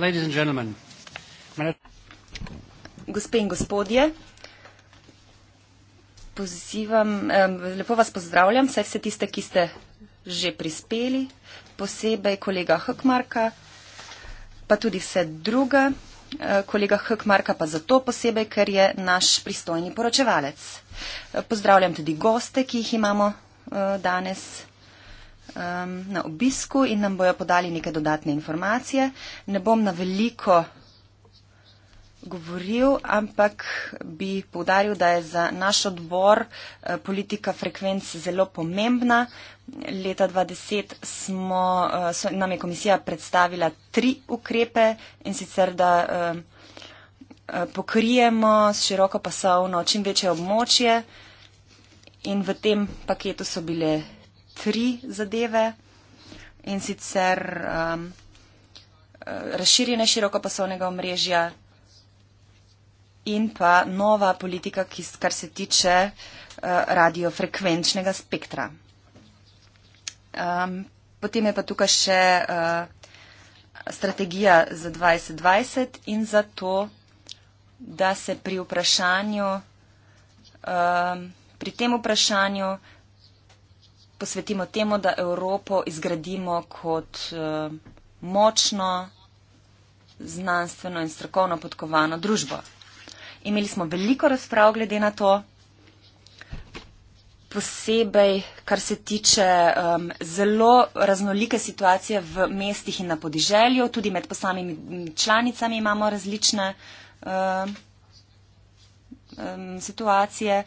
Ladies and gentlemen. Gospe in gospodje, pozivam, lepo vas pozdravljam, vse vse tiste, ki ste že prispeli, posebej kolega Hkmarka, pa tudi vse druga, e, kolega Hkmarka pa zato posebej, ker je naš pristojni poročevalec. E, pozdravljam tudi goste, ki jih imamo e, danes um, na obisku in nam bojo podali neke dodatne informacije. Ne bom na veliko govoril, ampak bi povdaril, da je za naš odbor eh, politika frekvenc zelo pomembna. Leta 2010 smo, eh, so, nam je komisija predstavila tri ukrepe in sicer, da eh, pokrijemo s široko pasovno čim večje območje in v tem paketu so bile tri zadeve in sicer um, razširjene širokopasovnega omrežja in pa nova politika, ki, kar se tiče uh, radiofrekvenčnega spektra. Um, potem je pa tukaj še uh, strategija za 2020 in za to, da se pri vprašanju, um, pri tem vprašanju posvetimo temu, da Evropo izgradimo kot eh, močno, znanstveno in strokovno podkovano družbo. Imeli smo veliko razprav glede na to, posebej, kar se tiče um, zelo raznolike situacije v mestih in na podiželju, tudi med posamimi članicami imamo različne um, um, situacije,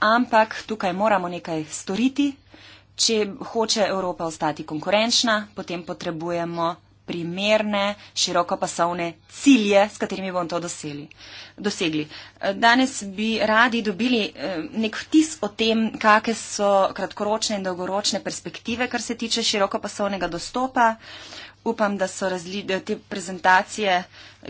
ampak tukaj moramo nekaj storiti. Uh, če hoče Evropa ostati konkurenčna, potem potrebujemo primerne, širokopasovne cilje, s katerimi bomo to doseli, dosegli. Danes bi radi dobili eh, nek vtis o tem, kakšne so kratkoročne in dolgoročne perspektive, kar se tiče širokopasovnega dostopa upam, da so razli, da te prezentacije,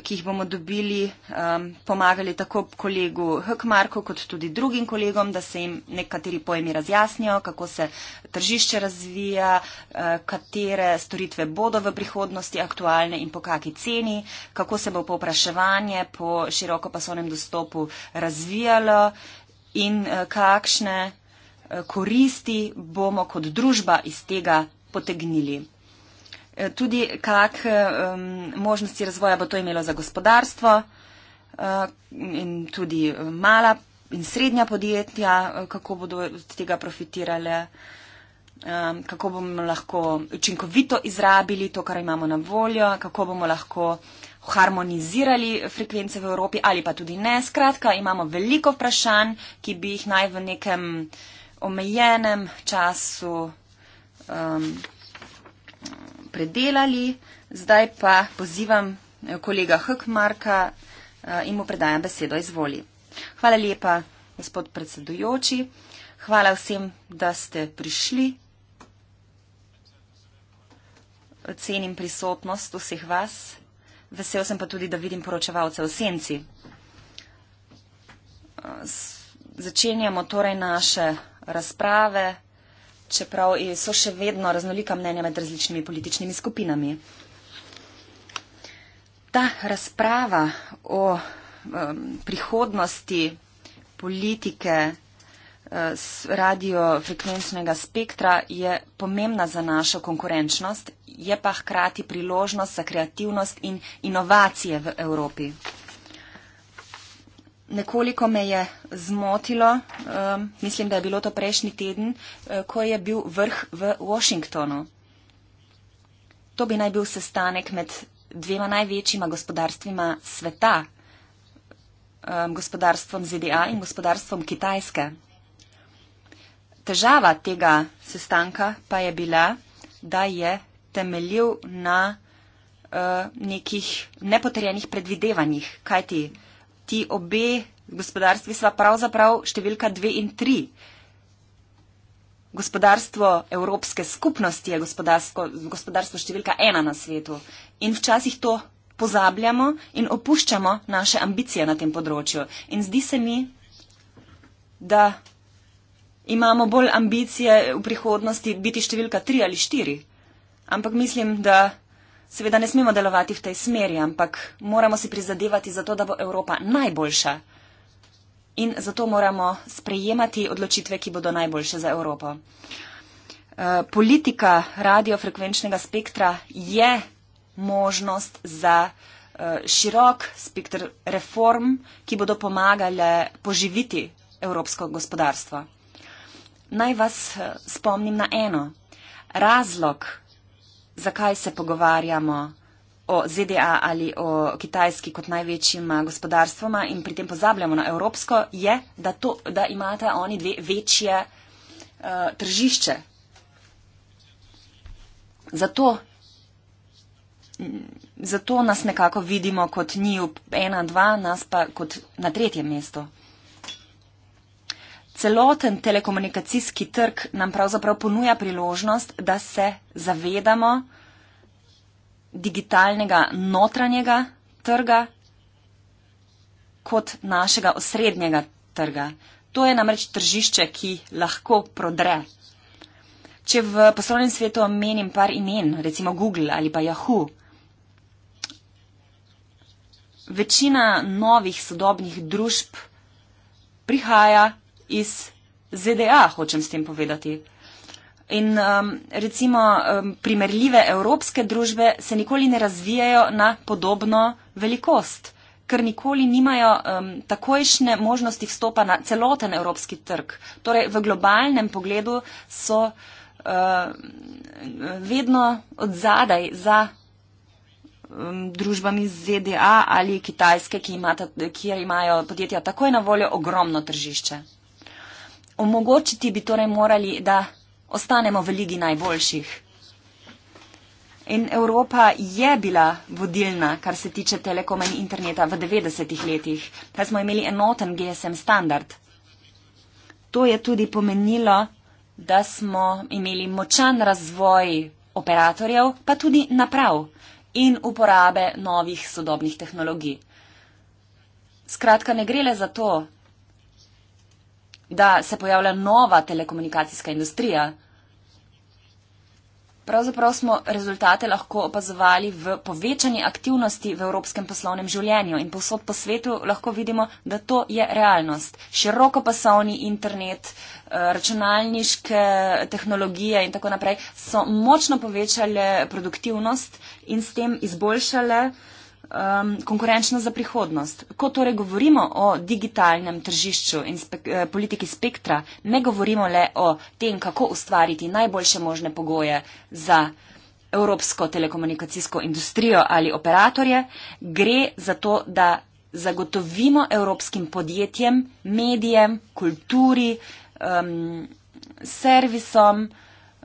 ki jih bomo dobili, um, pomagali tako kolegu Hkmarku kot tudi drugim kolegom, da se jim nekateri pojmi razjasnijo, kako se tržišče razvija, uh, katere storitve bodo v prihodnosti aktualne in po kaki ceni, kako se bo povpraševanje po širokopasovnem dostopu razvijalo in uh, kakšne uh, koristi bomo kot družba iz tega potegnili. Eh, tudi kak um, možnosti razvoja bo to imelo za gospodarstvo uh, in tudi mala in srednja podjetja, kako bodo od tega profitirale, um, kako bomo lahko učinkovito izrabili to, kar imamo na voljo, kako bomo lahko harmonizirali frekvence v Evropi ali pa tudi ne. Skratka, imamo veliko vprašanj, ki bi jih naj v nekem omejenem času. Um, predelali. Zdaj pa pozivam eh, kolega Hkmarka eh, in mu predajam besedo. Izvoli. Hvala lepa, gospod predsedujoči. Hvala vsem, da ste prišli. Ocenim prisotnost vseh vas. Vesel sem pa tudi, da vidim poročevalce v senci. Eh, začenjamo torej naše razprave čeprav so še vedno raznolika mnenja med različnimi političnimi skupinami. Ta razprava o um, prihodnosti politike z eh, radiofrekvenčnega spektra je pomembna za našo konkurenčnost, je pa hkrati priložnost za kreativnost in inovacije v Evropi. Nekoliko me je zmotilo, um, mislim, da je bilo to prejšnji teden, eh, ko je bil vrh v Washingtonu. To bi naj bil sestanek med dvema največjima gospodarstvima sveta, um, gospodarstvom ZDA in gospodarstvom Kitajske. Težava tega sestanka pa je bila, da je temeljil na uh, nekih nepotrjenih predvidevanjih, kajti ti obe gospodarstvi sva pravzaprav številka dve in tri. Gospodarstvo Evropske skupnosti je gospodarstvo, gospodarstvo številka ena na svetu in včasih to pozabljamo in opuščamo naše ambicije na tem področju. In zdi se mi, da imamo bolj ambicije v prihodnosti biti številka tri ali štiri. Ampak mislim, da Seveda ne smemo delovati v tej smeri, ampak moramo si prizadevati za to, da bo Evropa najboljša. In zato moramo sprejemati odločitve, ki bodo najboljše za Evropo. Eh, politika radiofrekvenčnega spektra je možnost za eh, širok spektr reform, ki bodo pomagale poživiti evropsko gospodarstvo. Naj vas eh, spomnim na eno. Razlog, zakaj se pogovarjamo o ZDA ali o Kitajski kot največjima gospodarstvoma in pri tem pozabljamo na Evropsko, je, da, to, da imate oni dve večje uh, tržišče. Zato, mm, zato nas nekako vidimo kot njih ena, dva, nas pa kot na tretjem mestu celoten telekomunikacijski trg nam pravzaprav ponuja priložnost, da se zavedamo digitalnega notranjega trga kot našega osrednjega trga. To je namreč tržišče, ki lahko prodre. Če v poslovnem svetu omenim par imen, recimo Google ali pa Yahoo, večina novih sodobnih družb prihaja iz ZDA, hočem s tem povedati. In um, recimo um, primerljive evropske družbe se nikoli ne razvijajo na podobno velikost, ker nikoli nimajo um, takojšne možnosti vstopa na celoten evropski trg. Torej v globalnem pogledu so uh, vedno od zadaj za um, družbami ZDA ali Kitajske, ki imata, kjer imajo podjetja takoj na voljo ogromno tržišče omogočiti bi torej morali, da ostanemo v ligi najboljših. In Evropa je bila vodilna, kar se tiče telekoma in interneta v 90-ih letih, kaj smo imeli enoten GSM standard. To je tudi pomenilo, da smo imeli močan razvoj operatorjev, pa tudi naprav in uporabe novih sodobnih tehnologij. Skratka, ne gre le za to, da se pojavlja nova telekomunikacijska industrija. Pravzaprav smo rezultate lahko opazovali v povečanji aktivnosti v evropskem poslovnem življenju in posod po svetu lahko vidimo, da to je realnost. Širokopasovni internet, eh, računalniške tehnologije in tako naprej so močno povečale produktivnost in s tem izboljšale uh, um, konkurenčno za prihodnost. Ko torej govorimo o digitalnem tržišču in spek eh, politiki spektra, ne govorimo le o tem, kako ustvariti najboljše možne pogoje za evropsko telekomunikacijsko industrijo ali operatorje, gre za to, da zagotovimo evropskim podjetjem, medijem, kulturi, um, servisom,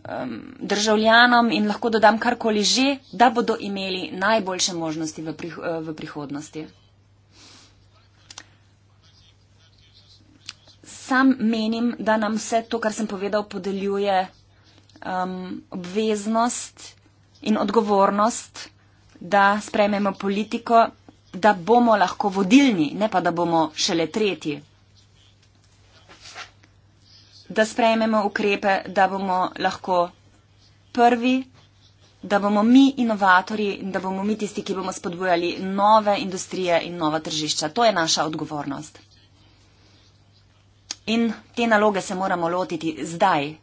um, državljanom in lahko dodam karkoli že, da bodo imeli najboljše možnosti v, prih, eh, v prihodnosti. Sam menim, da nam vse to, kar sem povedal, podeljuje um, obveznost in odgovornost, da sprejmemo politiko, da bomo lahko vodilni, ne pa da bomo šele tretji da sprejmemo ukrepe, da bomo lahko prvi, da bomo mi inovatori in da bomo mi tisti, ki bomo spodbujali nove industrije in nova tržišča. To je naša odgovornost. In te naloge se moramo lotiti zdaj.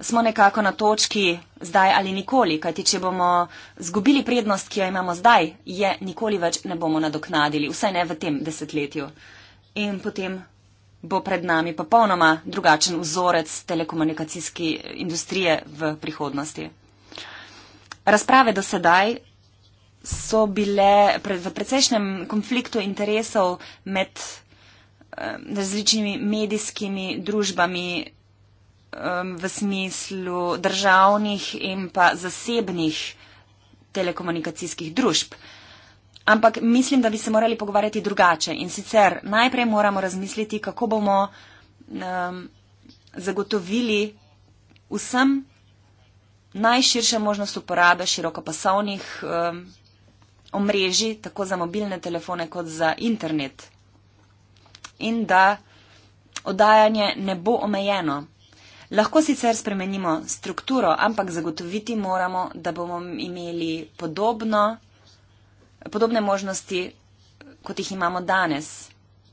Smo nekako na točki zdaj ali nikoli, kajti če bomo zgubili prednost, ki jo imamo zdaj, je nikoli več ne bomo nadoknadili, vsaj ne v tem desetletju. In potem bo pred nami popolnoma drugačen vzorec telekomunikacijske industrije v prihodnosti. Razprave do sedaj so bile v precejšnjem konfliktu interesov med eh, različnimi medijskimi družbami v smislu državnih in pa zasebnih telekomunikacijskih družb. Ampak mislim, da bi se morali pogovarjati drugače. In sicer najprej moramo razmisliti, kako bomo um, zagotovili vsem najširše možnost uporabe širokopasovnih um, omrežij, tako za mobilne telefone kot za internet. In da oddajanje ne bo omejeno. Lahko sicer spremenimo strukturo, ampak zagotoviti moramo, da bomo imeli podobno podobne možnosti, kot jih imamo danes.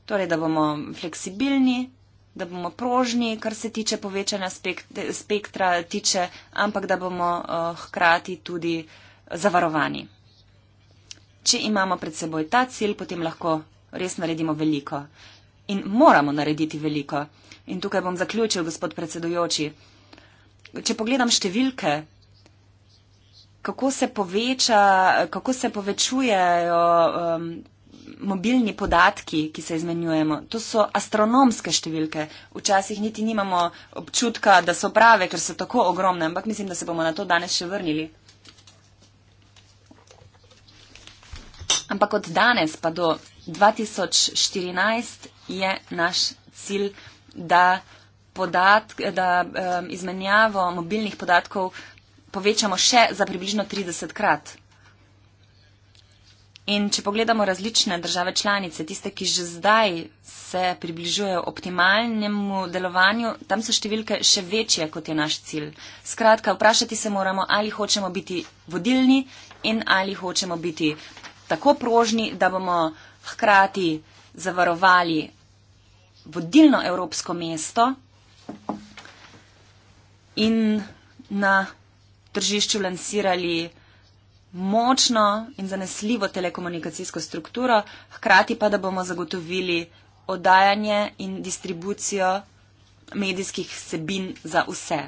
Torej, da bomo fleksibilni, da bomo prožni, kar se tiče povečanja spektra, spektra tiče, ampak da bomo uh, hkrati tudi zavarovani. Če imamo pred seboj ta cilj, potem lahko res naredimo veliko. In moramo narediti veliko. In tukaj bom zaključil, gospod predsedujoči. Če pogledam številke, kako se, poveča, kako se povečujejo um, mobilni podatki, ki se izmenjujemo. To so astronomske številke. Včasih niti nimamo občutka, da so prave, ker so tako ogromne, ampak mislim, da se bomo na to danes še vrnili. Ampak od danes pa do 2014 je naš cilj, da, podatk, da um, izmenjavo mobilnih podatkov uh, povečamo še za približno 30 krat. In če pogledamo različne države članice, tiste, ki že zdaj se približujejo optimalnemu delovanju, tam so številke še večje, kot je naš cilj. Skratka, vprašati se moramo, ali hočemo biti vodilni in ali hočemo biti tako prožni, da bomo hkrati zavarovali vodilno evropsko mesto in na tržišču lansirali močno in zanesljivo telekomunikacijsko strukturo, hkrati pa, da bomo zagotovili oddajanje in distribucijo medijskih sebin za vse.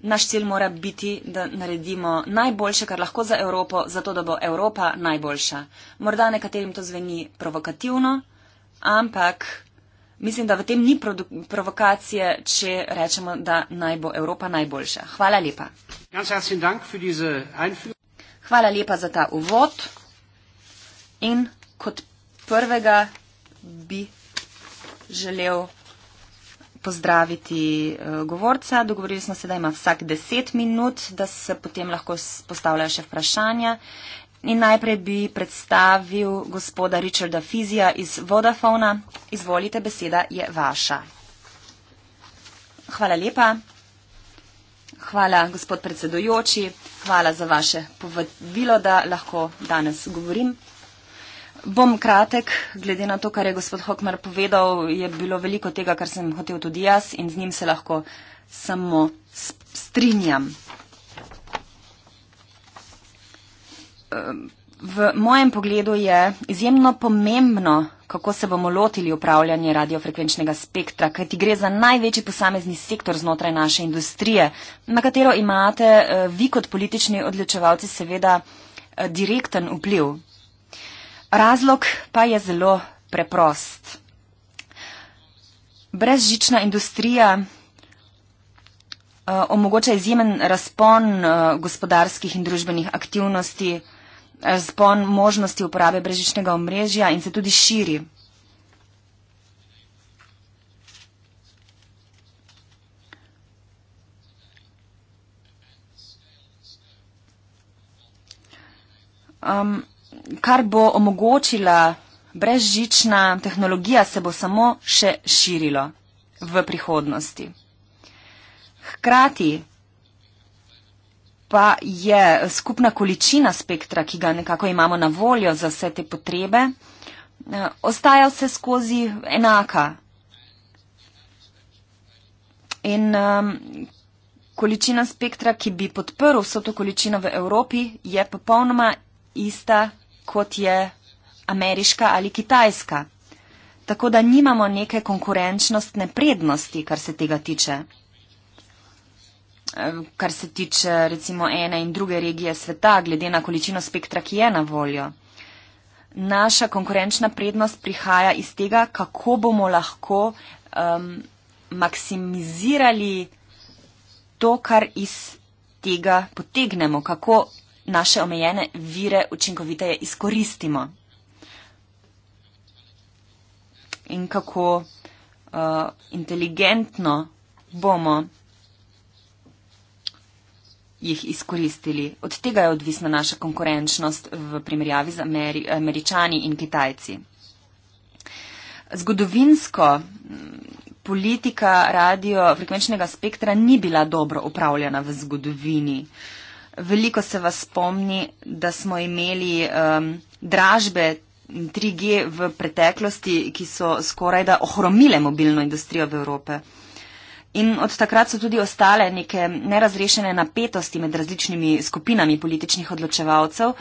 Naš cilj mora biti, da naredimo najboljše, kar lahko za Evropo, zato da bo Evropa najboljša. Morda nekaterim to zveni provokativno, ampak Mislim, da v tem ni provokacije, če rečemo, da naj bo Evropa najboljša. Hvala lepa. Hvala lepa za ta uvod. In kot prvega bi želel pozdraviti eh, govorca. Dogovorili smo se, da ima vsak deset minut, da se potem lahko postavljajo še vprašanja. In najprej bi predstavil gospoda Richarda Fizija iz Vodafona. Izvolite, beseda je vaša. Hvala lepa. Hvala, gospod predsedujoči. Hvala za vaše povabilo, da lahko danes govorim. Bom kratek, glede na to, kar je gospod Hokmar povedal, je bilo veliko tega, kar sem hotel tudi jaz in z njim se lahko samo strinjam. v mojem pogledu je izjemno pomembno, kako se bomo lotili upravljanja radiofrekvenčnega spektra, kajti gre za največji posamezni sektor znotraj naše industrije, na katero imate eh, vi kot politični odločevalci seveda eh, direkten vpliv. Razlog pa je zelo preprost. Brezžična industrija eh, omogoča izjemen razpon gospodarskih in družbenih aktivnosti, razpon možnosti uporabe brezžičnega omrežja in se tudi širi. Um, kar bo omogočila brezžična tehnologija, se bo samo še širilo v prihodnosti. Hkrati pa je skupna količina spektra, ki ga nekako imamo na voljo za vse te potrebe, eh, ostaja vse skozi enaka. In um, količina spektra, ki bi podprl vso to količino v Evropi, je popolnoma ista, kot je ameriška ali kitajska. Tako da nimamo neke konkurenčnostne prednosti, kar se tega tiče. Eh, kar se tiče recimo ene in druge regije sveta, glede na količino spektra, ki je na voljo. Naša konkurenčna prednost prihaja iz tega, kako bomo lahko um, maksimizirali to, kar iz tega potegnemo, kako naše omejene vire učinkoviteje izkoristimo in kako uh, inteligentno bomo jih izkoristili. Od tega je odvisna naša konkurenčnost v primerjavi z Ameri američani in kitajci. Zgodovinsko mm, politika radio frekvenčnega spektra ni bila dobro upravljena v zgodovini. Veliko se vas spomni, da smo imeli um, dražbe 3G v preteklosti, ki so skorajda ohromile mobilno industrijo v Evropi. In od takrat so tudi ostale neke nerazrešene napetosti med različnimi skupinami političnih odločevalcev,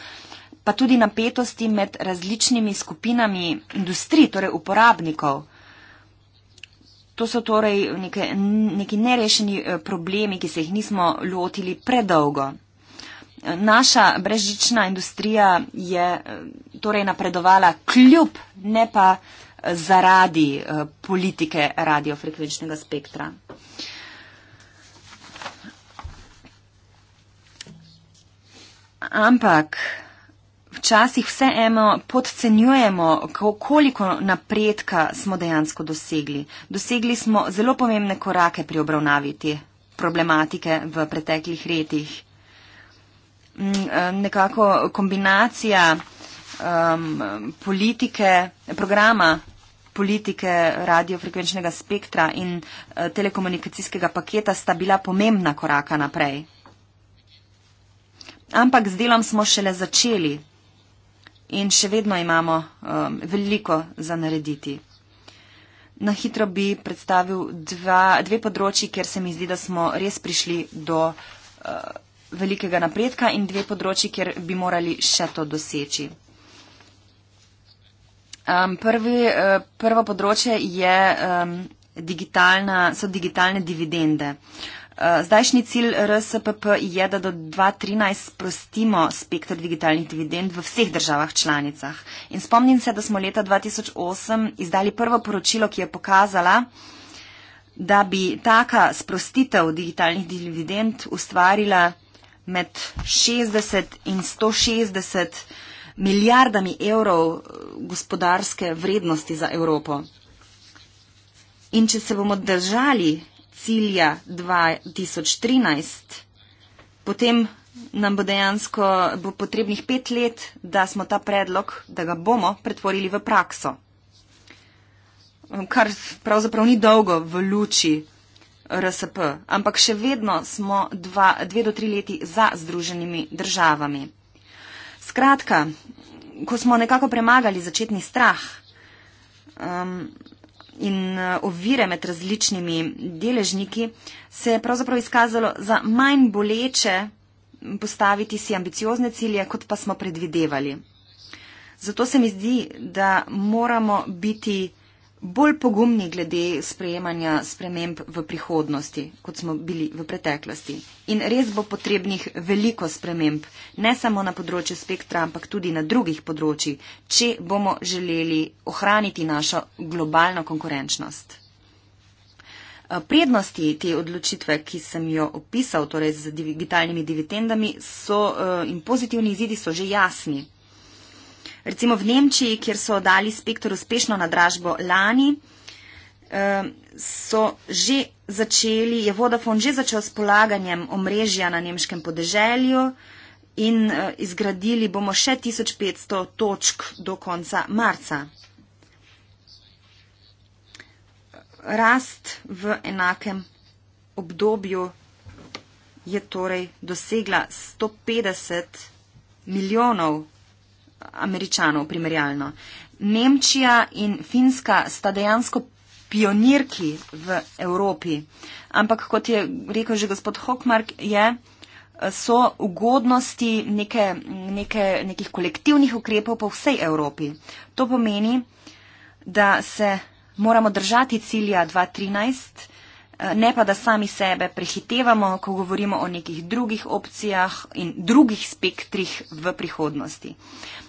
pa tudi napetosti med različnimi skupinami industrij, torej uporabnikov. To so torej neke, neki nerešeni eh, problemi, ki se jih nismo lotili predolgo. Naša brežična industrija je eh, torej napredovala kljub, ne pa zaradi eh, politike radiofrekvenčnega spektra. Ampak včasih vseeno podcenjujemo, koliko napredka smo dejansko dosegli. Dosegli smo zelo pomembne korake pri obravnavi te problematike v preteklih letih. Mm, eh, nekako kombinacija um, politike, programa politike radiofrekvenčnega spektra in eh, telekomunikacijskega paketa sta bila pomembna koraka naprej. Ampak z delom smo šele začeli in še vedno imamo um, veliko za narediti. Na hitro bi predstavil dva, dve področji, kjer se mi zdi, da smo res prišli do uh, velikega napredka in dve področji, kjer bi morali še to doseči. Um, prvi, eh, prvo področje je, um, digitalna, so digitalne dividende. Eh, zdajšnji cilj RSPP je, da do 2013 sprostimo spektr digitalnih dividend v vseh državah članicah. In spomnim se, da smo leta 2008 izdali prvo poročilo, ki je pokazala, da bi taka sprostitev digitalnih dividend ustvarila med 60 in 160 milijardami evrov eh, gospodarske vrednosti za Evropo. In če se bomo držali cilja 2013, potem nam bo dejansko bo potrebnih pet let, da smo ta predlog, da ga bomo pretvorili v prakso. Kar pravzaprav ni dolgo v luči RSP, ampak še vedno smo dva, dve do tri leti za združenimi državami. Skratka, ko smo nekako premagali začetni strah um, in uh, ovire med različnimi deležniki, se je pravzaprav izkazalo za manj boleče postaviti si ambiciozne cilje, kot pa smo predvidevali. Zato se mi zdi, da moramo biti bolj pogumni glede sprejemanja sprememb v prihodnosti, kot smo bili v preteklosti. In res bo potrebnih veliko sprememb, ne samo na področju spektra, ampak tudi na drugih področjih, če bomo želeli ohraniti našo globalno konkurenčnost. Eh, prednosti te odločitve, ki sem jo opisal, torej z digitalnimi dividendami, so, eh, in pozitivni izidi so že jasni. Recimo v Nemčiji, kjer so dali spektr uspešno na dražbo lani, eh, so že začeli, je Vodafone že začel s polaganjem omrežja na nemškem podeželju in eh, izgradili bomo še 1500 točk do konca marca. Rast v enakem obdobju je torej dosegla 150 milijonov američanov primerjalno. Nemčija in Finska sta dejansko pionirki v Evropi. Ampak, kot je rekel že gospod Hockmark, je, so ugodnosti neke, neke, nekih kolektivnih ukrepov po vsej Evropi. To pomeni, da se moramo držati cilja 2013 ne pa da sami sebe prehitevamo, ko govorimo o nekih drugih opcijah in drugih spektrih v prihodnosti.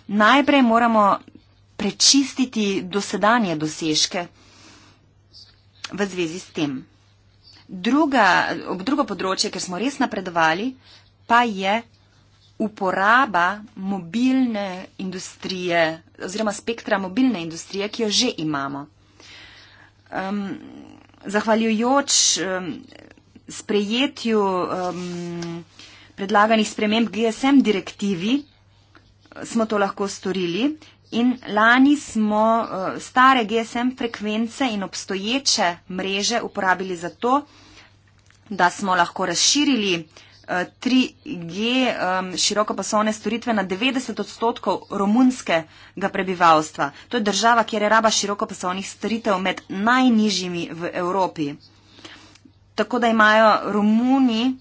Najprej moramo prečistiti dosedanje dosežke v zvezi s tem. Druga, drugo področje, ker smo res napredovali, pa je uporaba mobilne industrije oziroma spektra mobilne industrije, ki jo že imamo. Um, zahvaljujoč um, sprejetju um, predlaganih sprememb GSM direktivi smo to lahko storili in lani smo uh, stare GSM frekvence in obstoječe mreže uporabili za to, da smo lahko razširili uh, 3G um, širokopasovne storitve na 90 odstotkov romunskega prebivalstva. To je država, kjer je raba širokopasovnih storitev med najnižjimi v Evropi. Tako da imajo Romuni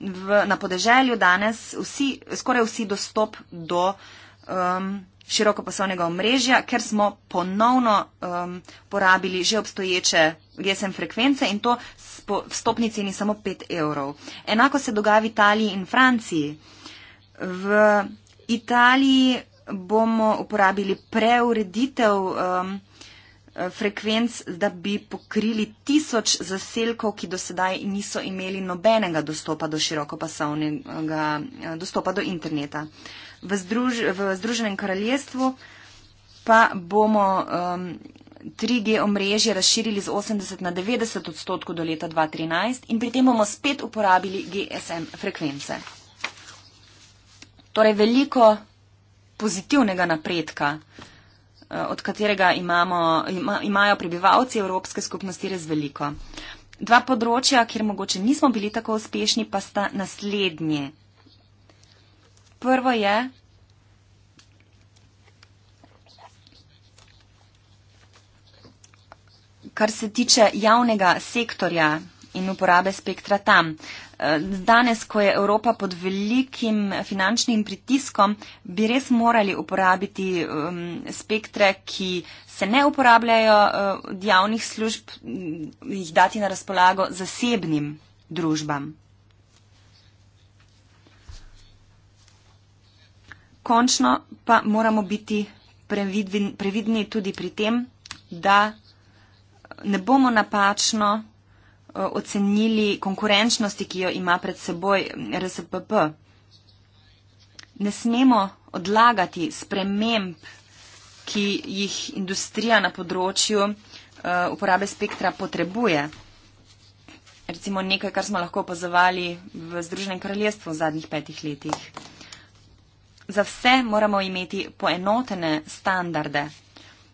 v, na podeželju danes vsi, skoraj vsi dostop do um, širokopasovnega omrežja, ker smo ponovno um, porabili že obstoječe GSM frekvence in to po vstopni ceni samo 5 evrov. Enako se dogaja v Italiji in Franciji. V Italiji bomo uporabili preureditev um, frekvenc, da bi pokrili tisoč zaselkov, ki do sedaj niso imeli nobenega dostopa do širokopasovnega uh, dostopa do interneta. Uh, v, združ, v Združenem kraljestvu pa bomo um, 3G omrežje razširili z 80 na 90 odstotkov do leta 2013 in pri tem bomo spet uporabili GSM frekvence. Torej veliko pozitivnega napredka, uh, od katerega imamo, ima, imajo prebivalci Evropske skupnosti res veliko. Dva področja, kjer mogoče nismo bili tako uspešni, pa sta naslednje prvo je, kar se tiče javnega sektorja in uporabe spektra tam. E, danes, ko je Evropa pod velikim finančnim pritiskom, bi res morali uporabiti um, spektre, ki se ne uporabljajo uh, od javnih služb, jih dati na razpolago zasebnim družbam. končno pa moramo biti previdni, previdni tudi pri tem, da ne bomo napačno eh, ocenili konkurenčnosti, ki jo ima pred seboj eh, RSPP. Ne smemo odlagati sprememb, ki jih industrija na področju eh, uporabe spektra potrebuje. Recimo nekaj, kar smo lahko opazovali v Združenem kraljestvu v zadnjih petih letih za vse moramo imeti poenotene standarde.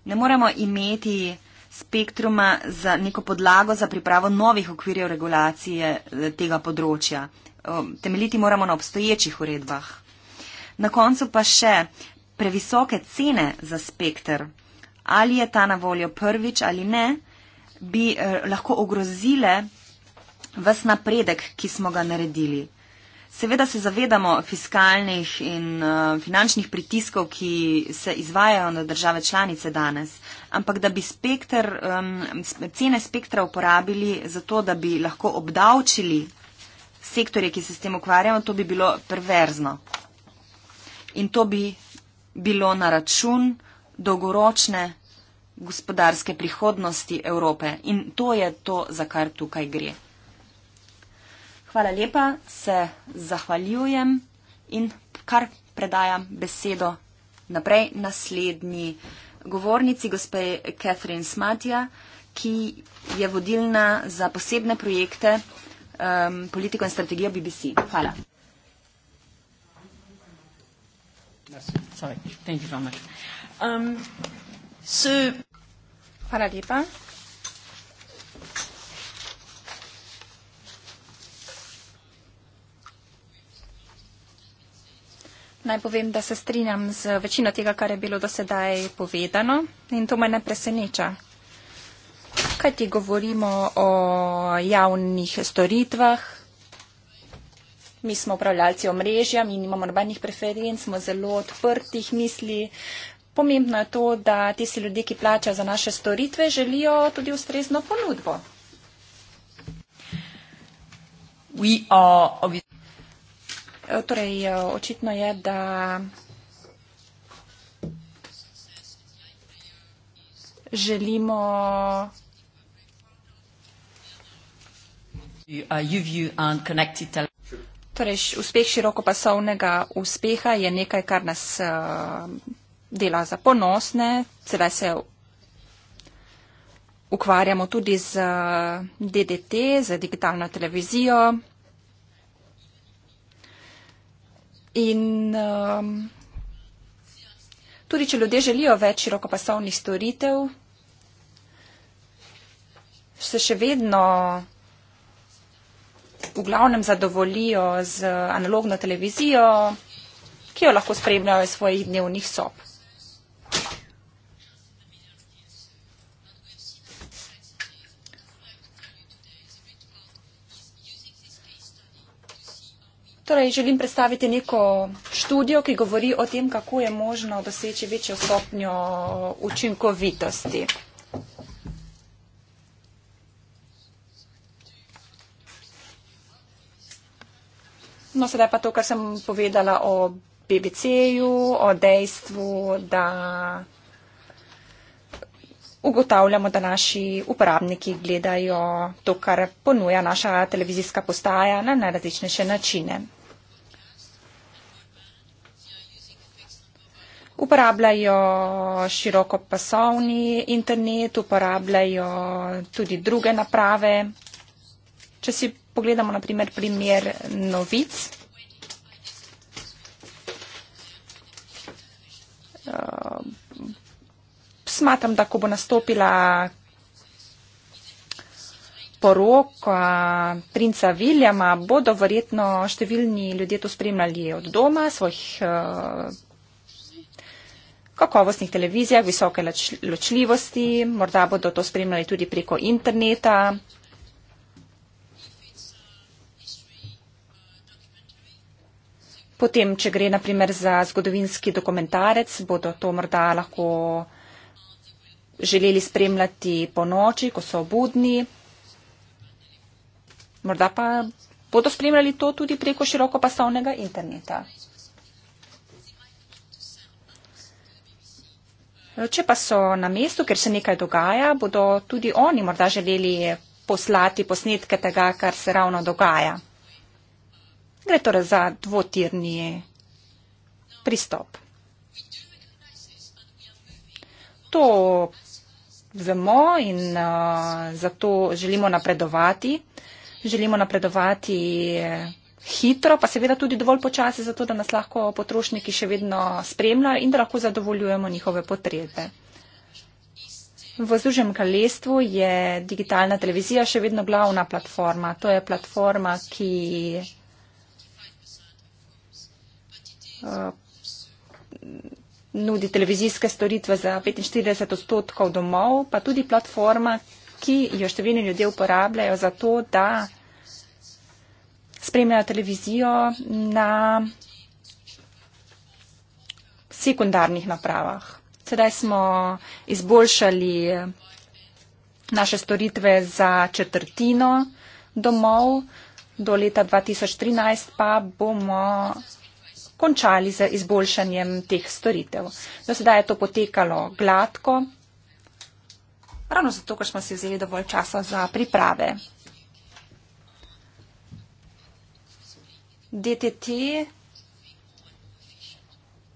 Ne moramo imeti spektruma za neko podlago za pripravo novih okvirjev regulacije eh, tega področja. Temeljiti moramo na obstoječih uredbah. Na koncu pa še previsoke cene za spektr, ali je ta na voljo prvič ali ne, bi eh, lahko ogrozile vse napredek, ki smo ga naredili. Seveda se zavedamo fiskalnih in uh, finančnih pritiskov, ki se izvajajo na države članice danes, ampak da bi spektr, um, cene spektra uporabili za to, da bi lahko obdavčili sektorje, ki se s tem ukvarjamo, to bi bilo perverzno. In to bi bilo na račun dolgoročne gospodarske prihodnosti Evrope. In to je to, za kar tukaj gre. Hvala lepa, se zahvaljujem in kar predajam besedo naprej naslednji govornici, gospe Catherine Smatija, ki je vodilna za posebne projekte um, politiko in strategijo BBC. Hvala. Sorry. Thank you very much. Um, so, hvala lepa. Naj povem, da se strinjam z večino tega, kar je bilo do sedaj povedano in to me ne preseneča. Kaj ti govorimo o javnih storitvah? Mi smo upravljalci omrežja, mi nimamo nobenih preferenc, smo zelo odprtih misli. Pomembno je to, da tisti ljudje, ki plačajo za naše storitve, želijo tudi ustrezno ponudbo. We are obvi- torej, eh, očitno je, da želimo. Torej, uspeh širokopasovnega uspeha je nekaj, kar nas uh, dela za ponosne. Sedaj se ukvarjamo tudi z eh, DDT, z digitalno televizijo. In um, tudi, če ljudje želijo več širokopasovnih storitev, se še vedno v glavnem zadovolijo z analogno televizijo, ki jo lahko spremljajo iz svojih dnevnih sob. Torej, želim predstaviti neko študijo, ki govori o tem, kako je možno doseči večjo stopnjo učinkovitosti. No, sedaj pa to, kar sem povedala o BBC-ju, o dejstvu, da ugotavljamo, da naši uporabniki gledajo to, kar ponuja naša televizijska postaja na najrazličnejše načine. Uporabljajo širokopasovni internet, uporabljajo tudi druge naprave. Če si pogledamo na primer primer novic, eh, smatram, da ko bo nastopila poroka eh, princa Viljama, bodo verjetno številni ljudje to spremljali od doma, svojih eh, kakovostnih televizijah, visoke ločljivosti, morda bodo to spremljali tudi preko interneta. Potem, če gre naprimer za zgodovinski dokumentarec, bodo to morda lahko želeli spremljati po noči, ko so obudni. Morda pa bodo spremljali to tudi preko širokopasovnega interneta. Če pa so na mestu, ker se nekaj dogaja, bodo tudi oni morda želeli poslati posnetke tega, kar se ravno dogaja. Gre torej za dvotirni pristop. To vemo in uh, zato želimo napredovati. Želimo napredovati. Uh, hitro, pa seveda tudi dovolj počasi, zato da nas lahko potrošniki še vedno spremljajo in da lahko zadovoljujemo njihove potrebe. V zružem kraljestvu je digitalna televizija še vedno glavna platforma. To je platforma, ki eh, nudi televizijske storitve za 45 odstotkov domov, pa tudi platforma, ki jo številni ljudje uporabljajo za to, da spremljajo televizijo na sekundarnih napravah. Sedaj smo izboljšali naše storitve za četrtino domov, do leta 2013 pa bomo končali z izboljšanjem teh storitev. Do sedaj je to potekalo gladko, ravno zato, ker smo si vzeli dovolj časa za priprave. DTT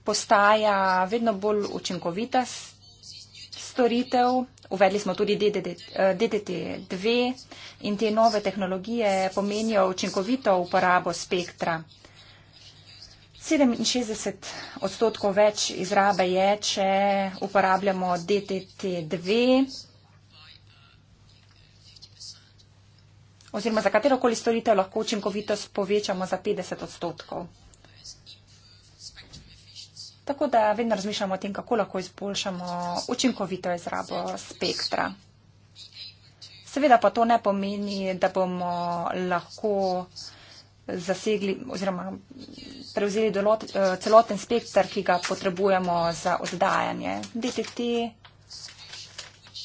postaja vedno bolj učinkovita storitev. Uvedli smo tudi DTT2 eh, in te nove tehnologije pomenijo učinkovito uporabo spektra. 67 odstotkov več izrabe je, če uporabljamo DTT2. oziroma za katero koli storitev lahko učinkovitost povečamo za 50 odstotkov. Tako da vedno razmišljamo o tem, kako lahko izboljšamo učinkovito izrabo spektra. Seveda pa to ne pomeni, da bomo lahko zasegli oziroma prevzeli eh, celoten spektr, ki ga potrebujemo za oddajanje. DTT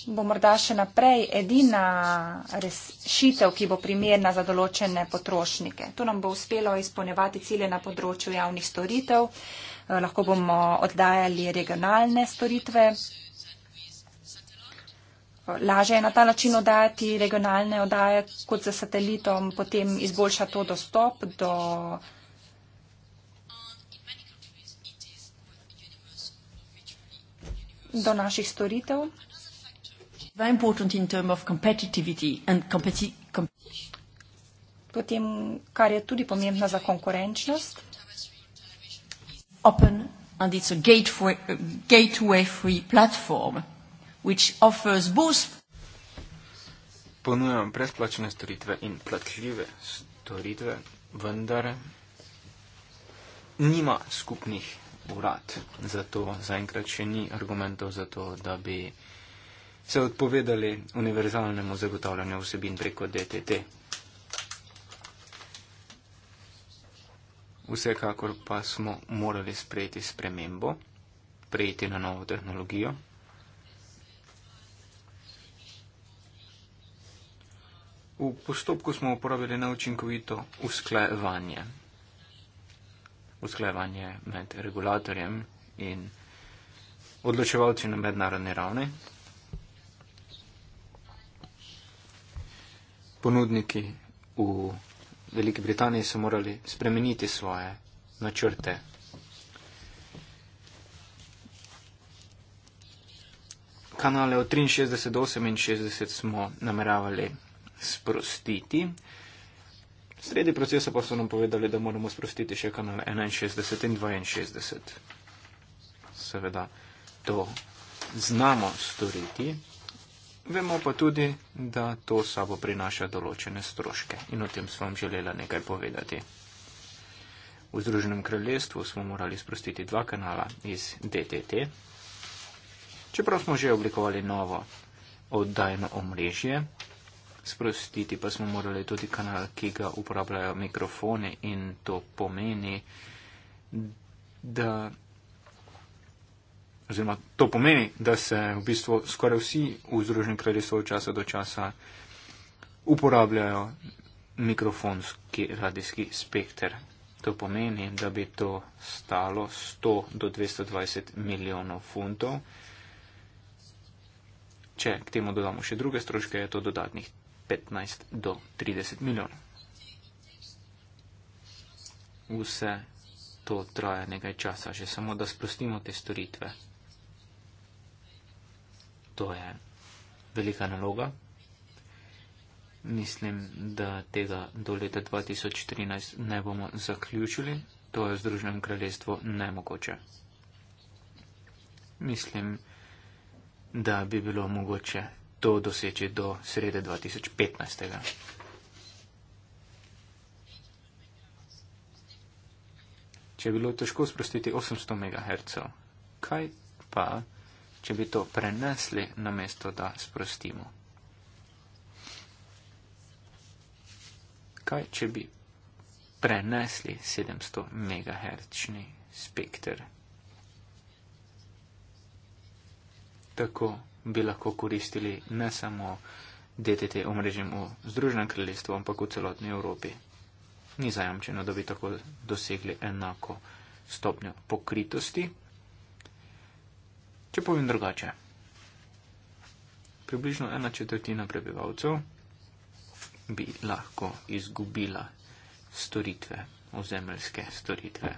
bo morda še naprej edina rešitev, ki bo primerna za določene potrošnike. To nam bo uspelo izpolnjevati cilje na področju javnih storitev. Eh, lahko bomo oddajali regionalne storitve. Laže je na ta način oddajati regionalne oddaje kot za satelitom, potem izboljša to dostop do. do naših storitev very important in terms of competitivity and competition. Potem, kar je tudi pomembna za konkurenčnost. Open and it's a gate for, uh, gateway free platform, which offers both. Ponujam brezplačne storitve in plačljive storitve, vendar nima skupnih urad. Zato zaenkrat še ni argumentov za to, da bi se odpovedali univerzalnemu zagotavljanju vsebin preko DTT. Vsekakor pa smo morali sprejeti spremembo, prejeti na novo tehnologijo. V postopku smo uporabili neučinkovito usklajevanje. Usklajevanje med regulatorjem in odločevalci na mednarodni ravni, ponudniki v Veliki Britaniji so morali spremeniti svoje načrte. Kanale od 63 do 68 smo nameravali sprostiti. Sredi procesa pa so nam povedali, da moramo sprostiti še kanale 61 in 62. Seveda to znamo storiti. Vemo pa tudi, da to sabo prinaša določene stroške in o tem sem vam želela nekaj povedati. V Združenem kraljestvu smo morali sprostiti dva kanala iz DTT. Čeprav smo že oblikovali novo oddajno omrežje, sprostiti pa smo morali tudi kanal, ki ga uporabljajo mikrofone in to pomeni, da oziroma to pomeni, da se v bistvu skoraj vsi v Združenem kraljestvu od časa do časa uporabljajo mikrofonski radijski spekter. To pomeni, da bi to stalo 100 do 220 milijonov funtov. Če k temu dodamo še druge stroške, je to dodatnih 15 do 30 milijonov. Vse to traja nekaj časa, že samo da sprostimo te storitve to je velika naloga. Mislim, da tega do leta 2013 ne bomo zaključili. To je v Združenem kraljestvu nemogoče. Mislim, da bi bilo mogoče to doseči do srede 2015. Če je bilo težko sprostiti 800 MHz, kaj pa? če bi to prenesli na mesto, da sprostimo. Kaj, če bi prenesli 700 MHz spektr? Tako bi lahko koristili ne samo DTT omrežjem v Združenem kraljestvu, ampak v celotni Evropi. Ni zajamčeno, da bi tako dosegli enako stopnjo pokritosti. Če povem drugače, približno ena četrtina prebivalcev bi lahko izgubila storitve, ozemeljske storitve.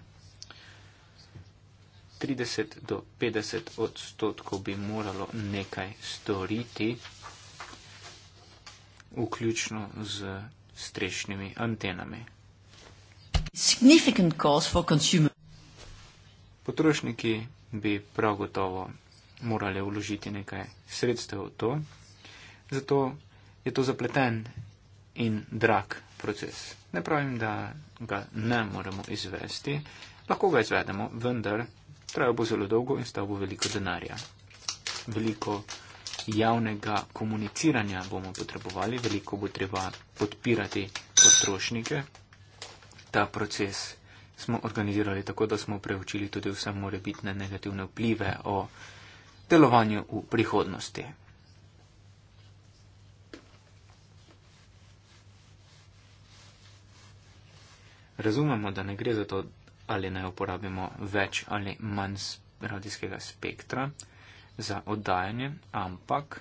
30 do 50 odstotkov bi moralo nekaj storiti, vključno z strešnimi antenami. Potrošniki bi prav gotovo morale vložiti nekaj sredstev v to. Zato je to zapleten in drag proces. Ne pravim, da ga ne moremo izvesti, lahko ga izvedemo, vendar trajal bo zelo dolgo in stal bo veliko denarja. Veliko javnega komuniciranja bomo potrebovali, veliko bo treba podpirati potrošnike. Ta proces smo organizirali tako, da smo preučili tudi vse morebitne negativne vplive o delovanju v prihodnosti. Razumemo, da ne gre za to, ali naj uporabimo več ali manj radijskega spektra za oddajanje, ampak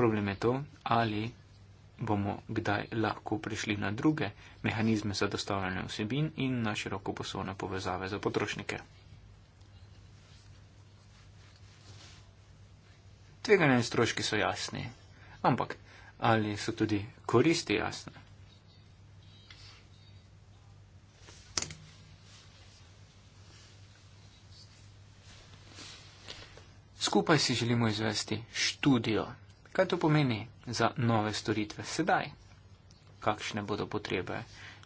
problem je to, ali bomo kdaj lahko prišli na druge mehanizme za dostavljanje vsebin in na široko poslovne povezave za potrošnike. tveganja in stroški so jasni. Ampak ali so tudi koristi jasne? Skupaj si želimo izvesti študijo. Kaj to pomeni za nove storitve sedaj? Kakšne bodo potrebe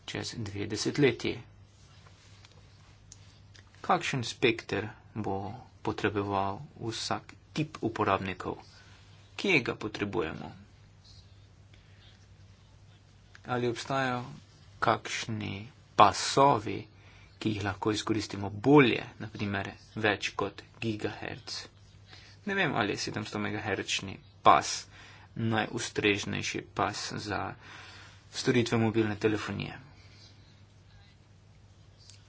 čez dve desetletji? Kakšen spekter bo potreboval vsak tip uporabnikov, ki ga potrebujemo. Ali obstajajo kakšni pasovi, ki jih lahko izkoristimo bolje, naprimer več kot gigahertz? Ne vem, ali je 700 MHz pas najustrežnejši pas za storitve mobilne telefonije.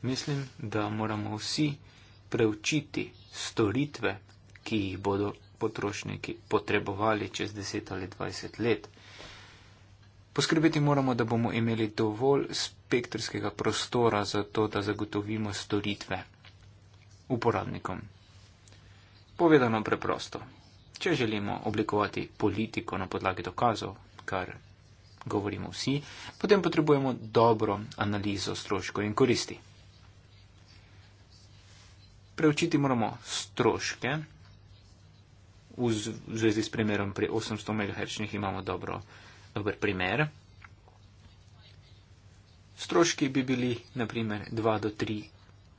Mislim, da moramo vsi preučiti storitve ki jih bodo potrošniki potrebovali čez 10 ali 20 let. Poskrbeti moramo, da bomo imeli dovolj spektrskega prostora za to, da zagotovimo storitve uporabnikom. Povedano preprosto, če želimo oblikovati politiko na podlagi dokazov, kar govorimo vsi, potem potrebujemo dobro analizo stroškov in koristi. Preučiti moramo stroške v, z, v zvezi s primerom pri 800 MHz imamo dobro, dober primer. Stroški bi bili naprimer 2 do 3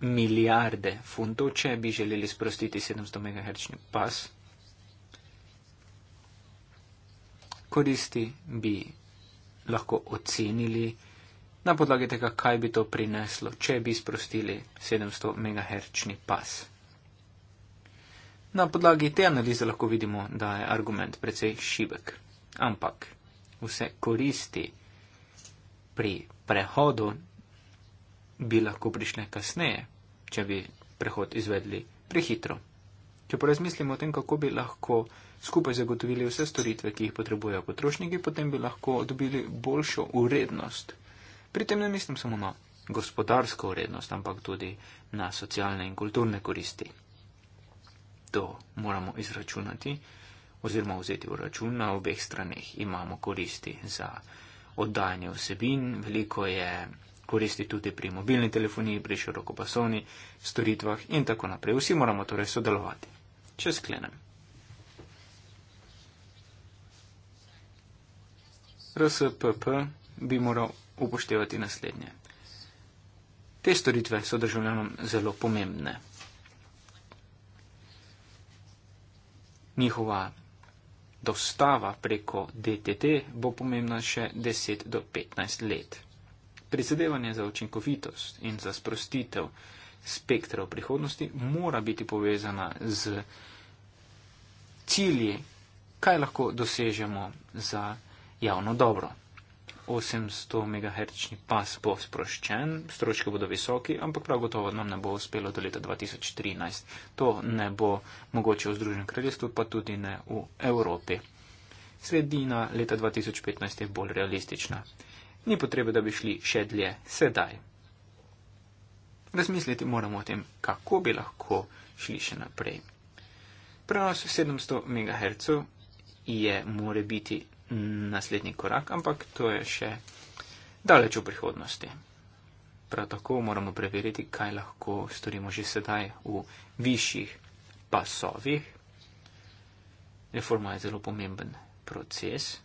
milijarde funtov, če bi želeli sprostiti 700 MHz pas. Koristi bi lahko ocenili na podlagi tega, kaj bi to prineslo, če bi sprostili 700 MHz pas. Na podlagi te analize lahko vidimo, da je argument precej šibek. Ampak vse koristi pri prehodu bi lahko prišle kasneje, če bi prehod izvedli prehitro. Če porazmislimo o tem, kako bi lahko skupaj zagotovili vse storitve, ki jih potrebujejo potrošniki, potem bi lahko dobili boljšo urednost. Pri tem ne mislim samo na gospodarsko urednost, ampak tudi na socialne in kulturne koristi to moramo izračunati oziroma vzeti v račun. Na obeh straneh imamo koristi za oddajanje vsebin, veliko je koristi tudi pri mobilni telefoniji, pri širokopasovni storitvah in tako naprej. Vsi moramo torej sodelovati. Če sklenem. RSPP bi moral upoštevati naslednje. Te storitve so državljanom zelo pomembne. njihova dostava preko DTT bo pomembna še 10 do 15 let. Prizadevanje za učinkovitost in za sprostitev spektra v prihodnosti mora biti povezana z cilji, kaj lahko dosežemo za javno dobro. 800 MHz pas bo sproščen, stroški bodo visoki, ampak prav gotovo nam ne bo uspelo do leta 2013. To ne bo mogoče v Združenem kraljestvu, pa tudi ne v Evropi. Sredina leta 2015 je bolj realistična. Ni potrebe, da bi šli še dlje sedaj. Razmisliti moramo o tem, kako bi lahko šli še naprej. Prenos 700 MHz je more biti naslednji korak, ampak to je še daleč v prihodnosti. Prav tako moramo preveriti, kaj lahko storimo že sedaj v višjih pasovih. Reforma je zelo pomemben proces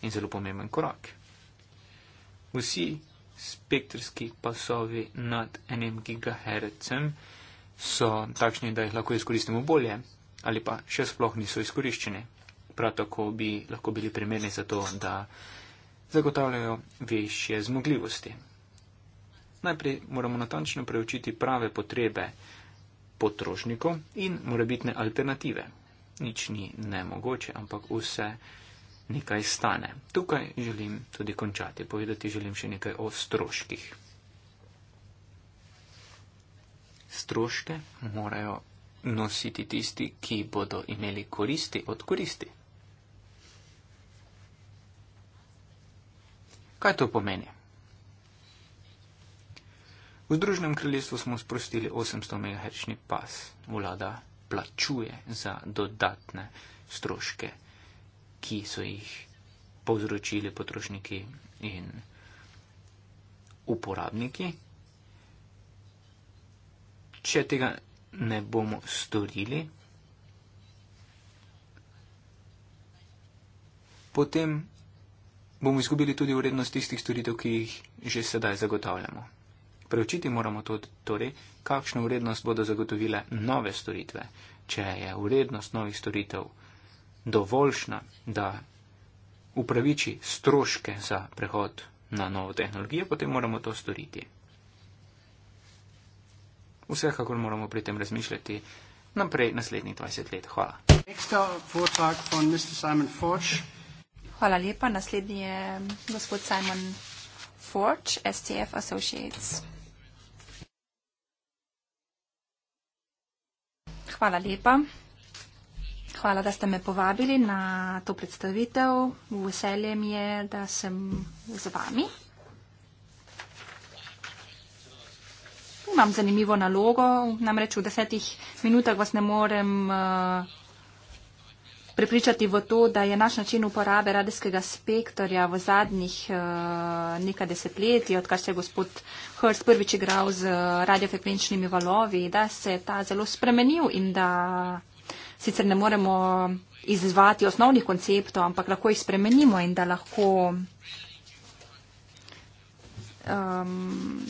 in zelo pomemben korak. Vsi spektrski pasovi nad enim gigahercem so takšni, da jih lahko izkoristimo bolje ali pa še sploh niso izkoriščeni prav tako bi lahko bili primerni za to, da zagotavljajo više zmogljivosti. Najprej moramo natančno preučiti prave potrebe potrošnikov in morebitne alternative. Nič ni nemogoče, ampak vse nekaj stane. Tukaj želim tudi končati, povedati želim še nekaj o stroških. Stroške morajo nositi tisti, ki bodo imeli koristi od koristi. Kaj to pomeni? V Združenem kraljestvu smo sprostili 800 MHz pas. Vlada plačuje za dodatne stroške, ki so jih povzročili potrošniki in uporabniki. Če tega ne bomo storili, potem bomo izgubili tudi vrednost tistih storitev, ki jih že sedaj zagotavljamo. Preučiti moramo tudi, torej, kakšno vrednost bodo zagotovile nove storitve, če je vrednost novih storitev dovoljšna, da upraviči stroške za prehod na novo tehnologijo, potem moramo to storiti. Vsekakor moramo pri tem razmišljati naprej naslednjih 20 let. Hvala. Next up, Hvala lepa. Naslednji je gospod Simon Forge, STF Associates. Hvala lepa. Hvala, da ste me povabili na to predstavitev. Veselje mi je, da sem z vami. Imam zanimivo nalogo, namreč v desetih minutah vas ne morem uh, prepričati v to, da je naš način uporabe radijskega spektra v zadnjih eh, nekaj desetletij, odkar se je gospod Hrst prvič igral z eh, radiofrekvenčnimi valovi, da se je ta zelo spremenil in da sicer ne moremo izzvati osnovnih konceptov, ampak lahko jih spremenimo in da lahko. Um,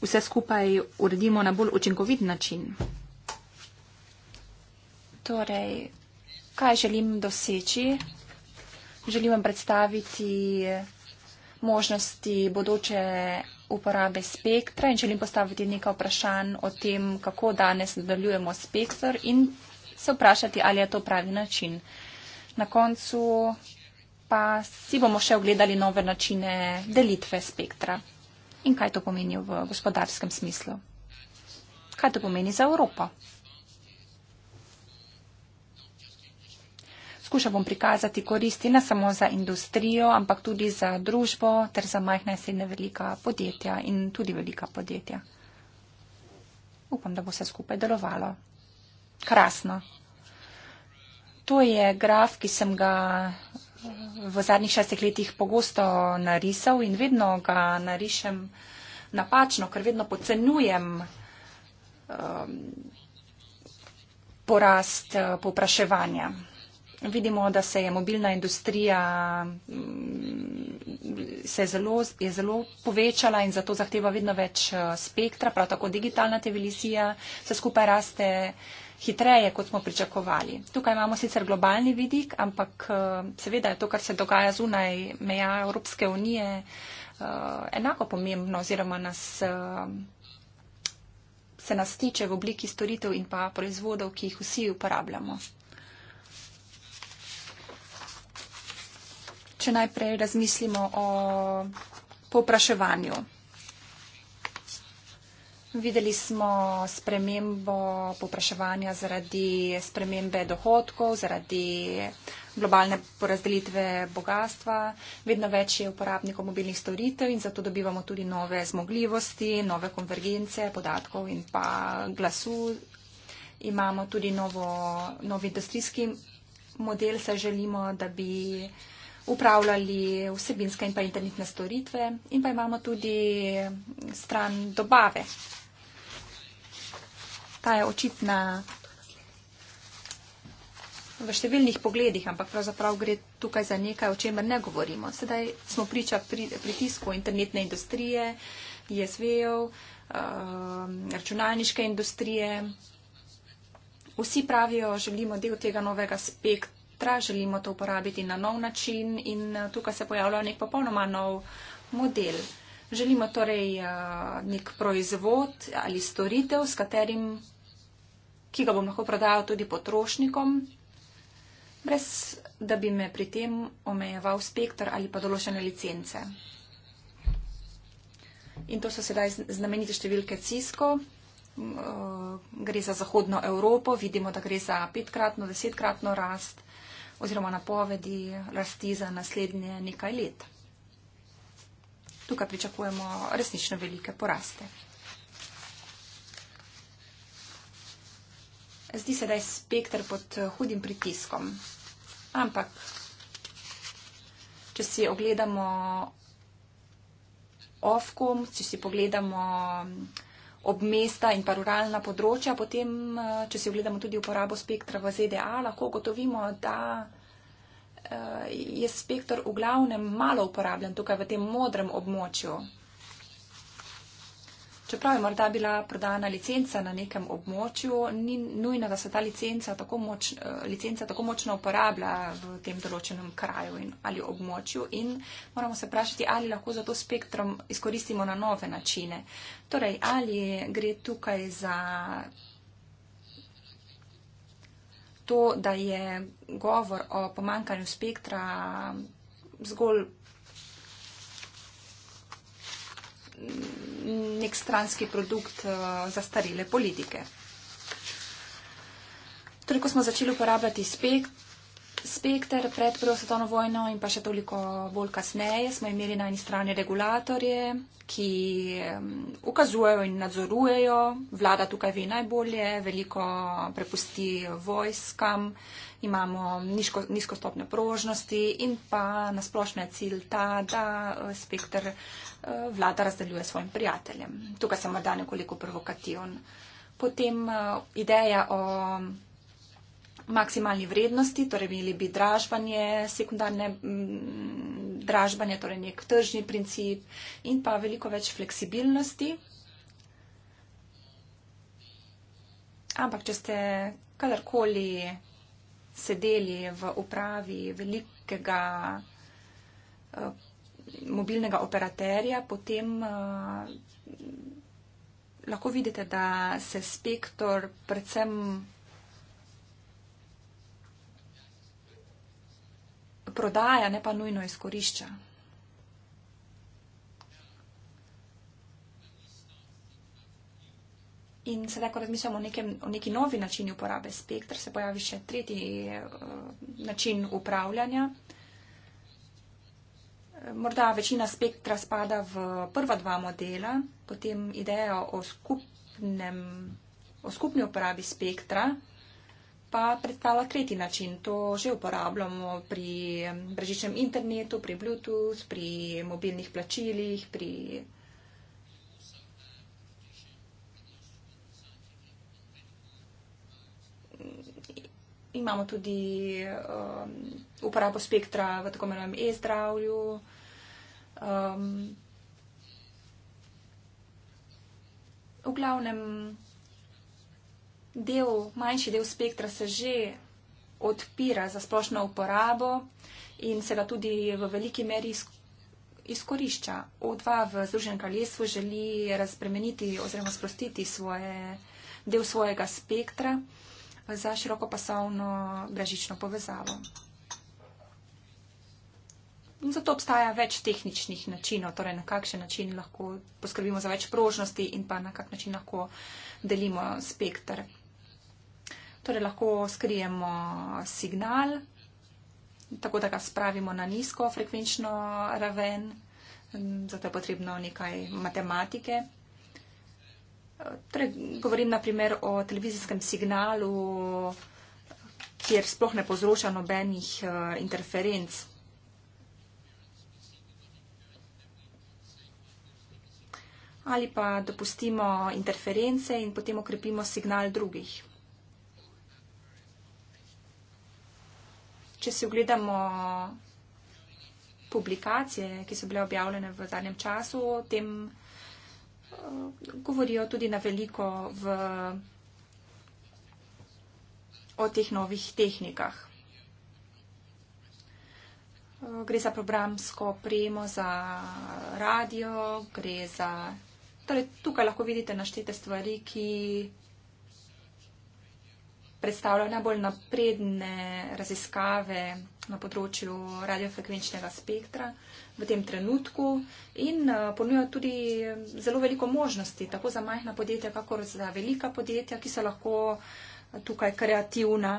vse skupaj uredimo na bolj učinkovit način. Torej, kaj želim doseči? Želim vam predstaviti možnosti bodoče uporabe spektra in želim postaviti nekaj vprašanj o tem, kako danes nadaljujemo spektr in se vprašati, ali je to pravi način. Na koncu pa si bomo še ogledali nove načine delitve spektra in kaj to pomeni v gospodarskem smislu. Kaj to pomeni za Evropo? skušal bom prikazati koristi ne samo za industrijo, ampak tudi za družbo ter za majhna in srednja velika podjetja in tudi velika podjetja. Upam, da bo vse skupaj delovalo. Krasno. To je graf, ki sem ga eh, v zadnjih šestih letih pogosto narisal in vedno ga narišem napačno, ker vedno pocenujem um, eh, porast uh, eh, popraševanja vidimo, da se je mobilna industrija mm, se je zelo, je zelo povečala in zato zahteva vedno več eh, spektra, prav tako digitalna televizija se skupaj raste hitreje, kot smo pričakovali. Tukaj imamo sicer globalni vidik, ampak eh, seveda je to, kar se dogaja zunaj meja Evropske unije, eh, enako pomembno oziroma nas, se nas tiče v obliki storitev in pa proizvodov, ki jih vsi uporabljamo. če najprej razmislimo o popraševanju. Videli smo spremembo popraševanja zaradi spremembe dohodkov, zaradi globalne porazdelitve bogatstva. Vedno več je uporabnikov mobilnih storitev in zato dobivamo tudi nove zmogljivosti, nove konvergence podatkov in pa glasu. Imamo tudi novo, nov industrijski model, saj želimo, da bi upravljali vsebinske in pa internetne storitve in pa imamo tudi stran dobave. Ta je očitna v številnih pogledih, ampak pravzaprav gre tukaj za nekaj, o čemer ne govorimo. Sedaj smo priča pri, pritisku internetne industrije, ISV-ov, um, računalniške industrije. Vsi pravijo, želimo del tega novega spektra spektra, želimo to uporabiti na nov način in eh, tukaj se pojavlja nek popolnoma nov model. Želimo torej eh, nek proizvod ali storitev, s katerim, ki ga bom lahko prodajal tudi potrošnikom, brez da bi me pri tem omejeval spektr ali pa določene licence. In to so sedaj znamenite številke Cisco. Eh, gre za Zahodno Evropo, vidimo, da gre za petkratno, desetkratno rast oziroma napovedi rasti za naslednje nekaj let. Tukaj pričakujemo resnično velike poraste. Zdi se, da je spektr pod hudim pritiskom. Ampak, če si ogledamo ofkom, če si pogledamo obmesta in pa ruralna področja. Potem, eh, če si ogledamo tudi uporabo spektra v ZDA, lahko gotovimo, da eh, je spektr v glavnem malo uporabljen tukaj v tem modrem območju. Čeprav je morda bila prodana licenca na nekem območju, ni nujno, da se ta licenca tako, moč, eh, licenca tako močno uporablja v tem določenem kraju in, ali območju in moramo se vprašati, ali lahko za to spektrum izkoristimo na nove načine. Torej, ali gre tukaj za to, da je govor o pomankanju spektra zgolj nek stranski produkt eh, zastarele politike. Torej, ko smo začeli uporabljati spekter pred Prvo svetovno vojno in pa še toliko bolj kasneje, smo imeli na eni strani regulatorje, ki ukazujejo in nadzorujejo, vlada tukaj ve najbolje, veliko prepusti vojskam, imamo nizko, nizko stopnjo prožnosti in pa nasplošno je cilj ta, da eh, spektr eh, vlada razdeljuje svojim prijateljem. Tukaj sem morda nekoliko provokativen. Potem eh, ideja o maksimalni vrednosti, torej imeli bi dražbanje, sekundarne mm, dražbanje, torej nek tržni princip in pa veliko več fleksibilnosti. Ampak, če ste kadarkoli sedeli v upravi velikega eh, mobilnega operaterja, potem eh, lahko vidite, da se spektr predvsem prodaja, ne pa nujno izkorišča. In sedaj, ko razmišljamo o, nekem, o neki novi načini uporabe spektr, se pojavi še tretji uh, način upravljanja. Eh, morda večina spektra spada v prva dva modela, potem idejo o, skupnem, o skupni uporabi spektra pa predstavlja tretji način. To že uporabljamo pri eh, brežičnem internetu, pri Bluetooth, pri mobilnih plačilih, pri. imamo tudi um, uporabo spektra v tako imenovanem e-zdravju. Um, v glavnem, del, manjši del spektra se že odpira za splošno uporabo in se ga tudi v veliki meri izkorišča. O2 v Združenem kraljestvu želi razpremeniti oziroma sprostiti svoje, del svojega spektra za širokopasovno brežično povezavo. In zato obstaja več tehničnih načinov, torej na kakšen način lahko poskrbimo za več prožnosti in pa na kak način lahko delimo spektr. Torej lahko skrijemo signal, tako da ga spravimo na nizko frekvenčno raven, zato je potrebno nekaj matematike. Torej, govorim naprimer o televizijskem signalu, kjer sploh ne povzroča nobenih eh, interferenc. Ali pa dopustimo interference in potem okrepimo signal drugih. Če si ogledamo publikacije, ki so bile objavljene v zadnjem času, tem vsega, govorijo tudi na veliko v, o teh novih tehnikah. Gre za programsko opremo za radio, gre za. Torej, tukaj lahko vidite naštete stvari, ki predstavljajo najbolj napredne raziskave na področju radiofrekvenčnega spektra v tem trenutku in eh, ponuja tudi eh, zelo veliko možnosti, tako za majhna podjetja, kakor za velika podjetja, ki so lahko eh, tukaj kreativna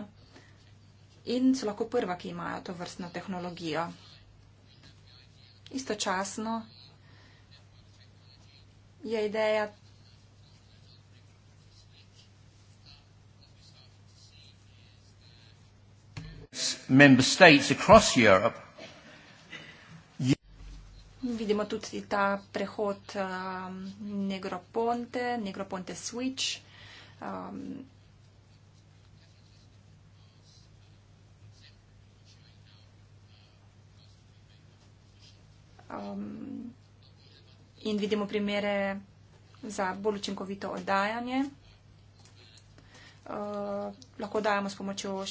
in so lahko prva, ki imajo to vrstno tehnologijo. Istočasno je ideja. Member states across Europe Vidimo tudi ta prehod um, Negroponte, Negroponte Switch. Um, um, in vidimo primere za bolj učinkovito oddajanje. Uh, lahko dajemo s pomočjo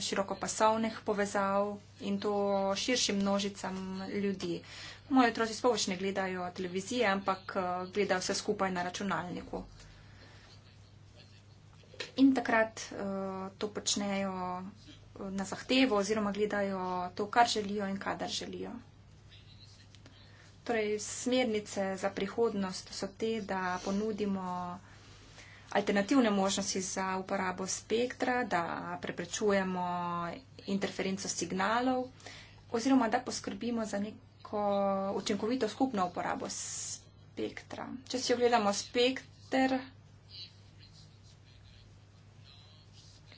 širokopasovnih povezav in to širšim množicam ljudi. Moji otroci spoveč ne gledajo televizije, ampak eh, gledajo vse skupaj na računalniku. In takrat eh, to počnejo eh, na zahtevo oziroma gledajo to, kar želijo in kadar želijo. Torej, smernice za prihodnost so te, da ponudimo alternativne možnosti za uporabo spektra, da preprečujemo interferenco signalov, oziroma da poskrbimo za neko učinkovito skupno uporabo spektra. Če si ogledamo spektr,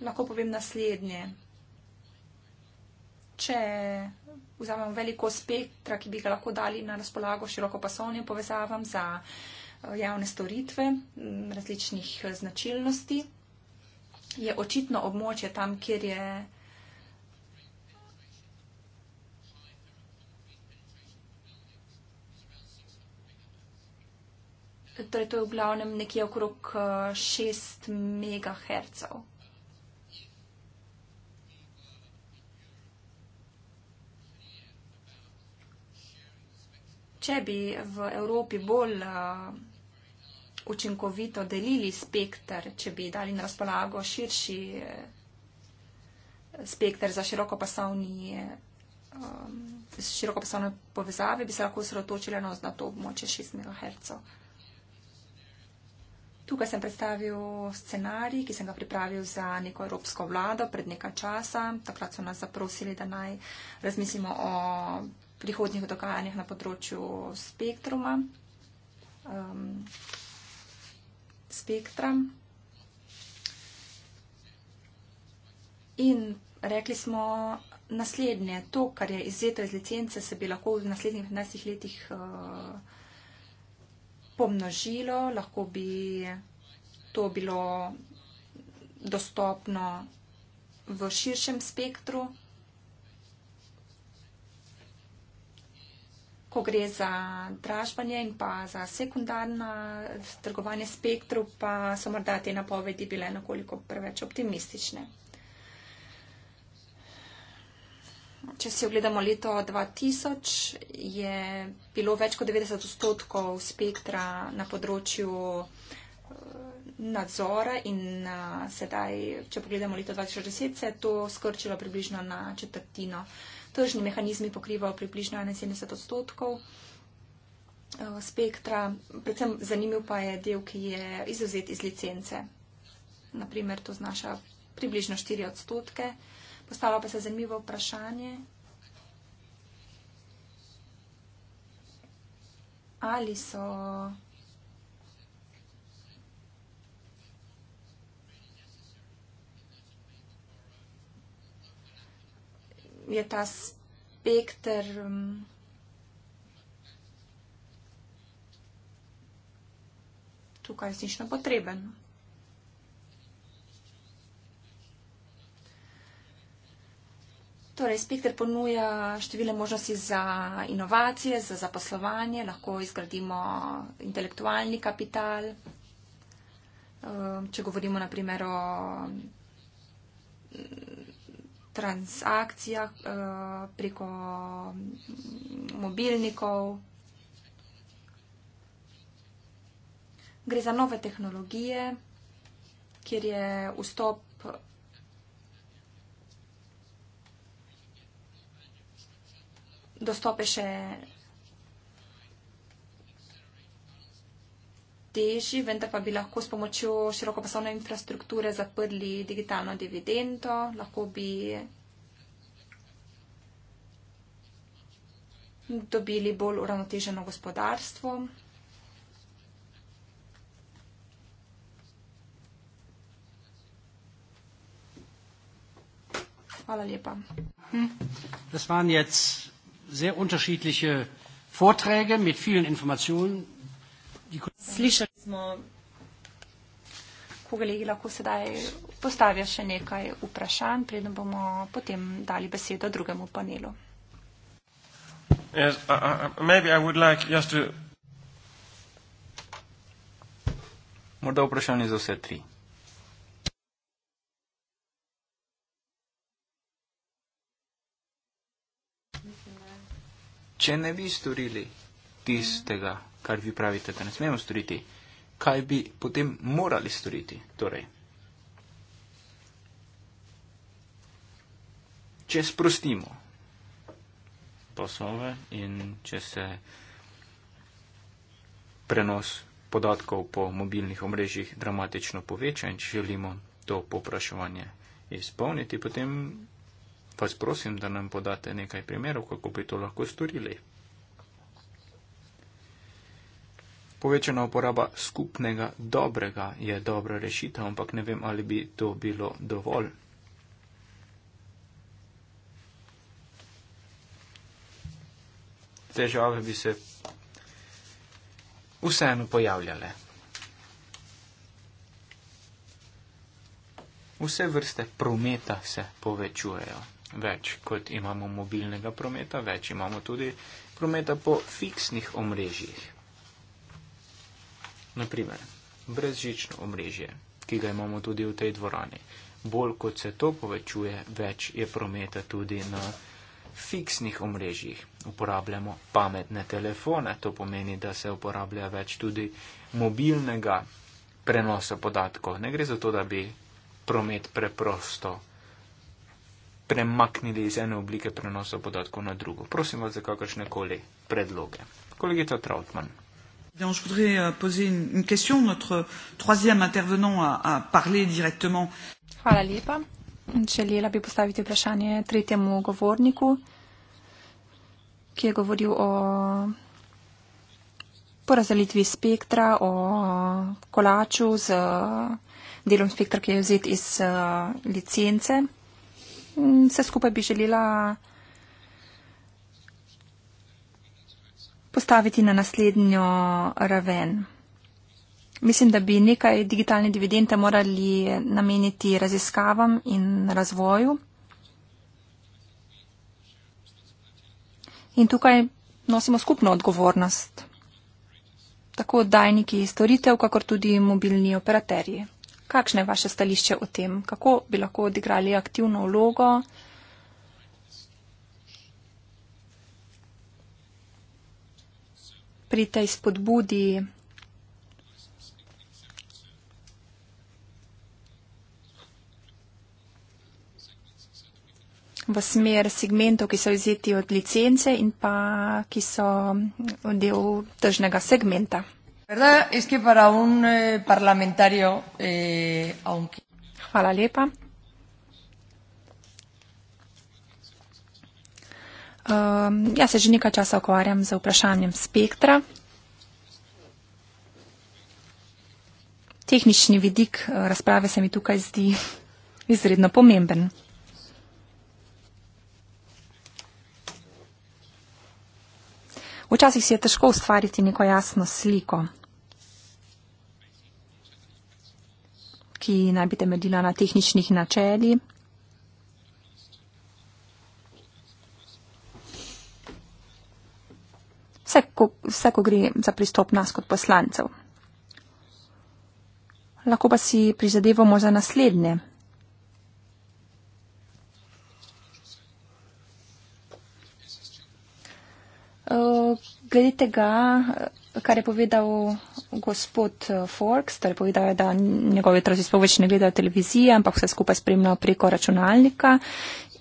lahko povem naslednje. Če vzamemo veliko spektra, ki bi ga lahko dali na razpolago širokopasovnim povezavam za eh, javne storitve različnih eh, značilnosti, je očitno območje tam, kjer je torej to je v glavnem nekje okrog 6 eh, MHz. Če bi v Evropi bolj eh, učinkovito delili spektr, če bi dali na razpolago širši eh, spektr za širokopasovne um, široko povezave, bi se lahko osredotočili na to območje 6 MHz. Tukaj sem predstavil scenarij, ki sem ga pripravil za neko evropsko vlado pred nekaj časa. Takrat so nas zaprosili, da naj razmislimo o prihodnjih dogajanjih na področju spektruma. Um, spektra. In rekli smo naslednje, to, kar je izzeto iz licence, se bi lahko v naslednjih 15 letih uh, pomnožilo, lahko bi to bilo dostopno v širšem spektru. Ko gre za dražbanje in pa za sekundarno trgovanje spektru, pa so morda te napovedi bile nekoliko preveč optimistične. če si ogledamo leto 2000, je bilo več kot 90 odstotkov spektra na področju eh, nadzora in eh, sedaj, če pogledamo leto 2010, se je to skrčilo približno na četrtino. Tržni mehanizmi pokrivajo približno 71 odstotkov eh, spektra. Predvsem zanimiv pa je del, ki je izuzet iz licence. Naprimer, to znaša približno 4 odstotke. Postalo pa se zanimivo vprašanje, ali so. Je ta spekter um, tukaj resnično potreben? Torej, Spekter ponuja številne možnosti za inovacije, za zaposlovanje, lahko izgradimo intelektualni kapital. Ehm, če govorimo naprimer o mm, transakcijah e, preko mobilnikov. Gre za nove tehnologije, kjer je vstop dostope še težji, vendar pa bi lahko s pomočjo širokopasovne infrastrukture zaprli digitalno dividendo, lahko bi dobili bolj uravnoteženo gospodarstvo. Hvala lepa. Hm sehr unterschiedliche Vorträge mit vielen Informationen. Slišali smo, kolegi, lahko sedaj postavijo še nekaj vprašanj, preden bomo potem dali besedo drugemu panelu. Yes, I, uh, I, uh, uh, maybe I would like just to... Morda vprašanje za vse tri. če ne bi storili tistega, kar vi pravite, da ne smemo storiti, kaj bi potem morali storiti? Torej, če sprostimo poslove in če se prenos podatkov po mobilnih omrežjih dramatično poveča in če želimo to popraševanje izpolniti, potem Vas prosim, da nam podate nekaj primerov, kako bi to lahko storili. Povečana uporaba skupnega dobrega je dobra rešitev, ampak ne vem, ali bi to bilo dovolj. Težave bi se vseeno pojavljale. Vse vrste prometa se povečujejo več kot imamo mobilnega prometa, več imamo tudi prometa po fiksnih omrežjih. Naprimer, brezžično omrežje, ki ga imamo tudi v tej dvorani. Bolj kot se to povečuje, več je prometa tudi na fiksnih omrežjih. Uporabljamo pametne telefone, to pomeni, da se uporablja več tudi mobilnega prenosa podatkov. Ne gre za to, da bi promet preprosto premaknili iz ene oblike prenosa podatkov na drugo. Prosim vas za kakršne koli predloge. Kolegica Trautmann. Bien, je voudrais euh, poser une, une question. Notre troisième intervenant a, a parlé directement. Hvala lepa. Želela bi postaviti vprašanje tretjemu govorniku, ki je govoril o porazdelitvi spektra, o kolaču z delom spektra, ki je vzet iz uh, licence. Mm, vse skupaj bi želela postaviti na naslednjo raven. Mislim, da bi nekaj digitalne dividende morali nameniti raziskavam in razvoju. In tukaj nosimo skupno odgovornost, tako dajniki storitev, kakor tudi mobilni operaterji. Kakšno je vaše stališče o tem? Kako bi lahko odigrali aktivno vlogo? pri tej spodbudi v smer segmentov, ki so izjeti od licence in pa ki so del tržnega segmenta verdad es que para un eh, parlamentario, eh, aunque. Hvala lepa. Um, jaz se že nekaj časa ukvarjam z vprašanjem spektra. Tehnični vidik eh, razprave se mi tukaj zdi izredno pomemben. Včasih si je težko ustvariti neko jasno sliko. ki naj bi temeljila na tehničnih načeli. Vse, ko, vse, ko gre za pristop nas kot poslancev. Lahko pa si prizadevamo za naslednje. Uh, glede tega, kar je povedal gospod eh, Forks, torej povedal je, da njegovi otroci spoveč ne gledajo televizije, ampak vse skupaj spremljajo preko računalnika.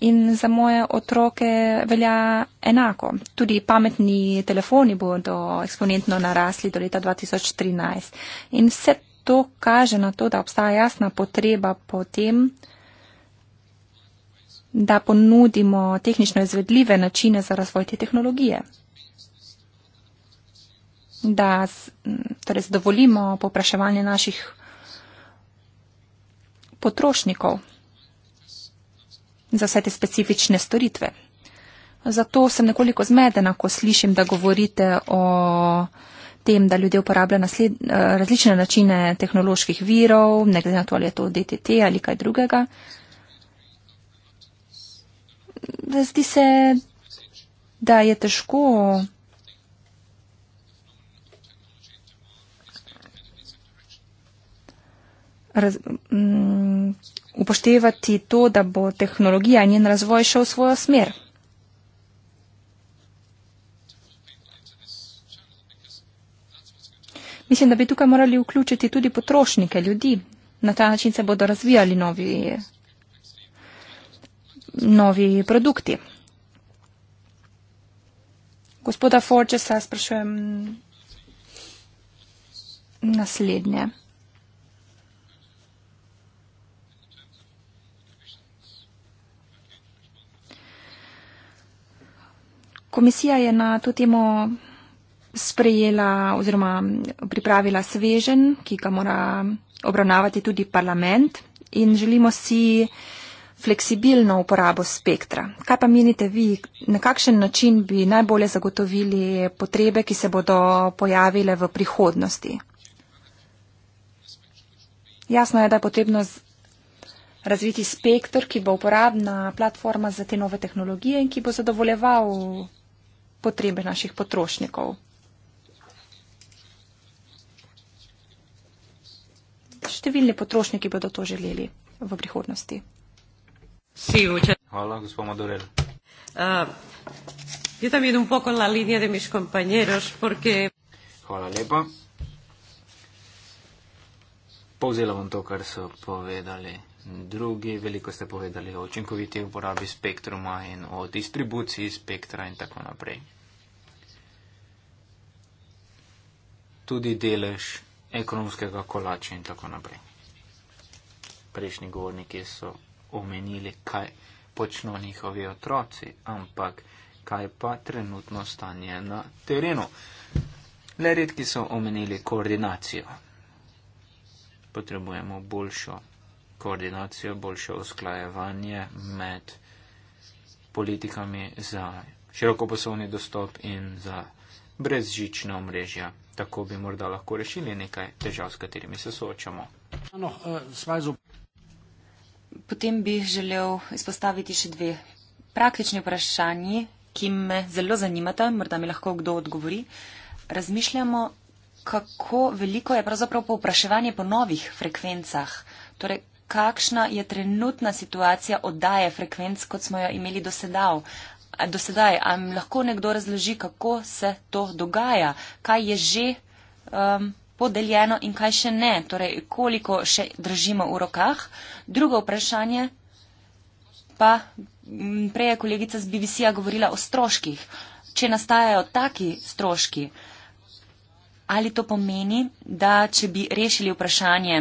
In za moje otroke velja enako. Tudi pametni telefoni bodo eksponentno narasli do leta 2013. In vse to kaže na to, da obstaja jasna potreba po tem, da ponudimo tehnično izvedljive načine za razvoj te tehnologije da torej zadovoljimo popraševanje naših potrošnikov za vse te specifične storitve. Zato sem nekoliko zmedena, ko slišim, da govorite o tem, da ljudje uporabljajo nasled, različne načine tehnoloških virov, ne glede na to, ali je to DTT ali kaj drugega. Zdi se, da je težko raz, um, upoštevati to, da bo tehnologija in njen razvoj šel v svojo smer. Mislim, da bi tukaj morali vključiti tudi potrošnike, ljudi. Na ta način se bodo razvijali novi, novi produkti. Gospoda Forčesa sprašujem naslednje. Komisija je na to temo sprejela oziroma pripravila svežen, ki ga mora obravnavati tudi parlament in želimo si fleksibilno uporabo spektra. Kaj pa menite vi, na kakšen način bi najbolje zagotovili potrebe, ki se bodo pojavile v prihodnosti? Jasno je, da je potrebno razviti spektr, ki bo uporabna platforma za te nove tehnologije in ki bo zadovoljeval potrebe naših potrošnikov. Številni potrošniki bodo to želeli v prihodnosti. Hvala, gospod Madurel. Uh, ah, jaz sem videl poko na linijo, da miš kompanjeroš, porque... Hvala lepa. Povzela bom to, kar so povedali drugi, veliko ste povedali o učinkoviti uporabi spektruma in o distribuciji spektra in tako naprej. Tudi delež ekonomskega kolača in tako naprej. Prejšnji govorniki so omenili, kaj počno njihovi otroci, ampak kaj pa trenutno stanje na terenu. Le redki so omenili koordinacijo. Potrebujemo boljšo koordinacijo, boljše usklajevanje med politikami za širokoposobni dostop in za brezžične omrežja. Tako bi morda lahko rešili nekaj težav, s katerimi se soočamo. Eh, Potem bi želel izpostaviti še dve praktični vprašanji, ki me zelo zanimata, morda mi lahko kdo odgovori. Razmišljamo, kako veliko je pravzaprav povpraševanje po novih frekvencah, torej kakšna je trenutna situacija oddaje frekvenc, kot smo jo imeli dosedav. Dosedaj, ali lahko nekdo razloži, kako se to dogaja, kaj je že um, podeljeno in kaj še ne, torej koliko še držimo v rokah. Drugo vprašanje pa, prej je kolegica z BBC-a govorila o stroških. Če nastajajo taki stroški, ali to pomeni, da če bi rešili vprašanje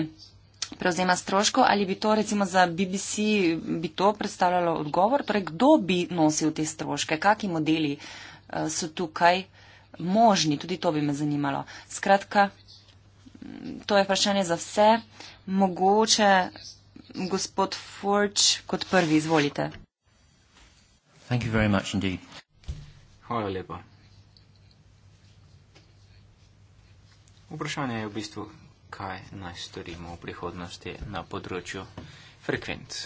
prevzema stroško, ali bi to recimo za BBC bi to predstavljalo odgovor, torej kdo bi nosil te stroške, kaki modeli eh, so tukaj možni, tudi to bi me zanimalo. Skratka, mm, to je vprašanje za vse, mogoče gospod Forge kot prvi, izvolite. Hvala lepa. Vprašanje je v bistvu, kaj naj storimo v prihodnosti na področju frekvenc.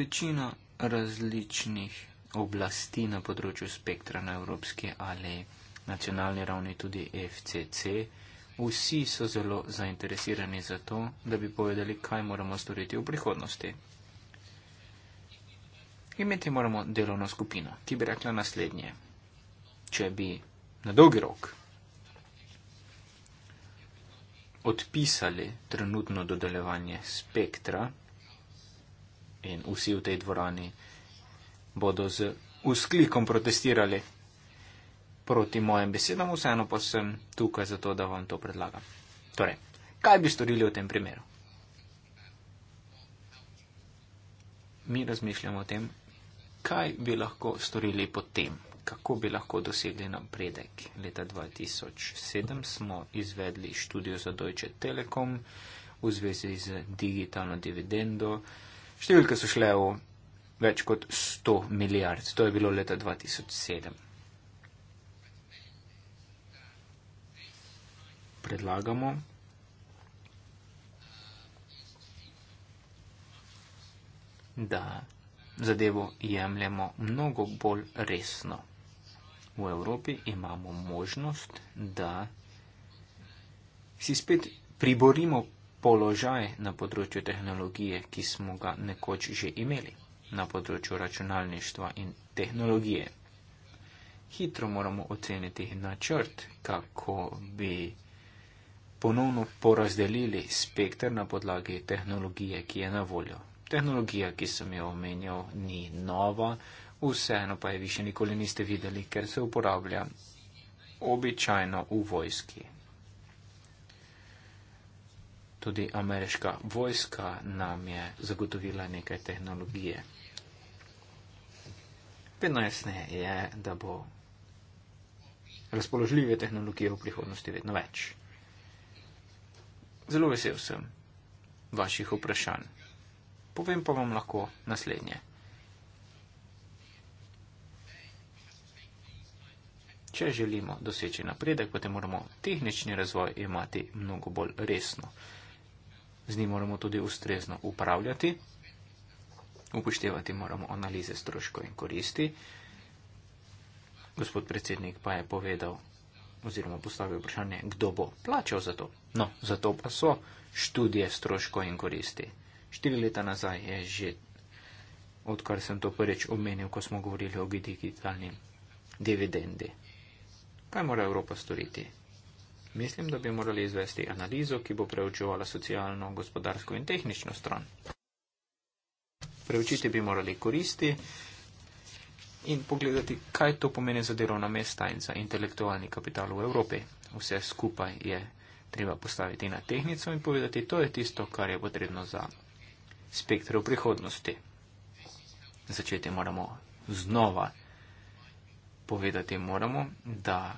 Večina različnih oblasti na področju spektra na evropski ali nacionalni ravni, tudi FCC, vsi so zelo zainteresirani za to, da bi povedali, kaj moramo storiti v prihodnosti. Imeti moramo delovno skupino, ki bi rekla naslednje če bi na dolgi rok odpisali trenutno dodeljevanje spektra in vsi v tej dvorani bodo z vzklikom protestirali proti mojim besedam, vseeno pa sem tukaj zato, da vam to predlagam. Torej, kaj bi storili v tem primeru? Mi razmišljamo o tem, kaj bi lahko storili potem, kako bi lahko dosegli napredek. Leta 2007 smo izvedli študijo za Deutsche Telekom v zvezi z digitalno dividendo. Številke so šle v več kot 100 milijard. To je bilo leta 2007. Predlagamo. da zadevo jemljemo mnogo bolj resno v Evropi imamo možnost, da si spet priborimo položaj na področju tehnologije, ki smo ga nekoč že imeli na področju računalništva in tehnologije. Hitro moramo oceniti načrt, kako bi ponovno porazdelili spektr na podlagi tehnologije, ki je na voljo. Tehnologija, ki sem jo omenjal, ni nova, vseeno pa je više nikoli niste videli, ker se uporablja običajno v vojski. Tudi ameriška vojska nam je zagotovila nekaj tehnologije. Vedno jasne je, da bo razpoložljive tehnologije v prihodnosti vedno več. Zelo vesel sem vaših vprašanj. Povem pa vam lahko naslednje. Če želimo doseči napredek, potem moramo tehnični razvoj imati mnogo bolj resno. Z njim moramo tudi ustrezno upravljati, upoštevati moramo analize stroškov in koristi. Gospod predsednik pa je povedal oziroma postavil vprašanje, kdo bo plačal za to. No, za to pa so študije stroškov in koristi. Štiri leta nazaj je že, odkar sem to prvič omenil, ko smo govorili o digitalni dividendi. Kaj mora Evropa storiti? Mislim, da bi morali izvesti analizo, ki bo preučevala socialno, gospodarsko in tehnično stran. Preučiti bi morali koristi in pogledati, kaj to pomeni za delovna mesta in za intelektualni kapital v Evropi. Vse skupaj je treba postaviti na tehnico in povedati, to je tisto, kar je potrebno za spektre v prihodnosti. Začeti moramo znova povedati moramo, da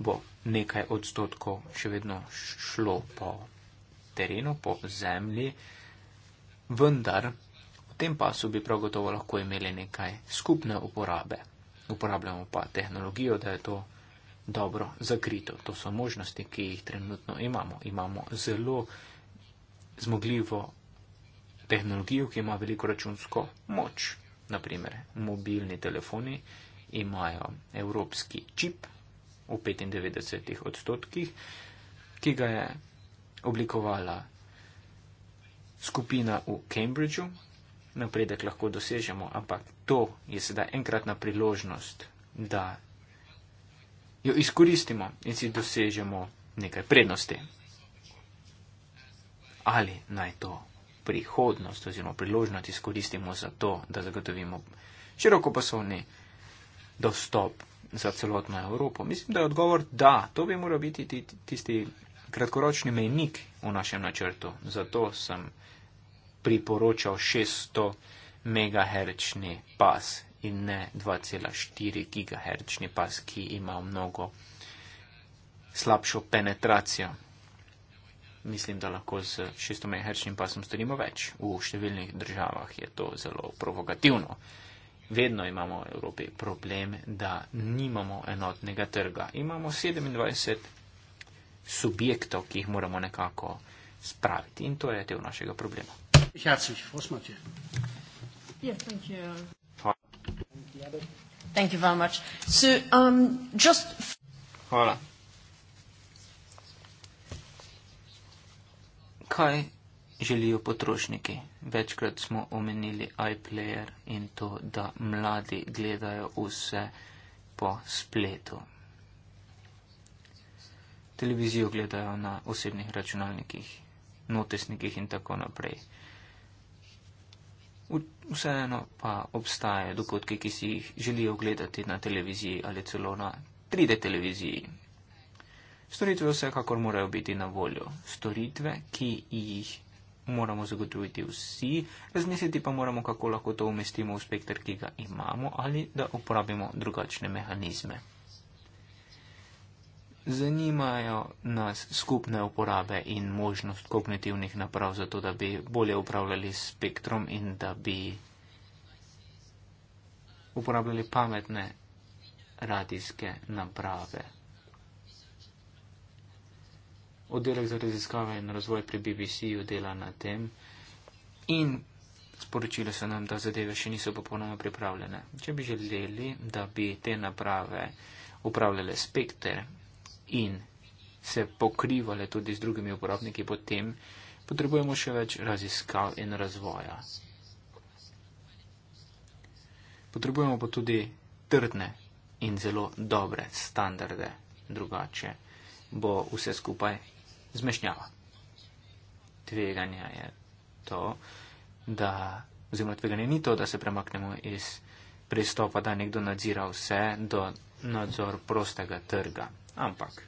bo nekaj odstotkov še vedno šlo po terenu, po zemlji, vendar v tem pasu bi prav gotovo lahko imeli nekaj skupne uporabe. Uporabljamo pa tehnologijo, da je to dobro zakrito. To so možnosti, ki jih trenutno imamo. Imamo zelo zmogljivo tehnologijo, ki ima veliko računsko moč. Naprimer, mobilni telefoni imajo evropski čip v 95 odstotkih, ki ga je oblikovala skupina v Cambridgeu. Napredek lahko dosežemo, ampak to je sedaj enkratna priložnost, da jo izkoristimo in si dosežemo nekaj prednosti. Ali naj to prihodnost oziroma priložnost izkoristimo za to, da zagotovimo široko poslovni dostop za celotno Evropo? Mislim, da je odgovor da. To bi moral biti tisti kratkoročni mejnik v našem načrtu. Zato sem priporočal 600 MHz pas in ne 2,4 GHz pas, ki ima mnogo slabšo penetracijo. Mislim, da lahko z 600 MHz pasom storimo več. V številnih državah je to zelo provokativno. Vedno imamo v Evropi problem, da nimamo enotnega trga. Imamo 27 subjektov, ki jih moramo nekako spraviti in to je del našega problema. Um, Hvala. Kaj želijo potrošniki. Večkrat smo omenili iPlayer in to, da mladi gledajo vse po spletu. Televizijo gledajo na osebnih računalnikih, notesnikih in tako naprej. Vseeno pa obstajajo dogodke, ki si jih želijo gledati na televiziji ali celo na 3D televiziji. Storitve vsekakor morajo biti na voljo. Storitve, ki jih moramo zagotoviti vsi, razmisliti pa moramo, kako lahko to umestimo v spektr, ki ga imamo, ali da uporabimo drugačne mehanizme. Zanimajo nas skupne uporabe in možnost kognitivnih naprav za to, da bi bolje upravljali spektrom in da bi uporabljali pametne radijske naprave oddelek za raziskave in razvoj pri BBC-ju dela na tem in sporočilo so nam, da zadeve še niso popolnoma pripravljene. Če bi želeli, da bi te naprave upravljale spekter in se pokrivale tudi z drugimi uporabniki, potem potrebujemo še več raziskav in razvoja. Potrebujemo pa tudi trdne in zelo dobre standarde. Drugače bo vse skupaj zmešnjava. Tveganje je to, da, oziroma tveganje ni to, da se premaknemo iz pristopa, da nekdo nadzira vse do nadzor prostega trga. Ampak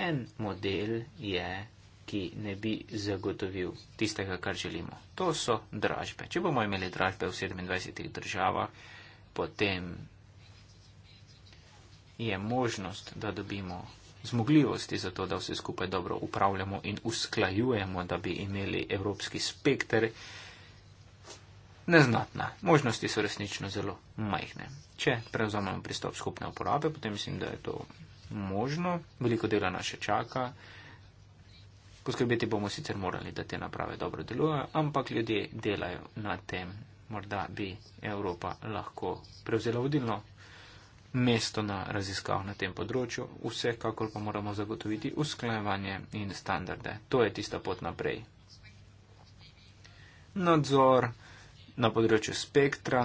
en model je, ki ne bi zagotovil tistega, kar želimo. To so dražbe. Če bomo imeli dražbe v 27 državah, potem je možnost, da dobimo zmogljivosti za to, da vse skupaj dobro upravljamo in usklajujemo, da bi imeli evropski spekter, neznatna. Možnosti so resnično zelo majhne. Če prevzamemo pristop skupne uporabe, potem mislim, da je to možno. Veliko dela nas še čaka. Poskrbeti bomo sicer morali, da te naprave dobro delujejo, ampak ljudje delajo na tem. Morda bi Evropa lahko prevzela vodilno mesto na raziskavah na tem področju, vsekakor pa moramo zagotoviti usklajevanje in standarde. To je tista pot naprej. Nadzor na področju spektra,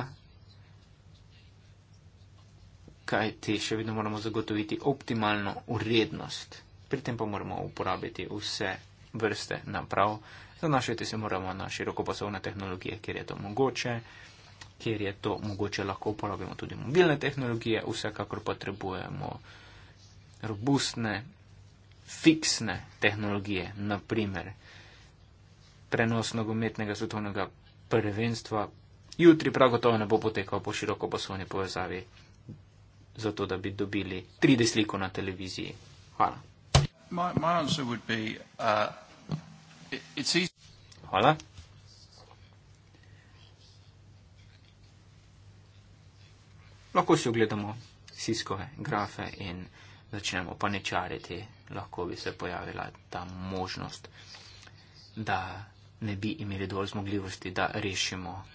kaj ti še vedno moramo zagotoviti optimalno urednost. Pri tem pa moramo uporabiti vse vrste naprav. Zanašati se moramo na širokopasovne tehnologije, kjer je to mogoče kjer je to mogoče, lahko uporabimo tudi mobilne tehnologije, vsekakor potrebujemo robustne, fiksne tehnologije, naprimer prenos nogometnega svetovnega prvenstva. Jutri prav gotovo ne bo potekal po široko poslovni povezavi, zato da bi dobili 3D sliko na televiziji. Hvala. My, my be, uh, it, Hvala. lahko si ogledamo siskove grafe in začnemo panečariti, lahko bi se pojavila ta možnost, da ne bi imeli dovolj zmogljivosti, da rešimo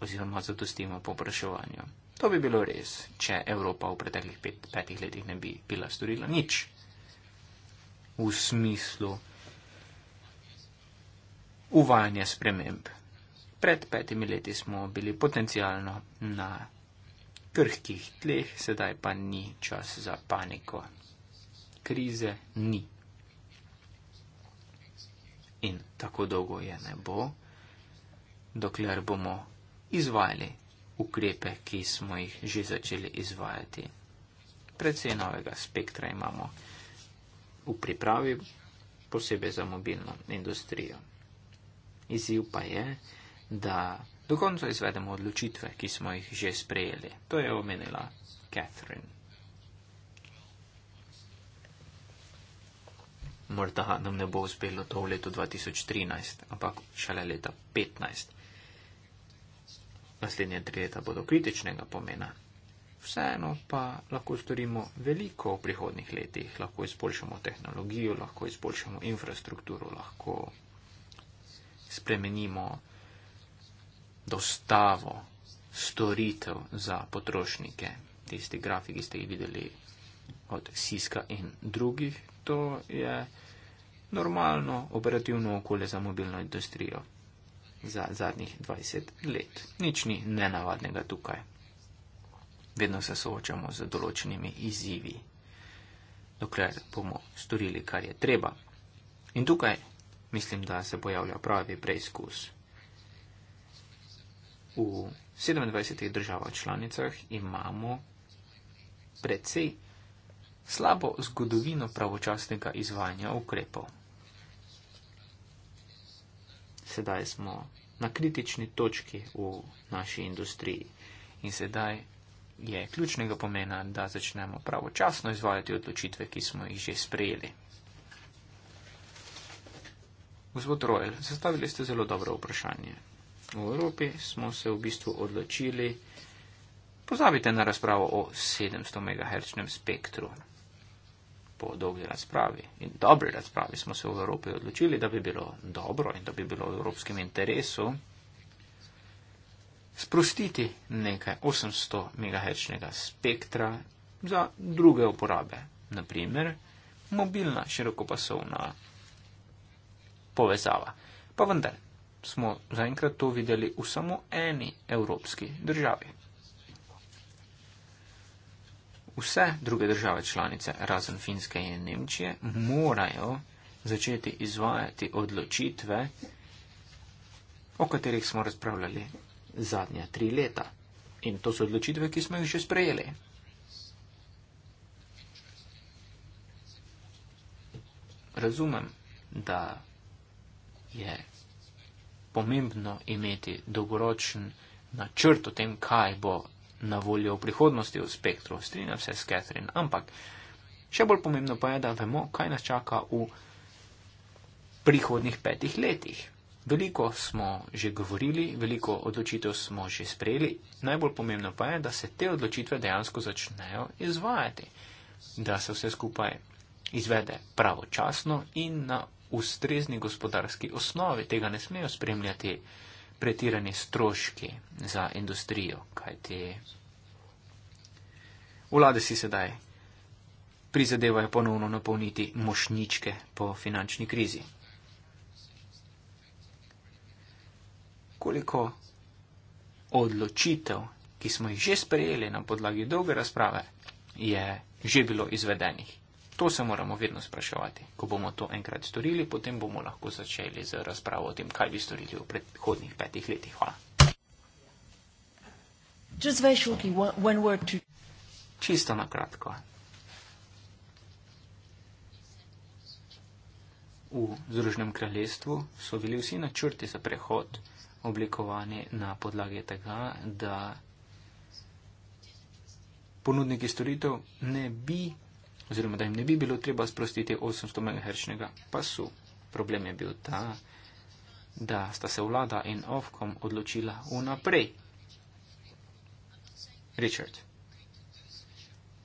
oziroma zadostimo popraševanju. To bi bilo res, če Evropa v preteklih pet, petih letih ne bi bila storila nič v smislu uvajanja sprememb. Pred petimi leti smo bili potencialno na krhkih tleh, sedaj pa ni čas za paniko. Krize ni. In tako dolgo je ne bo, dokler bomo izvajali ukrepe, ki smo jih že začeli izvajati. Predvsej novega spektra imamo v pripravi, posebej za mobilno industrijo. Izziv pa je, da do konca izvedemo odločitve, ki smo jih že sprejeli. To je omenila Catherine. Morda nam ne bo uspelo to v letu 2013, ampak šele leta 2015. Naslednje tri leta bodo kritičnega pomena. Vseeno pa lahko storimo veliko v prihodnih letih. Lahko izboljšamo tehnologijo, lahko izboljšamo infrastrukturo, lahko spremenimo dostavo storitev za potrošnike. Tisti grafi, ki ste jih videli od Siska in drugih, to je normalno operativno okolje za mobilno industrijo za zadnjih 20 let. Nič ni nenavadnega tukaj. Vedno se soočamo z določenimi izzivi, dokler bomo storili, kar je treba. In tukaj mislim, da se pojavlja pravi preizkus v 27 državah članicah imamo precej slabo zgodovino pravočasnega izvajanja ukrepov. Sedaj smo na kritični točki v naši industriji in sedaj je ključnega pomena, da začnemo pravočasno izvajati odločitve, ki smo jih že sprejeli. Gospod Rojl, zastavili ste zelo dobro vprašanje v Evropi, smo se v bistvu odločili, pozabite na razpravo o 700 MHz spektru. Po dolgi razpravi in dobri razpravi smo se v Evropi odločili, da bi bilo dobro in da bi bilo v evropskem interesu sprostiti nekaj 800 MHz spektra za druge uporabe, naprimer mobilna širokopasovna povezava. Pa vendar, smo zaenkrat to videli v samo eni evropski državi. Vse druge države članice, razen Finske in Nemčije, morajo začeti izvajati odločitve, o katerih smo razpravljali zadnja tri leta. In to so odločitve, ki smo jih že sprejeli. Razumem, da je pomembno imeti dolgoročen načrt o tem, kaj bo na voljo v prihodnosti v spektru. Strinjam se s Catherine, ampak še bolj pomembno pa je, da vemo, kaj nas čaka v prihodnih petih letih. Veliko smo že govorili, veliko odločitev smo že sprejeli, najbolj pomembno pa je, da se te odločitve dejansko začnejo izvajati, da se vse skupaj izvede pravočasno in na ustrezni gospodarski osnovi, tega ne smejo spremljati pretirani stroški za industrijo, kajti vlade si sedaj prizadevajo ponovno napolniti mošničke po finančni krizi. Koliko odločitev, ki smo jih že sprejeli na podlagi dolge razprave, je že bilo izvedenih? To se moramo vedno spraševati. Ko bomo to enkrat storili, potem bomo lahko začeli z razpravo o tem, kaj bi storili v predhodnih petih letih. Hvala. Čisto na kratko. V Združenem kraljestvu so bili vsi načrti za prehod oblikovani na podlagi tega, da ponudniki storitev ne bi oziroma da jim ne bi bilo treba sprostiti 800 MHz pasu. Problem je bil ta, da sta se vlada in ovkom odločila vnaprej. Richard,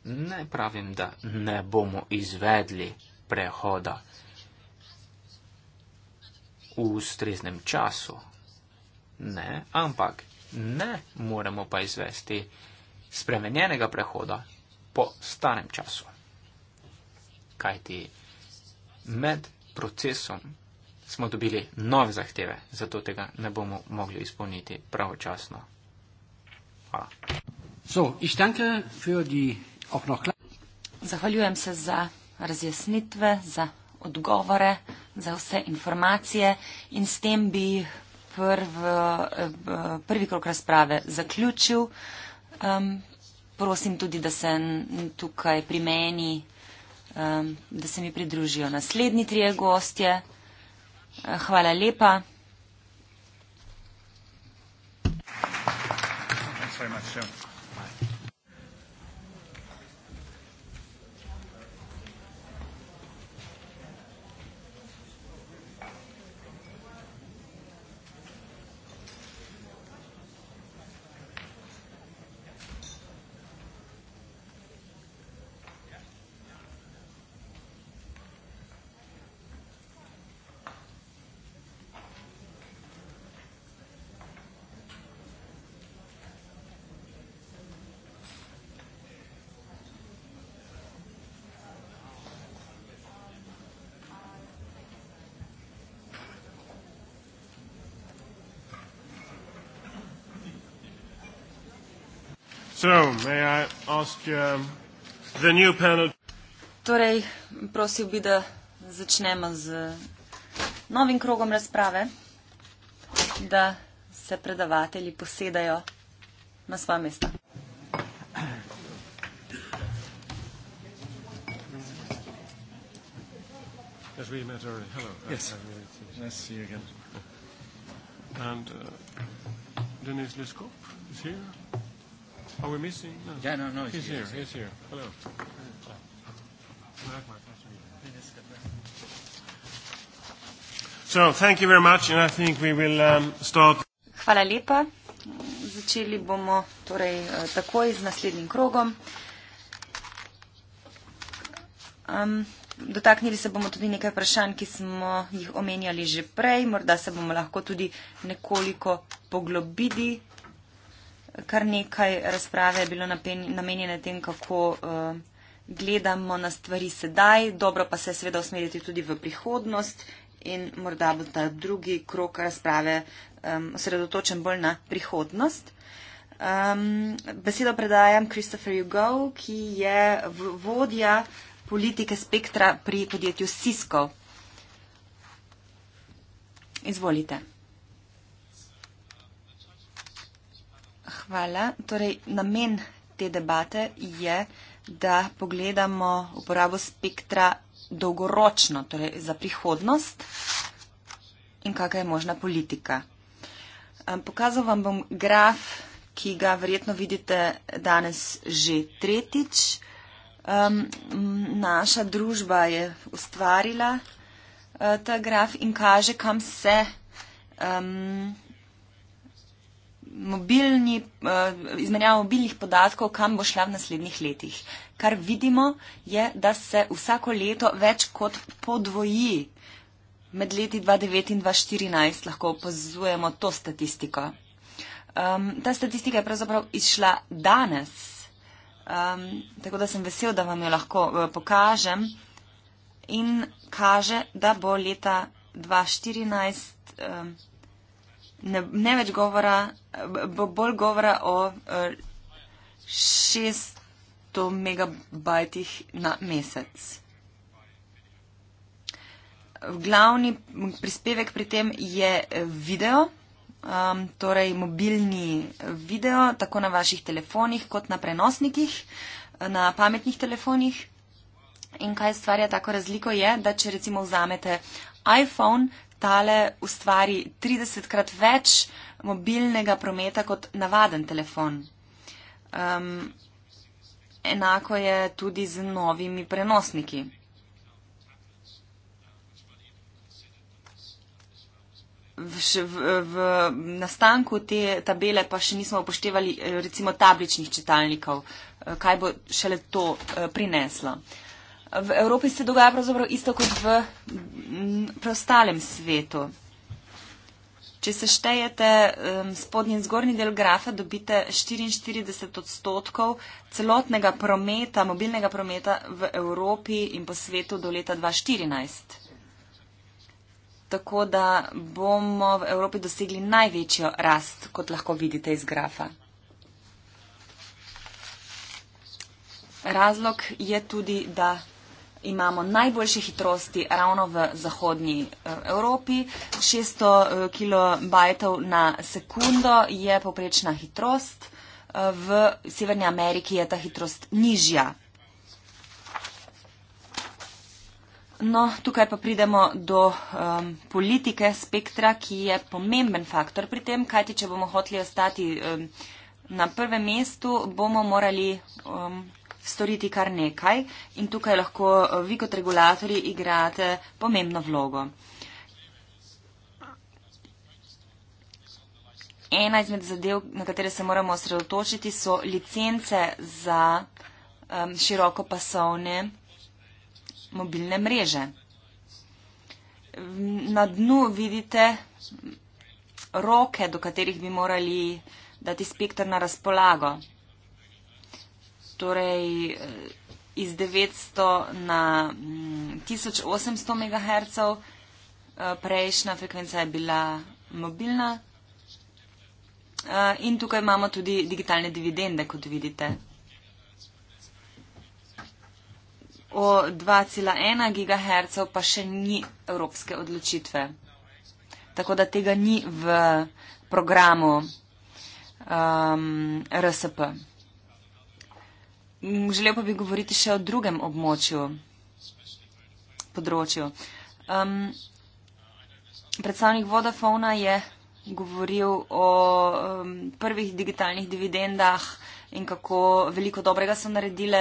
ne pravim, da ne bomo izvedli prehoda v ustreznem času. Ne, ampak ne moremo pa izvesti spremenjenega prehoda po starem času kajti med procesom smo dobili nove zahteve, zato tega ne bomo mogli izpolniti pravočasno. Hvala. So, Zahvaljujem se za razjasnitve, za odgovore, za vse informacije in s tem bi prv, eh, prvi krok razprave zaključil. Um, prosim tudi, da se tukaj pri meni um, da se mi pridružijo naslednji trije gostje. Eh, hvala lepa. So, may I ask um, the new panel... Torej, prosil bi, da začnemo z novim krogom razprave, da se predavatelji posedajo na sva mesta. As we met already. Hello. Yes. Uh, nice to see you again. And uh, Denise Leskop is here. Are we missing? No. Yeah, no, no. He's, he's here. here. He's here. Hello. So, thank you very much, and I think we will um, start. Hvala lepa. Začeli bomo torej eh, takoj z naslednjim krogom. Um, dotaknili se bomo tudi nekaj vprašanj, ki smo jih omenjali že prej. Morda se bomo lahko tudi nekoliko poglobili kar nekaj razprave je bilo namenjene tem, kako uh, gledamo na stvari sedaj, dobro pa se seveda usmeriti tudi v prihodnost in morda bo ta drugi krok razprave um, osredotočen bolj na prihodnost. Um, besedo predajam Christopher Hugo, ki je vodja politike spektra pri podjetju Cisco. Izvolite. hvala. Torej, namen te debate je, da pogledamo uporabo spektra dolgoročno, torej za prihodnost in kakšna je možna politika. Pokazal vam bom graf, ki ga verjetno vidite danes že tretjič. Naša družba je ustvarila eh, ta graf in kaže, kam se mobilni, uh, izmenjava mobilnih podatkov, kam bo šla v naslednjih letih. Kar vidimo je, da se vsako leto več kot podvoji med leti 2009 in 2014, lahko opazujemo to statistiko. Um, ta statistika je pravzaprav izšla danes, um, tako da sem vesel, da vam jo lahko uh, pokažem in kaže, da bo leta 2014. Um, ne, ne več govora, bolj govora o 600 eh, megabajtih na mesec. Glavni prispevek pri tem je eh, video, um, torej mobilni video, tako na vaših telefonih kot na prenosnikih, na pametnih telefonih. In kaj stvarja tako razliko je, da če recimo vzamete iPhone, tale ustvari 30krat več mobilnega prometa kot navaden telefon. Um, enako je tudi z novimi prenosniki. V, v nastanku te tabele pa še nismo upoštevali recimo tabličnih čitalnikov. Kaj bo šele to eh, prineslo? V Evropi se dogaja pravzaprav isto kot v preostalem svetu. Če seštejete um, spodnji in zgornji del grafa, dobite 44 odstotkov celotnega prometa, mobilnega prometa v Evropi in po svetu do leta 2014. Tako da bomo v Evropi dosegli največjo rast, kot lahko vidite iz grafa. Razlog je tudi, da imamo najboljše hitrosti ravno v zahodnji eh, Evropi. 600 eh, kB na sekundo je poprečna hitrost, eh, v Severni Ameriki je ta hitrost nižja. No, tukaj pa pridemo do um, politike spektra, ki je pomemben faktor pri tem, kajti če bomo hoteli ostati um, na prvem mestu, bomo morali um, storiti kar nekaj in tukaj lahko eh, vi kot regulatorji igrate pomembno vlogo. Ena izmed zadev, na katere se moramo osredotočiti, so licence za um, širokopasovne mobilne mreže. Na dnu vidite roke, do katerih bi morali dati spektr na razpolago torej eh, iz 900 na 1800 mm, MHz, eh, prejšnja frekvenca je bila mobilna. Eh, in tukaj imamo tudi digitalne dividende, kot vidite. O 2,1 GHz pa še ni evropske odločitve. Tako da tega ni v programu um, ehm, RSP. Mm, želel pa bi govoriti še o drugem območju, področju. Um, predstavnik Vodafona je govoril o um, prvih digitalnih dividendah in kako veliko dobrega so naredile.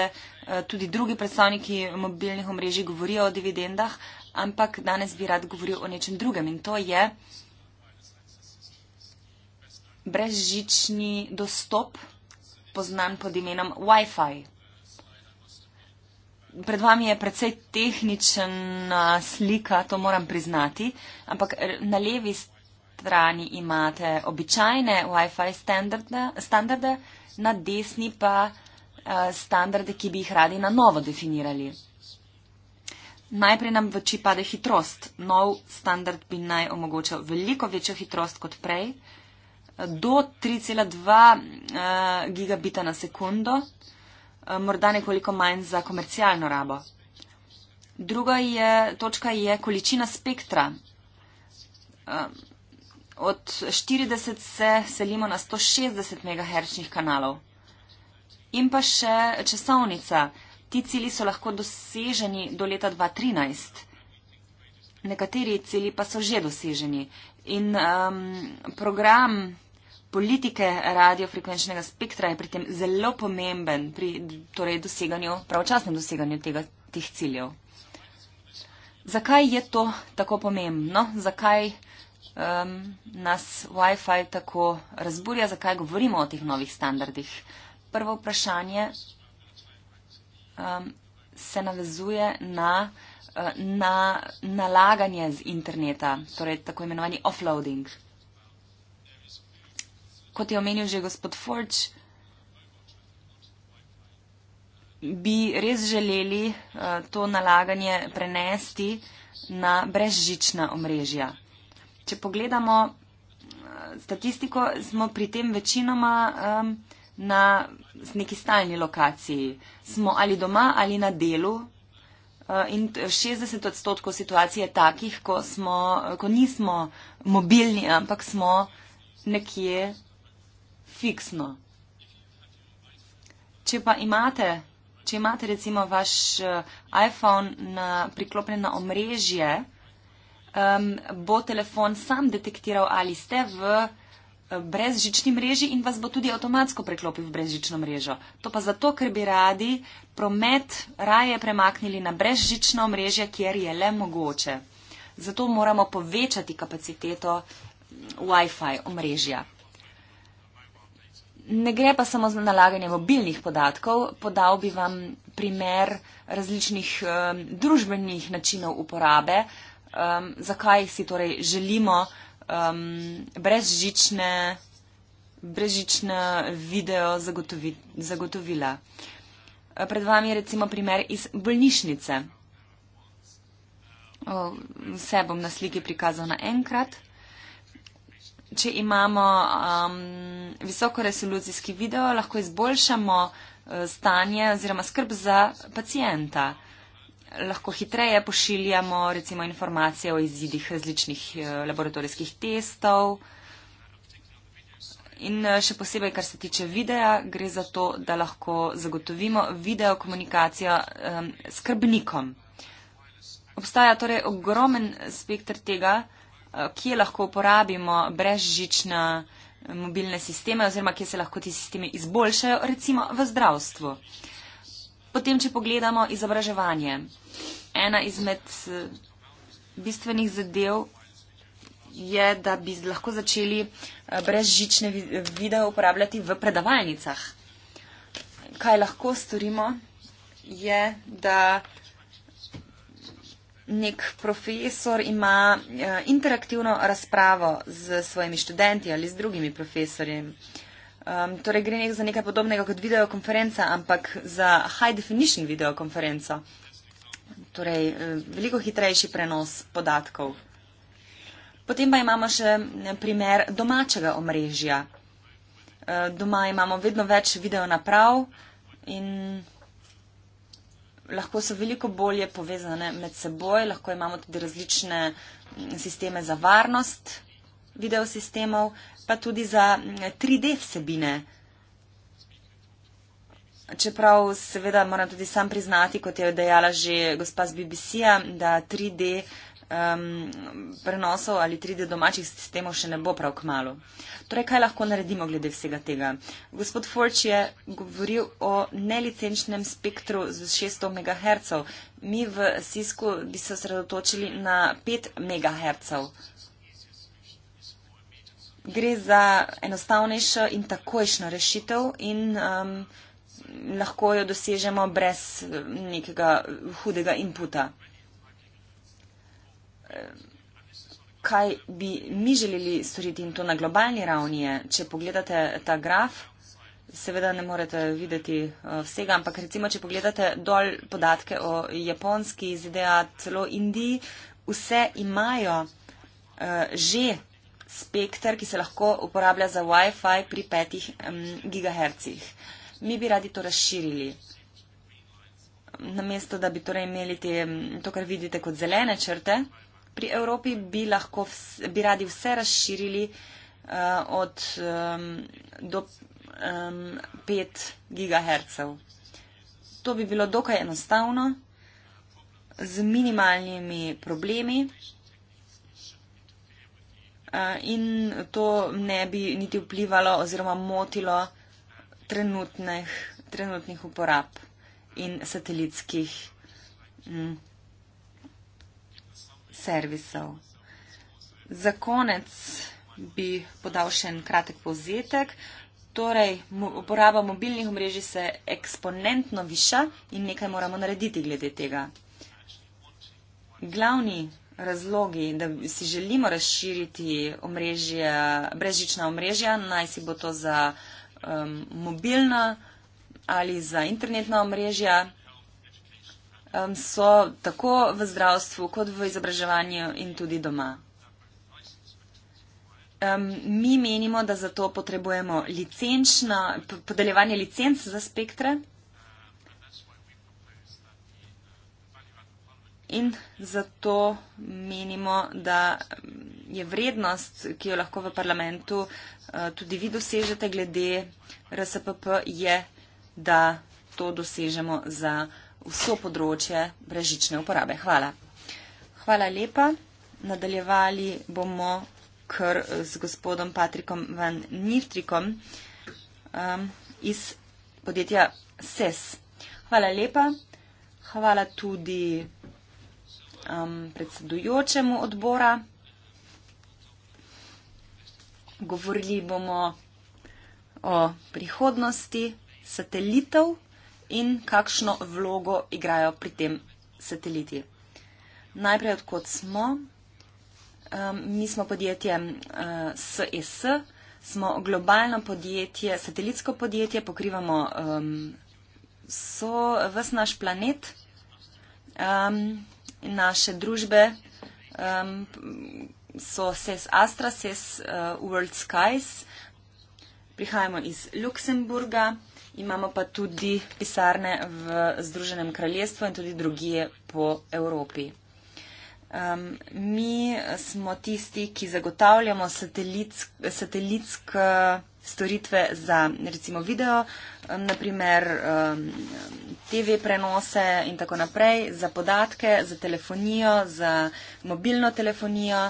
Uh, tudi drugi predstavniki mobilnih omrežij govorijo o dividendah, ampak danes bi rad govoril o nečem drugem in to je brezžični dostop, poznan pod imenom Wi-Fi pred vami je precej tehnična slika, to moram priznati, ampak na levi strani imate običajne Wi-Fi standarde, standarde, na desni pa eh, standarde, ki bi jih radi na novo definirali. Najprej nam v oči pade hitrost. Nov standard bi naj omogočal veliko večjo hitrost kot prej, do 3,2 eh, gigabita na sekundo. Eh, morda nekoliko manj za komercialno rabo. Druga je, točka je količina spektra. Eh, od 40 se selimo na 160 MHz kanalov. In pa še časovnica. Ti cili so lahko doseženi do leta 2013. Nekateri cili pa so že doseženi. In um, program politike radiofrekvenčnega spektra je pri tem zelo pomemben, pri torej, doseganju, pravočasnem doseganju tega, teh ciljev. Zakaj je to tako pomembno? Zakaj um, nas WiFi tako razburja? Zakaj govorimo o teh novih standardih? Prvo vprašanje um, se navezuje na, uh, na nalaganje z interneta, torej tako imenovani offloading kot je omenil že gospod Forč, bi res želeli eh, to nalaganje prenesti na brezžična omrežja. Če pogledamo eh, statistiko, smo pri tem večinoma na neki stalni lokaciji. Smo ali doma ali na delu eh, in 60 odstotkov situacij je takih, ko, smo, ko nismo mobilni, ampak smo nekje fiksno. Če pa imate, če imate recimo vaš eh, iPhone na, priklopljen na omrežje, um, bo telefon sam detektiral, ali ste v eh, brezžični mreži in vas bo tudi avtomatsko preklopil v brezžično mrežo. To pa zato, ker bi radi promet raje premaknili na brezžično mrežje, kjer je le mogoče. Zato moramo povečati kapaciteto mm, Wi-Fi omrežja. Ne gre pa samo za nalaganje mobilnih podatkov, podal bi vam primer različnih um, družbenih načinov uporabe, um, zakaj si torej želimo um, brezžične, brezžične video zagotovi, zagotovila. Uh, pred vami je recimo primer iz bolnišnice. O, vse bom na sliki prikazal na enkrat če imamo um, visokoresolucijski video, lahko izboljšamo uh, stanje oziroma skrb za pacijenta. Lahko hitreje pošiljamo recimo informacije o izidih različnih uh, laboratorijskih testov. In uh, še posebej, kar se tiče videa, gre za to, da lahko zagotovimo video komunikacijo um, skrbnikom. Obstaja torej ogromen spektr tega, Eh, kje lahko uporabimo brezžična eh, mobilne sisteme oziroma kje se lahko ti sistemi izboljšajo, recimo v zdravstvu. Potem, če pogledamo izobraževanje. Ena izmed eh, bistvenih zadev je, da bi lahko začeli brezžične video uporabljati v predavalnicah. Kaj lahko storimo, je, da nek profesor ima uh, interaktivno razpravo z svojimi študenti ali z drugimi profesorji. Um, torej gre nek za nekaj podobnega kot videokonferenca, ampak za high definition videokonferenco. Torej, eh, veliko hitrejši prenos podatkov. Potem pa imamo še primer domačega omrežja. Eh, doma imamo vedno več video naprav in lahko so veliko bolje povezane med seboj, lahko imamo tudi različne mm, sisteme za varnost videosistemov, pa tudi za 3D mm, vsebine. Čeprav seveda moram tudi sam priznati, kot je dejala že gospa z BBC-a, da 3D uh, um, prenosov ali 3D domačih sistemov še ne bo prav k malu. Torej, kaj lahko naredimo glede vsega tega? Gospod Forč je govoril o nelicenčnem spektru z 600 MHz. Mi v Sisku bi se osredotočili na 5 MHz. Gre za enostavnejšo in takojšno rešitev in um, lahko jo dosežemo brez nekega hudega inputa kaj bi mi želeli storiti in to na globalni ravni je, če pogledate ta graf, seveda ne morete videti eh, vsega, ampak recimo, če pogledate dol podatke o Japonski, ZDA, celo Indiji, vse imajo eh, že spektr, ki se lahko uporablja za WiFi pri 5 GHz. Mi bi radi to razširili. Namesto, da bi torej imeli te, to, kar vidite kot zelene črte, Pri Evropi bi, lahko, bi radi vse razširili uh, od um, do um, 5 GHz. To bi bilo dokaj enostavno, z minimalnimi problemi uh, in to ne bi niti vplivalo oziroma motilo trenutnih, trenutnih uporab in satelitskih. Mm, servisov. Za konec bi podal še en kratek povzetek. Torej, uporaba mobilnih omrežij se eksponentno viša in nekaj moramo narediti glede tega. Glavni razlogi, da si želimo razširiti omrežje, brezžična omrežja, naj si bo to za um, mobilna ali za internetna omrežja, um, so tako v zdravstvu, kot v izobraževanju in tudi doma. Um, mi menimo, da za to potrebujemo licenčno, podeljevanje licenc za spektre. In zato menimo, da je vrednost, ki jo lahko v parlamentu eh, tudi vi dosežete glede RSPP, je, da to dosežemo za vso področje brežične uporabe. Hvala. Hvala lepa. Nadaljevali bomo kar z gospodom Patrikom Van Niftrikom um, iz podjetja SES. E Hvala lepa. Hvala tudi um, predsedujočemu odbora. Govorili bomo o prihodnosti satelitev in kakšno vlogo igrajo pri tem sateliti. Najprej, odkot smo, um, mi smo podjetje uh, SES, smo globalno podjetje, satelitsko podjetje, pokrivamo um, so ves naš planet, um, naše družbe um, so SES Astra, SES uh, e, World Skies, prihajamo iz Luksemburga imamo pa tudi pisarne v Združenem kraljestvu in tudi drugije po Evropi. Um, mi smo tisti, ki zagotavljamo satelitske satelitsk storitve za recimo video, um, naprimer um, TV prenose in tako naprej, za podatke, za telefonijo, za mobilno telefonijo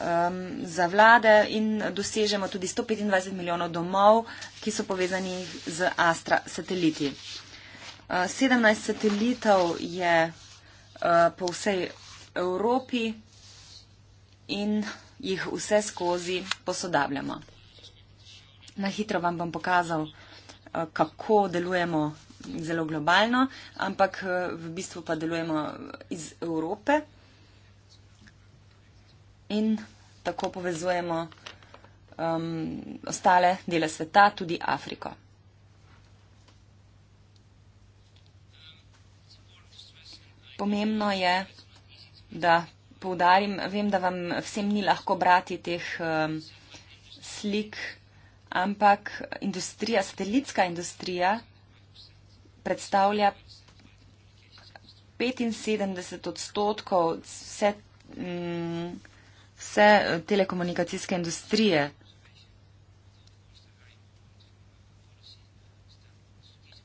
um, za vlade in dosežemo tudi 125 milijonov domov, ki so povezani z Astra sateliti. Uh, 17 satelitov je uh, po vsej Evropi in jih vse skozi posodabljamo. Na hitro vam bom pokazal, uh, kako delujemo zelo globalno, ampak uh, v bistvu pa delujemo iz Evrope in tako povezujemo um, ostale dele sveta, tudi Afriko. Pomembno je, da poudarim, vem, da vam vsem ni lahko brati teh um, slik, ampak industrija, satelitska industrija predstavlja 75 odstotkov vse. Um, vse eh, telekomunikacijske industrije.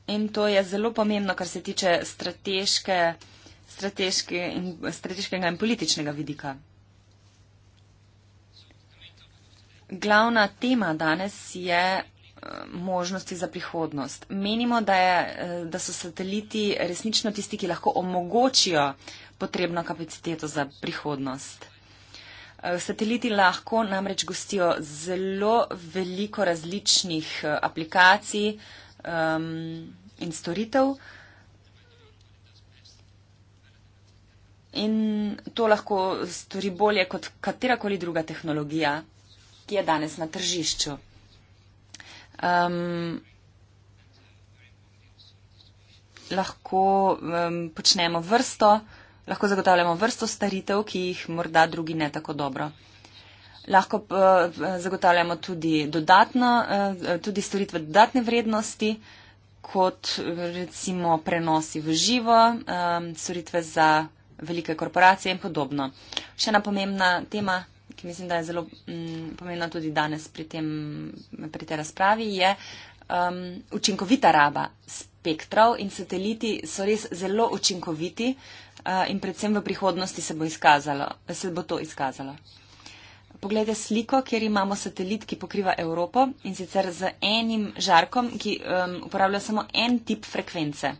In to je zelo pomembno, kar se tiče strateške, strateške in, strateškega in političnega vidika. Glavna tema danes je eh, možnosti za prihodnost. Menimo, da, je, eh, da so sateliti resnično tisti, ki lahko omogočijo potrebno kapaciteto za prihodnost. Eh, sateliti lahko namreč gostijo zelo veliko različnih eh, aplikacij um, in storitev. In to lahko stori bolje kot katerakoli druga tehnologija, ki je danes na tržišču. Um, lahko um, počnemo vrsto lahko zagotavljamo vrsto staritev, ki jih morda drugi ne tako dobro. Lahko eh, zagotavljamo tudi, dodatno, eh, tudi storitve dodatne vrednosti, kot recimo prenosi v živo, eh, storitve za velike korporacije in podobno. Še ena pomembna tema, ki mislim, da je zelo mm, pomembna tudi danes pri, tem, pri tej razpravi, je um, učinkovita raba spektrov in sateliti so res zelo učinkoviti. Eh, in predvsem v prihodnosti se bo, se bo to izkazalo. Poglejte sliko, kjer imamo satelit, ki pokriva Evropo in sicer z enim žarkom, ki um, uporablja samo en tip frekvence.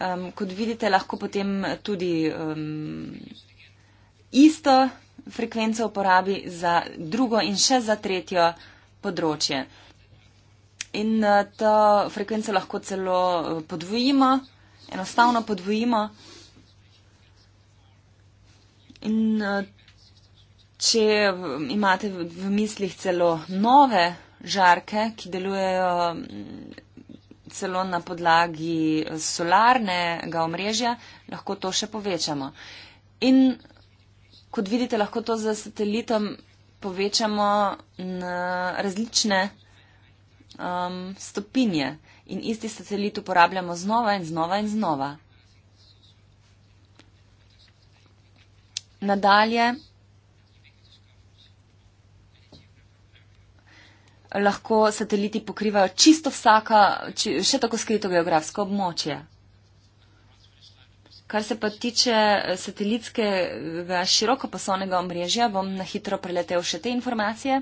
Um, kot vidite, lahko potem tudi um, isto frekvenco uporabi za drugo in še za tretjo področje. In uh, to frekvenco lahko celo eh, podvojimo, enostavno podvojimo. In eh, če imate v mislih celo nove žarke, ki delujejo mm, celo na podlagi solarnega omrežja, lahko to še povečamo. In kot vidite, lahko to za satelitom povečamo na različne um, stopinje. In isti satelit uporabljamo znova in znova in znova. nadalje lahko sateliti pokrivajo čisto vsaka, še tako skrito geografsko območje. Kar se pa tiče eh, satelitskega širokopasovnega omrežja, bom na hitro preletel še te informacije.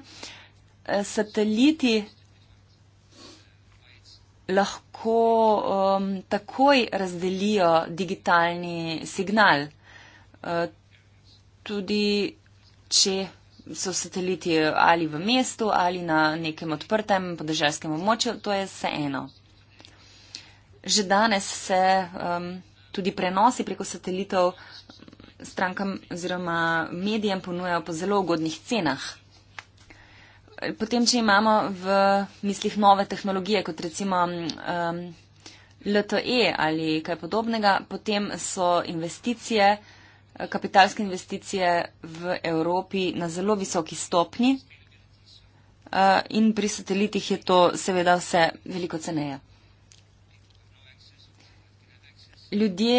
Eh, sateliti lahko um, takoj razdelijo digitalni signal. Uh, tudi če so sateliti ali v mestu ali na nekem odprtem podeželskem območju, to je vse eno. Že danes se um, tudi prenosi preko satelitov strankam oziroma medijem ponujajo po zelo ugodnih cenah. Potem, če imamo v mislih nove tehnologije, kot recimo um, LTE ali kaj podobnega, potem so investicije kapitalske investicije v Evropi na zelo visoki stopnji eh, in pri satelitih je to seveda vse veliko ceneje. Ljudje,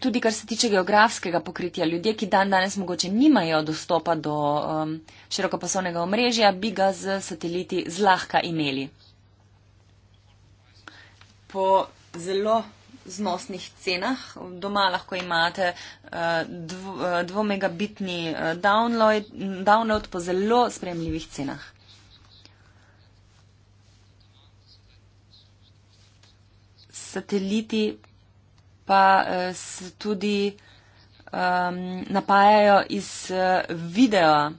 tudi kar se tiče geografskega pokritja, ljudje, ki dan danes mogoče nimajo dostopa do um, širokopasovnega omrežja, bi ga z sateliti zlahka imeli. Po zelo znosnih cenah. Doma lahko imate uh, dvomegabitni dv uh, eh, download, download po zelo spremljivih cenah. Sateliti pa uh, se tudi um, napajajo iz uh, videa.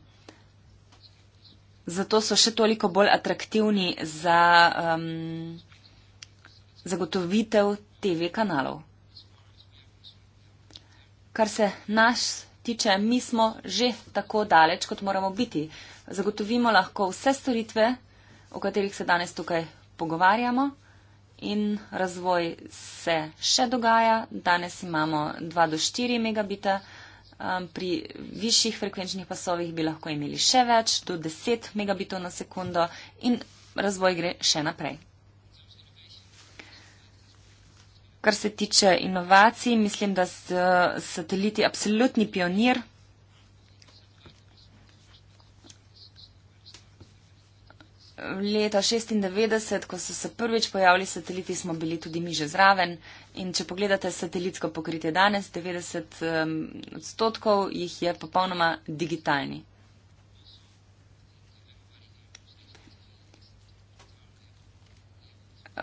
Zato so še toliko bolj atraktivni za um, zagotovitev TV kanalov. Kar se nas tiče, mi smo že tako daleč, kot moramo biti. Zagotovimo lahko vse storitve, o katerih se danes tukaj pogovarjamo. In razvoj se še dogaja. Danes imamo 2 do 4 megabita, um, pri višjih frekvenčnih pasovih bi lahko imeli še več, do 10 megabitov na sekundo in razvoj gre še naprej. kar se tiče inovacij, mislim, da so sateliti absolutni pionir. Leta 96, ko so se prvič pojavili sateliti, smo bili tudi mi že zraven. In če pogledate satelitsko pokritje danes, 90 ehm, odstotkov jih je popolnoma digitalni.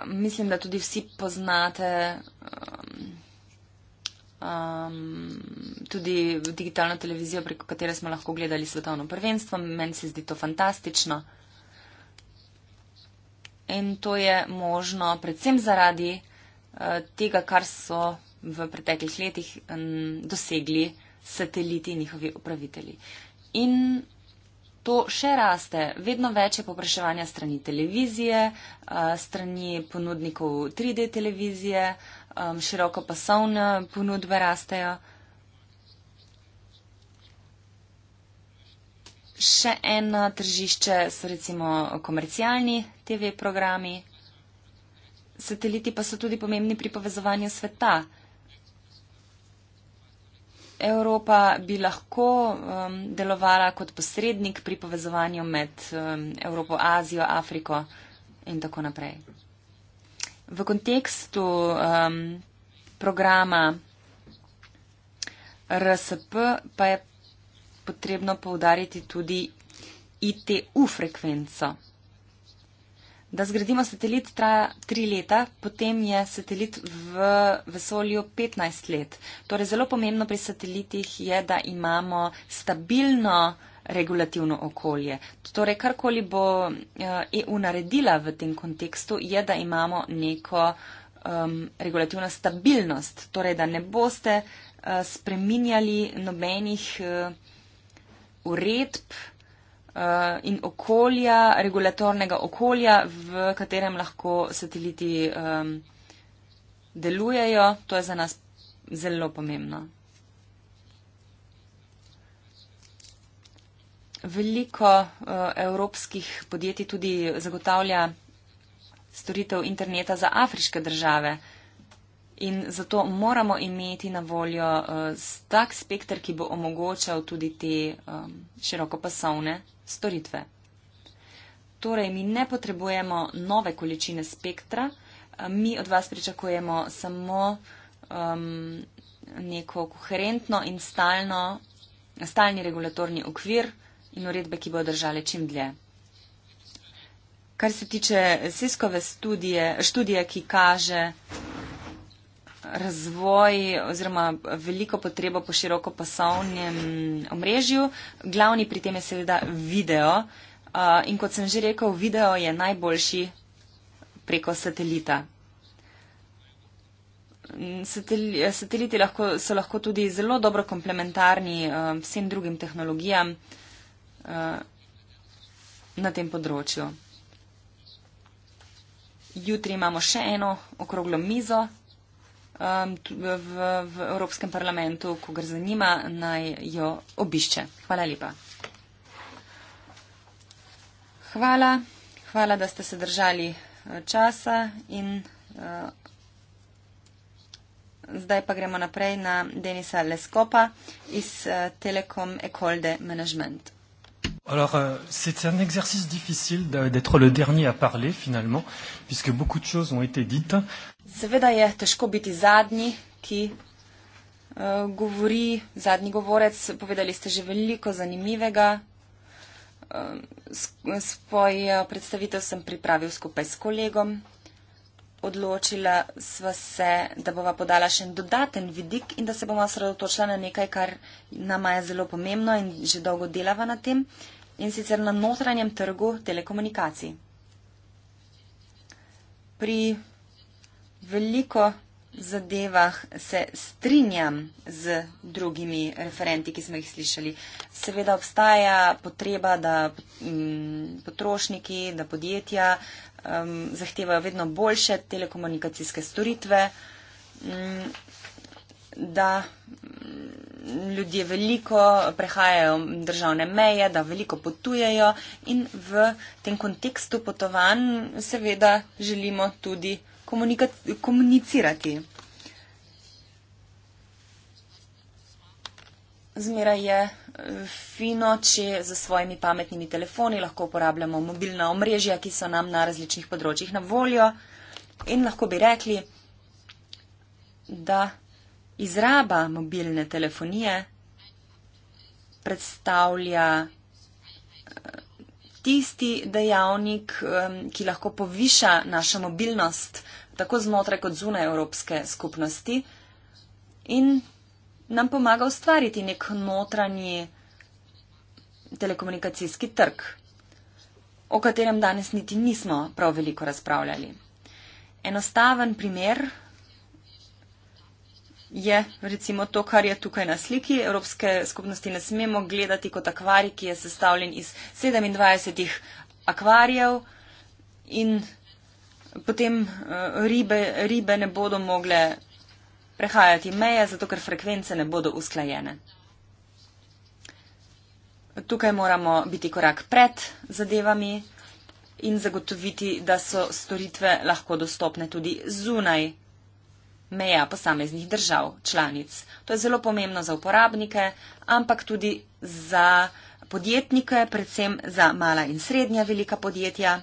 mislim, da tudi vsi poznate um, um, tudi digitalno televizijo, preko katere smo lahko gledali svetovno prvenstvo. Meni se zdi to fantastično. In to je možno predvsem zaradi eh, tega, kar so v preteklih letih mm, dosegli sateliti in njihovi upravitelji. In to še raste. Vedno več je popraševanja strani televizije, strani ponudnikov 3D televizije, široko pasovne ponudbe rastejo. Še eno tržišče so recimo komercialni TV programi. Sateliti pa so tudi pomembni pri povezovanju sveta. Evropa bi lahko um, delovala kot posrednik pri povezovanju med um, Evropo, Azijo, Afriko in tako naprej. V kontekstu um, programa RSP pa je potrebno poudariti tudi ITU frekvenco da zgradimo satelit, traja tri leta, potem je satelit v vesolju 15 let. Torej, zelo pomembno pri satelitih je, da imamo stabilno regulativno okolje. Torej, karkoli bo EU eh, e naredila v tem kontekstu, je, da imamo neko um, regulativno stabilnost. Torej, da ne boste uh, spreminjali nobenih uh, uredb, Eh, in okolja, regulatornega okolja, v katerem lahko sateliti um, delujejo. To je za nas zelo pomembno. Veliko uh, evropskih podjetij tudi zagotavlja storitev interneta za afriške države. In zato moramo imeti na voljo uh, tak spektr, ki bo omogočal tudi te um, širokopasovne storitve. Torej, mi ne potrebujemo nove količine spektra, mi od vas pričakujemo samo um, neko koherentno in stalno, stalni regulatorni okvir in uredbe, ki bodo držale čim dlje. Kar se tiče Siskove studije, študije, ki kaže, razvoj oziroma veliko potrebo po širokopasovnem omrežju. Glavni pri tem je seveda video uh, in kot sem že rekel, video je najboljši preko satelita. Sateliti lahko, so lahko tudi zelo dobro komplementarni uh, vsem drugim tehnologijam uh, na tem področju. Jutri imamo še eno okroglo mizo um, v, v Evropskem parlamentu, ko ga zanima, naj jo obišče. Hvala lepa. Hvala, hvala, da ste se držali uh, časa in uh, zdaj pa gremo naprej na Denisa Leskopa iz uh, Telekom Ecolde Management. Alors, euh, c'est un exercice difficile d'être le dernier à parler, finalement, puisque beaucoup de choses ont été dites. Seveda je težko biti zadnji, ki uh, govori, zadnji govorec. Povedali ste že veliko zanimivega. Uh, svoj eh, predstavitev sem pripravil skupaj s kolegom. Odločila sva se, da bova podala še en dodaten vidik in da se bova sredotočila na nekaj, kar nama je zelo pomembno in že dolgo delava na tem, in sicer na notranjem trgu telekomunikacij. Pri veliko zadevah se strinjam z drugimi referenti, ki smo jih slišali. Seveda obstaja potreba, da mm, potrošniki, da podjetja um, zahtevajo vedno boljše telekomunikacijske storitve, um, da mm, ljudje veliko prehajajo državne meje, da veliko potujejo in v tem kontekstu potovanj seveda želimo tudi komunicirati. Zmeraj je eh, fino, če za svojimi pametnimi telefoni lahko uporabljamo mobilna omrežja, ki so nam na različnih področjih na voljo in lahko bi rekli, da izraba mobilne telefonije predstavlja eh, tisti dejavnik, ki lahko poviša našo mobilnost tako znotraj kot zunaj Evropske skupnosti in nam pomaga ustvariti nek notranji telekomunikacijski trg, o katerem danes niti nismo prav veliko razpravljali. Enostaven primer je recimo to, kar je tukaj na sliki. Evropske skupnosti ne smemo gledati kot akvari, ki je sestavljen iz 27 akvarijev in potem eh, ribe, ribe ne bodo mogle prehajati meje, zato ker frekvence ne bodo usklajene. Tukaj moramo biti korak pred zadevami in zagotoviti, da so storitve lahko dostopne tudi zunaj meja posameznih držav članic. To je zelo pomembno za uporabnike, ampak tudi za podjetnike, predvsem za mala in srednja velika podjetja.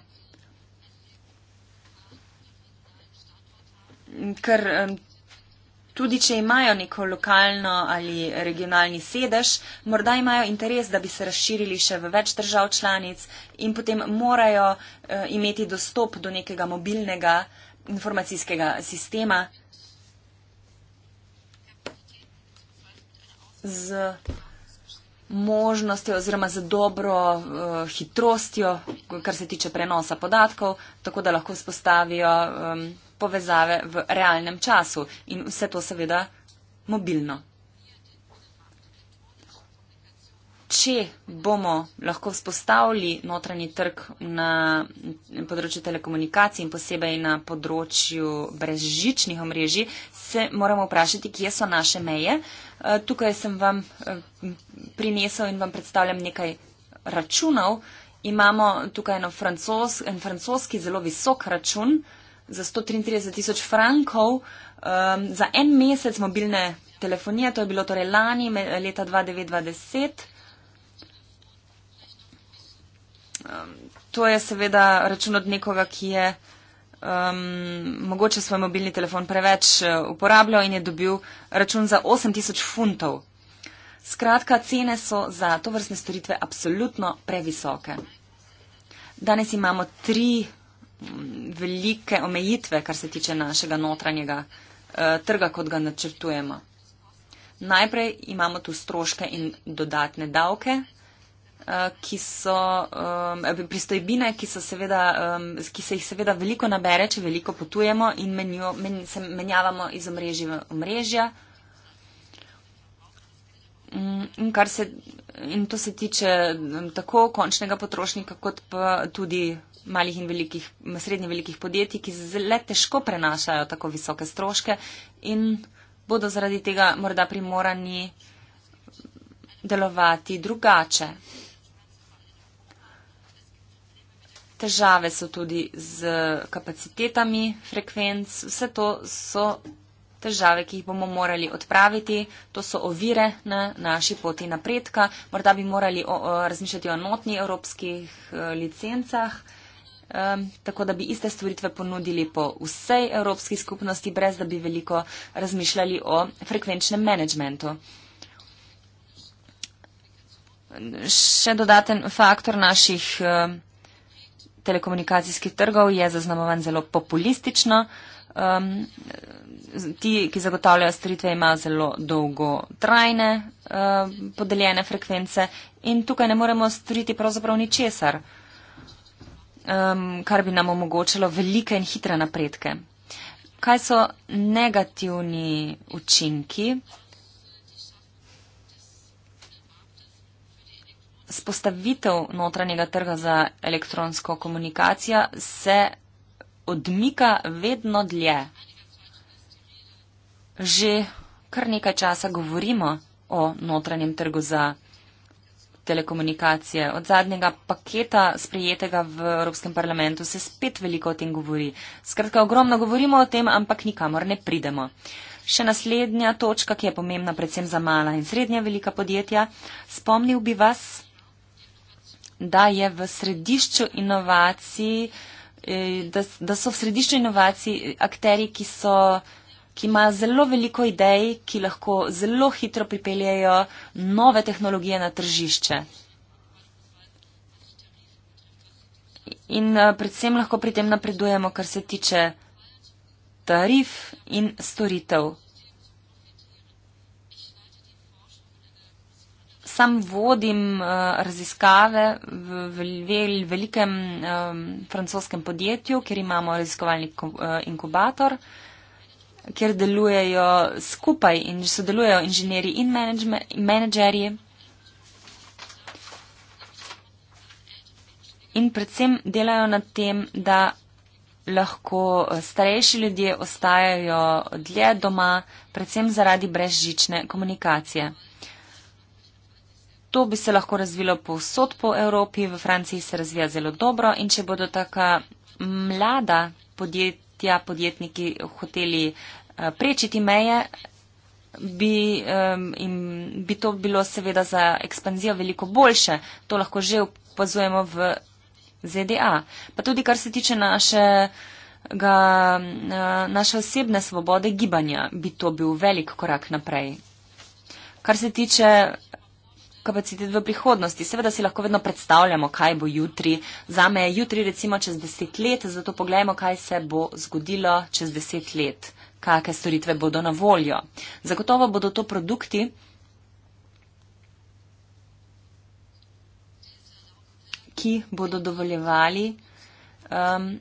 Ker tudi, če imajo neko lokalno ali regionalni sedež, morda imajo interes, da bi se razširili še v več držav članic in potem morajo eh, imeti dostop do nekega mobilnega informacijskega sistema, z možnostjo oziroma z dobro uh, hitrostjo, kar se tiče prenosa podatkov, tako da lahko spostavijo um, povezave v realnem času in vse to seveda mobilno. Če bomo lahko vzpostavili notranji trg na področju telekomunikacij in posebej na področju brezžičnih omrežij, se moramo vprašati, kje so naše meje. Eh, tukaj sem vam eh, prinesel in vam predstavljam nekaj računov. Imamo tukaj francos, en francoski zelo visok račun za 133 tisoč frankov um, za en mesec mobilne telefonije. To je bilo torej lani leta 2020. Um, ehm, to je seveda račun od nekoga, ki je um, mogoče svoj mobilni telefon preveč eh, uporabljal in je dobil račun za 8000 funtov. Skratka, cene so za to vrstne storitve absolutno previsoke. Danes imamo tri mm, velike omejitve, kar se tiče našega notranjega uh, trga, kot ga načrtujemo. Najprej imamo tu stroške in dodatne davke, Eh, ki so um, pristojbine, ki, so seveda, um, ki se jih seveda veliko nabere, če veliko potujemo in menjo, men, se menjavamo iz omrežja v omrežja. Mm, in, se, in to se tiče tako končnega potrošnika, kot pa tudi malih in velikih, srednje velikih podjetij, ki zelo težko prenašajo tako visoke stroške in bodo zaradi tega morda primorani delovati drugače. težave so tudi z kapacitetami frekvenc, vse to so težave, ki jih bomo morali odpraviti, to so ovire na naši poti napredka. Morda bi morali o, o, razmišljati o notnih evropskih o, eh, licencah, o, tako da bi iste storitve ponudili po vsej evropski skupnosti, brez da bi veliko razmišljali o frekvenčnem menedžmentu. Še dodaten faktor naših o, telekomunikacijskih trgov je zaznamovan zelo populistično. Um, ti, ki zagotavljajo storitve, imajo zelo dolgo trajne uh, podeljene frekvence in tukaj ne moremo storiti pravzaprav ničesar, um, kar bi nam omogočalo velike in hitre napredke. Kaj so negativni učinki spostavitev notranjega trga za elektronsko komunikacijo se odmika vedno dlje. Že kar nekaj časa govorimo o notranjem trgu za telekomunikacije. Od zadnjega paketa sprejetega v Evropskem parlamentu se spet veliko o tem govori. Skratka, ogromno govorimo o tem, ampak nikamor ne pridemo. Še naslednja točka, ki je pomembna predvsem za mala in srednja velika podjetja. Spomnil bi vas da je v središču inovacij, eh, da, da so v središču inovacij eh, akteri, ki, so, ki ima zelo veliko idej, ki lahko zelo hitro pripeljejo nove tehnologije na tržišče. In eh, predvsem lahko pri tem napredujemo, kar se tiče tarif in storitev. sam vodim eh, raziskave v velikem francoskem podjetju, kjer imamo raziskovalni eh, inkubator, kjer delujejo skupaj in sodelujejo inženjeri in menedžerji. In predvsem delajo na tem, da lahko eh, starejši ljudje ostajajo dlje doma, predvsem zaradi brezžične komunikacije. To bi se lahko razvilo povsod po Evropi, v Franciji se razvija zelo dobro in če bodo taka mlada podjetja, podjetniki hoteli eh, prečiti meje, bi, um, bi to bilo seveda za ekspanzijo veliko boljše. To lahko že opazujemo v ZDA. Pa tudi kar se tiče našega, eh, naše osebne svobode gibanja, bi to bil velik korak naprej. Kar se tiče kapacitet v prihodnosti. Seveda si lahko vedno predstavljamo, kaj bo jutri. Za me je jutri recimo čez deset let, zato pogledajmo, kaj se bo zgodilo čez deset let, kakšne storitve bodo na voljo. Zagotovo bodo to produkti, ki bodo dovoljevali um,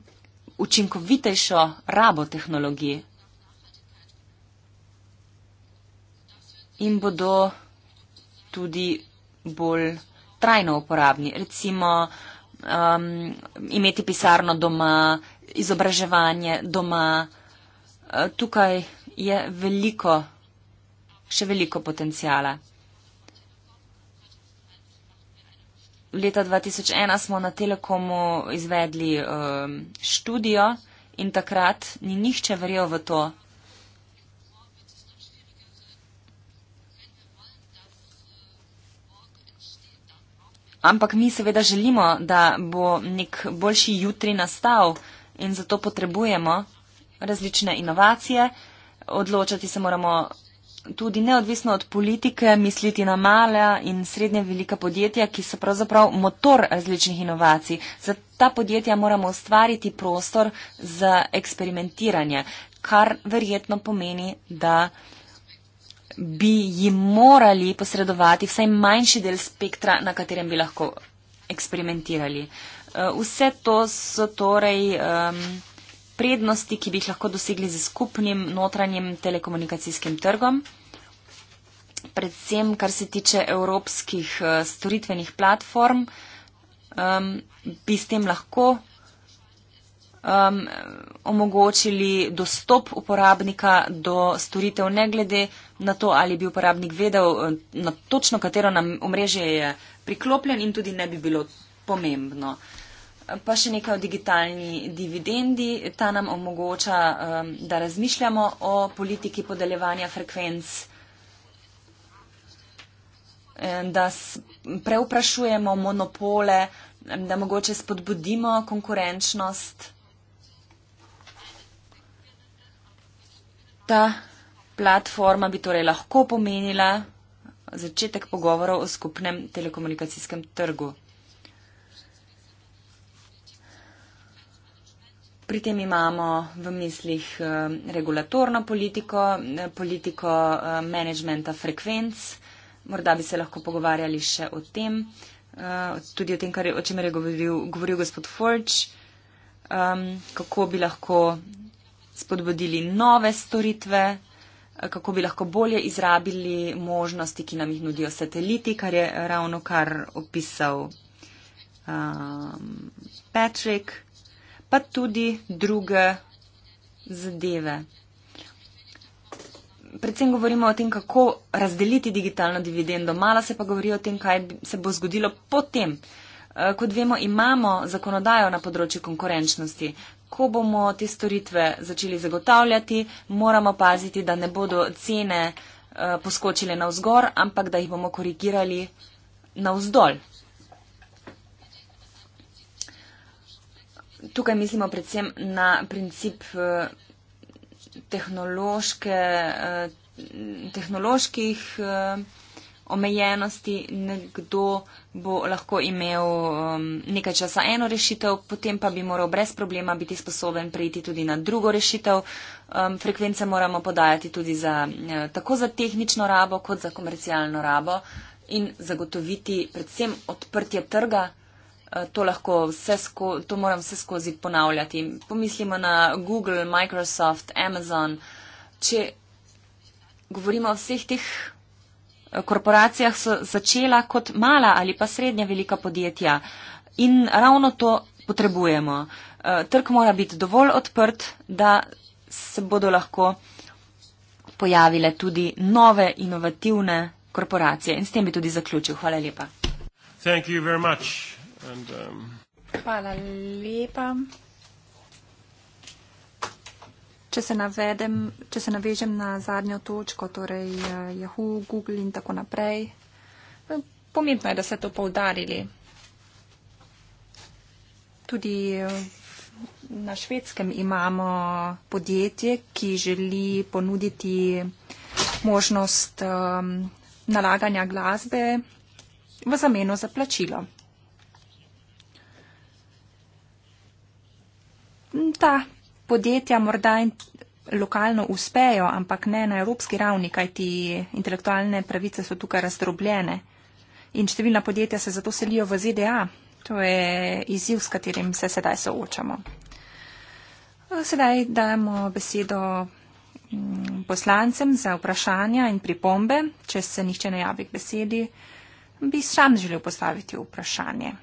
učinkovitejšo rabo tehnologije. In bodo tudi bolj trajno uporabni. Recimo um, imeti pisarno doma, izobraževanje doma. Eh, tukaj je veliko, še veliko potencijala. Leta 2001 smo na Telekomu izvedli um, študijo in takrat ni nihče verjel v to, Ampak mi seveda želimo, da bo nek boljši jutri nastal in zato potrebujemo različne inovacije. Odločati se moramo tudi neodvisno od politike, misliti na mala in srednje velika podjetja, ki so pravzaprav motor različnih inovacij. Za ta podjetja moramo ustvariti prostor za eksperimentiranje, kar verjetno pomeni, da bi jim morali posredovati vsaj manjši del spektra, na katerem bi lahko eksperimentirali. Eh, vse to so torej um, prednosti, ki bi jih lahko dosegli z skupnim notranjem telekomunikacijskim trgom, predvsem kar se tiče evropskih uh, storitvenih platform, um, bi s tem lahko um, omogočili dostop uporabnika do storitev, ne glede na to, ali bi uporabnik vedel, eh, na točno katero nam omrežje je priklopljen in tudi ne bi bilo pomembno. Pa še nekaj o digitalni dividendi. Ta nam omogoča, eh, da razmišljamo o politiki podeljevanja frekvenc, eh, da preuprašujemo monopole, da mogoče spodbudimo konkurenčnost. Ta platforma bi torej lahko pomenila začetek pogovorov o skupnem telekomunikacijskem trgu. Pri tem imamo v mislih eh, regulatorno politiko, eh, politiko eh, managementa frekvenc. Morda bi se lahko pogovarjali še o tem, tudi o tem, kar, o čemer je govoril, govoril gospod Forč, ehm, kako bi lahko spodbudili nove storitve kako bi lahko bolje izrabili možnosti, ki nam jih nudijo sateliti, kar je ravno kar opisal um, Patrick, pa tudi druge zadeve. Predvsem govorimo o tem, kako razdeliti digitalno dividendo, malo se pa govori o tem, kaj se bo zgodilo potem. Uh, kot vemo, imamo zakonodajo na področju konkurenčnosti, ko bomo te storitve začeli zagotavljati, moramo paziti, da ne bodo cene eh, poskočile navzgor, ampak da jih bomo korigirali navzdol. Tukaj mislimo predvsem na princip eh, tehnološke, eh, tehnoloških omejenosti. Nekdo bo lahko imel um, nekaj časa eno rešitev, potem pa bi moral brez problema biti sposoben preiti tudi na drugo rešitev. Um, frekvence moramo podajati tudi za, uh, tako za tehnično rabo, kot za komercialno rabo in zagotoviti predvsem odprtje trga. Uh, to, sko, to moram vse skozi ponavljati. Pomislimo na Google, Microsoft, Amazon. Če govorimo o vseh teh korporacijah so začela kot mala ali pa srednja velika podjetja. In ravno to potrebujemo. Eh, trg mora biti dovolj odprt, da se bodo lahko pojavile tudi nove inovativne korporacije. In s tem bi tudi zaključil. Hvala lepa. And, um... Hvala lepa. Če se, navedem, če se navežem na zadnjo točko, torej eh, Yahoo, Google in tako naprej, eh, pomembno je, da ste to povdarili. Tudi eh, na švedskem imamo podjetje, ki želi ponuditi možnost nalaganja glasbe v zameno za plačilo. Ta podjetja morda lokalno uspejo, ampak ne na evropski ravni, kaj ti intelektualne pravice so tukaj razdrobljene. In številna podjetja se zato selijo v ZDA. To je izziv, s katerim se sedaj soočamo. Sedaj dajemo besedo mm, poslancem za vprašanja in pripombe. Če se nihče ne javi k besedi, bi sam želel postaviti vprašanje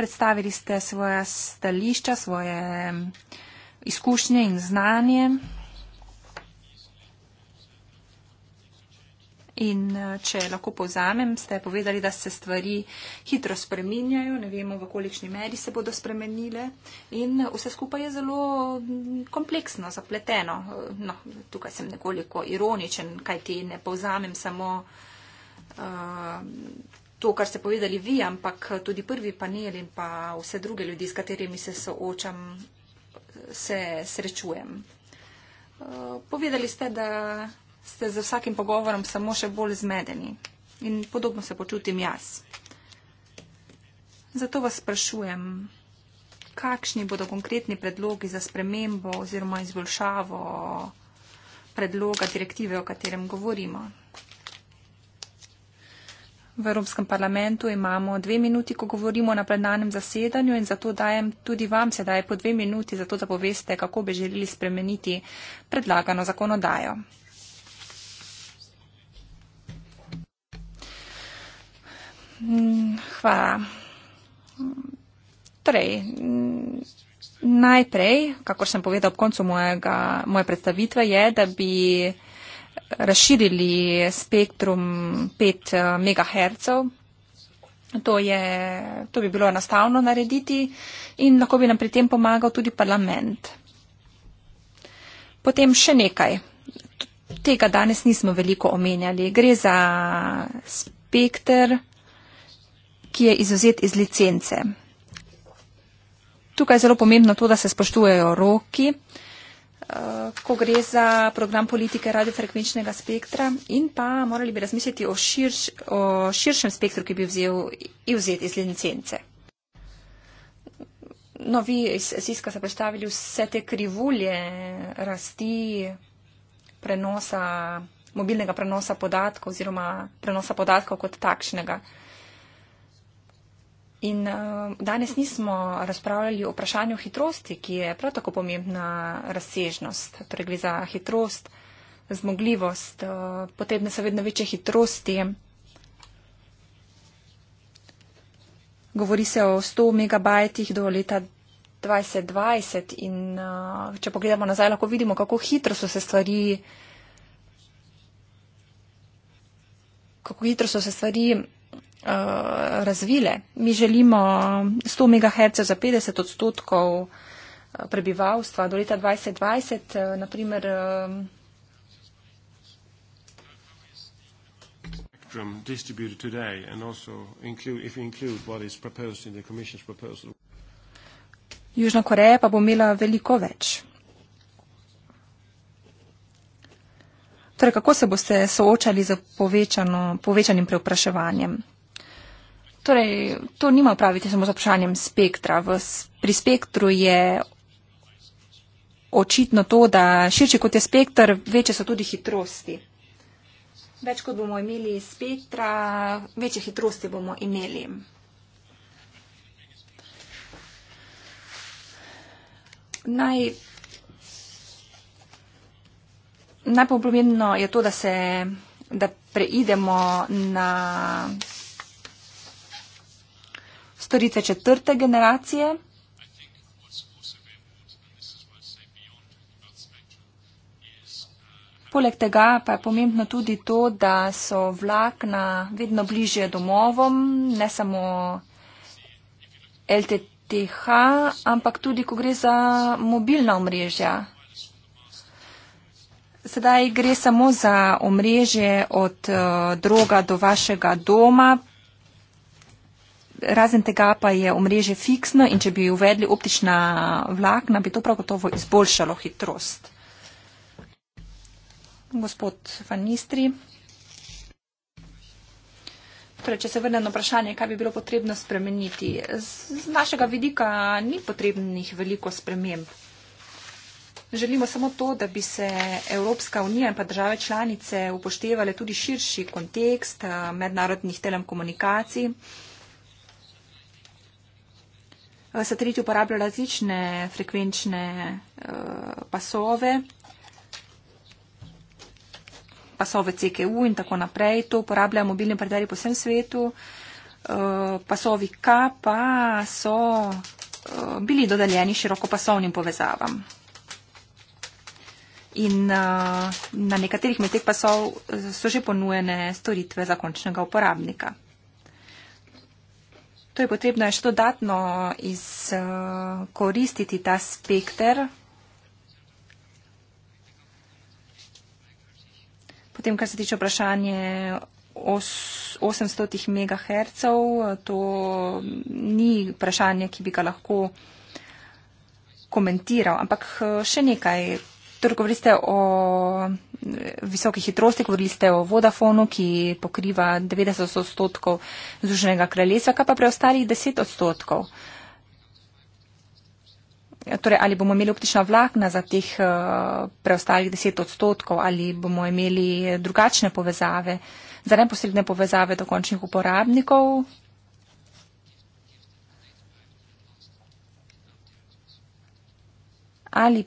predstavili ste svoja stališča, svoje mm, izkušnje in znanje. In eh, če lahko povzamem, ste povedali, da se stvari hitro spreminjajo, ne vemo, v kolikšni meri se bodo spremenile in eh, vse skupaj je zelo mm, kompleksno, zapleteno. Eh, no, tukaj sem nekoliko ironičen, kaj ti ne povzamem samo. Uh, to, kar ste povedali vi, ampak tudi prvi panel in pa vse druge ljudi, s katerimi se soočam, se srečujem. Eh, povedali ste, da ste z vsakim pogovorom samo še bolj zmedeni in podobno se počutim jaz. Zato vas sprašujem, kakšni bodo konkretni predlogi za spremembo oziroma izboljšavo predloga direktive, o katerem govorimo. V Evropskem parlamentu imamo dve minuti, ko govorimo na plenarnem zasedanju in zato dajem tudi vam sedaj po dve minuti, zato da poveste, kako bi želeli spremeniti predlagano zakonodajo. Mm, hvala. Torej, najprej, kako sem povedal ob koncu mojega, moje predstavitve, je, da bi razširili spektrum 5 eh, MHz. To, je, to bi bilo enostavno narediti in lahko bi nam pri tem pomagal tudi parlament. Potem še nekaj. Tega danes nismo veliko omenjali. Gre za spektr, ki je izuzet iz licence. Tukaj je zelo pomembno to, da se spoštujejo roki. Uh, Eh, ko gre za program politike radiofrekvenčnega spektra in pa morali bi razmisliti o, širš, o širšem spektru, ki bi vzel in vzeti iz licence. No, vi iz Siska ste predstavili vse te krivulje rasti prenosa, mobilnega prenosa podatkov oziroma prenosa podatkov kot takšnega. In uh, danes nismo razpravljali o vprašanju hitrosti, ki je prav tako pomembna razsežnost, torej gre za hitrost, zmogljivost, uh, potrebne so vedno večje hitrosti. Govori se o 100 megabajtih do leta 2020 in uh, če pogledamo nazaj, lahko vidimo, kako hitro so se stvari. Kako hitro so se stvari Eh, razvile. Mi želimo 100 MHz za 50 odstotkov eh, prebivalstva do leta 2020, eh, naprimer. Južna Koreja pa bo imela veliko več. Torej, kako se boste soočali z povečanim preopraševanjem? Torej, to nima praviti samo z vprašanjem spektra. V, pri spektru je očitno to, da širši kot je spektr, večje so tudi hitrosti. Več kot bomo imeli spektra, večje hitrosti bomo imeli. Naj, najpomembno je to, da, se, da preidemo na storitve četrte generacije. Poleg tega pa je pomembno tudi to, da so vlakna vedno bliže domovom, ne samo LTTH, ampak tudi, ko gre za mobilna omrežja. Sedaj gre samo za omrežje od eh, droga do vašega doma, razen tega pa je omrežje fiksno in če bi uvedli optična vlakna, bi to prav gotovo izboljšalo hitrost. Gospod Vanistri. Torej, če se vrnem na vprašanje, kaj bi bilo potrebno spremeniti. Z našega vidika ni potrebnih veliko sprememb. Želimo samo to, da bi se Evropska unija in pa države članice upoštevale tudi širši kontekst eh, mednarodnih telekomunikacij. komunikacij. Eh, sateliti uporabljajo različne frekvenčne eh, pasove, pasove CKU in tako naprej. To uporabljajo mobilni operaterji po vsem svetu. Eh, pasovi K pa so bili dodeljeni širokopasovnim povezavam. In na nekaterih med teh pasov so že ponujene storitve za končnega uporabnika. To je potrebno še dodatno izkoristiti ta spekter. Potem, kar se tiče vprašanje 800 MHz, to ni vprašanje, ki bi ga lahko komentiral, ampak eh, še nekaj Torej, govorili ste o visoki hitrosti, govorili ste o Vodafonu, ki pokriva 90 odstotkov Združenega kraljestva, kaj pa preostalih 10 odstotkov? Ja, torej, ali bomo imeli optična vlakna za teh preostalih 10 odstotkov, ali bomo imeli drugačne povezave, za neposredne povezave do končnih uporabnikov? Ali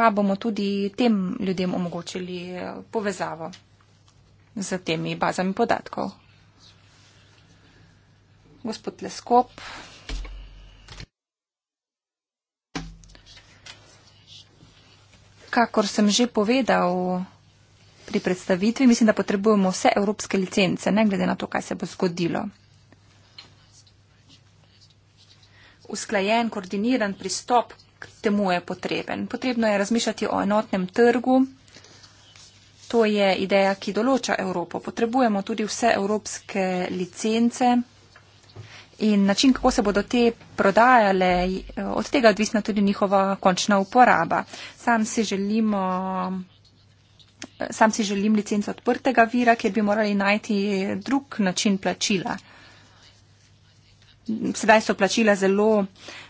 pa bomo tudi tem ljudem omogočili eh, povezavo z temi bazami podatkov. Gospod Leskop. Kakor sem že povedal pri predstavitvi, mislim, da potrebujemo vse evropske licence, ne glede na to, kaj se bo zgodilo. Usklajen, koordiniran pristop temu je potreben. Potrebno je razmišljati o enotnem trgu. To je ideja, ki določa Evropo. Potrebujemo tudi vse evropske licence in način, kako se bodo te prodajale, od tega odvisna tudi njihova končna uporaba. Sam si, želimo, sam si želim licenco odprtega vira, kjer bi morali najti drug način plačila. Sedaj so plačila zelo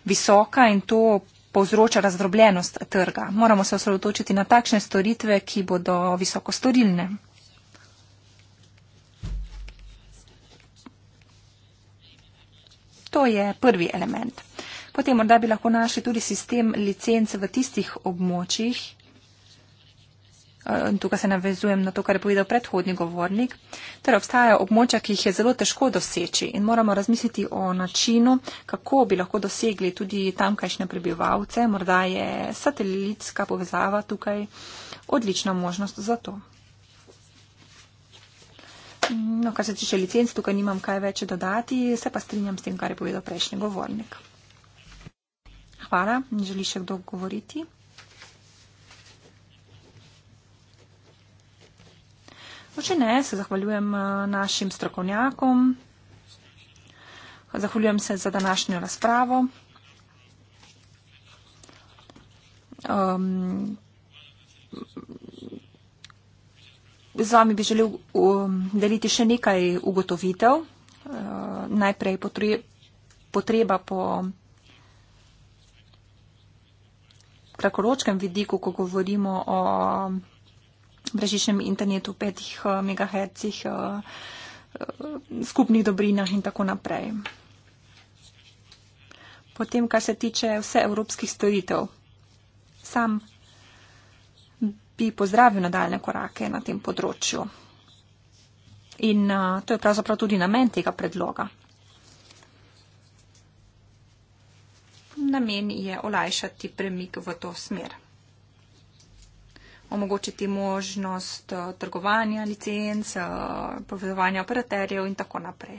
visoka in to povzroča razdrobljenost trga. Moramo se osredotočiti na takšne storitve, ki bodo visoko storilne. To je prvi element. Potem morda bi lahko našli tudi sistem licenc v tistih območjih, Eh, tukaj se navezujem na to, kar je povedal predhodni govornik, ter torej, obstajajo območja, ki jih je zelo težko doseči in moramo razmisliti o načinu, kako bi lahko dosegli tudi tamkajšnje prebivalce. Morda je satelitska povezava tukaj odlična možnost za to. No, kar se tiče licenc, tukaj nimam kaj več dodati, se pa strinjam s tem, kar je povedal prejšnji govornik. Hvala, želi še kdo govoriti? No, če ne, se zahvaljujem eh, našim strokovnjakom. Zahvaljujem se za današnjo razpravo. Um, z vami bi želel um, deliti še nekaj ugotovitev. Uh, najprej potre, potreba po kratkoročkem vidiku, ko govorimo o brežišnem internetu, 5 eh, MHz, eh, eh, skupnih dobrinah in tako naprej. Potem, kar se tiče vse evropskih storitev, sam bi pozdravil nadaljne korake na tem področju. In to je pravzaprav tudi namen tega predloga. Namen je olajšati premik v to smer omogočiti možnost eh, trgovanja licenc, eh, povezovanja operaterjev in tako naprej.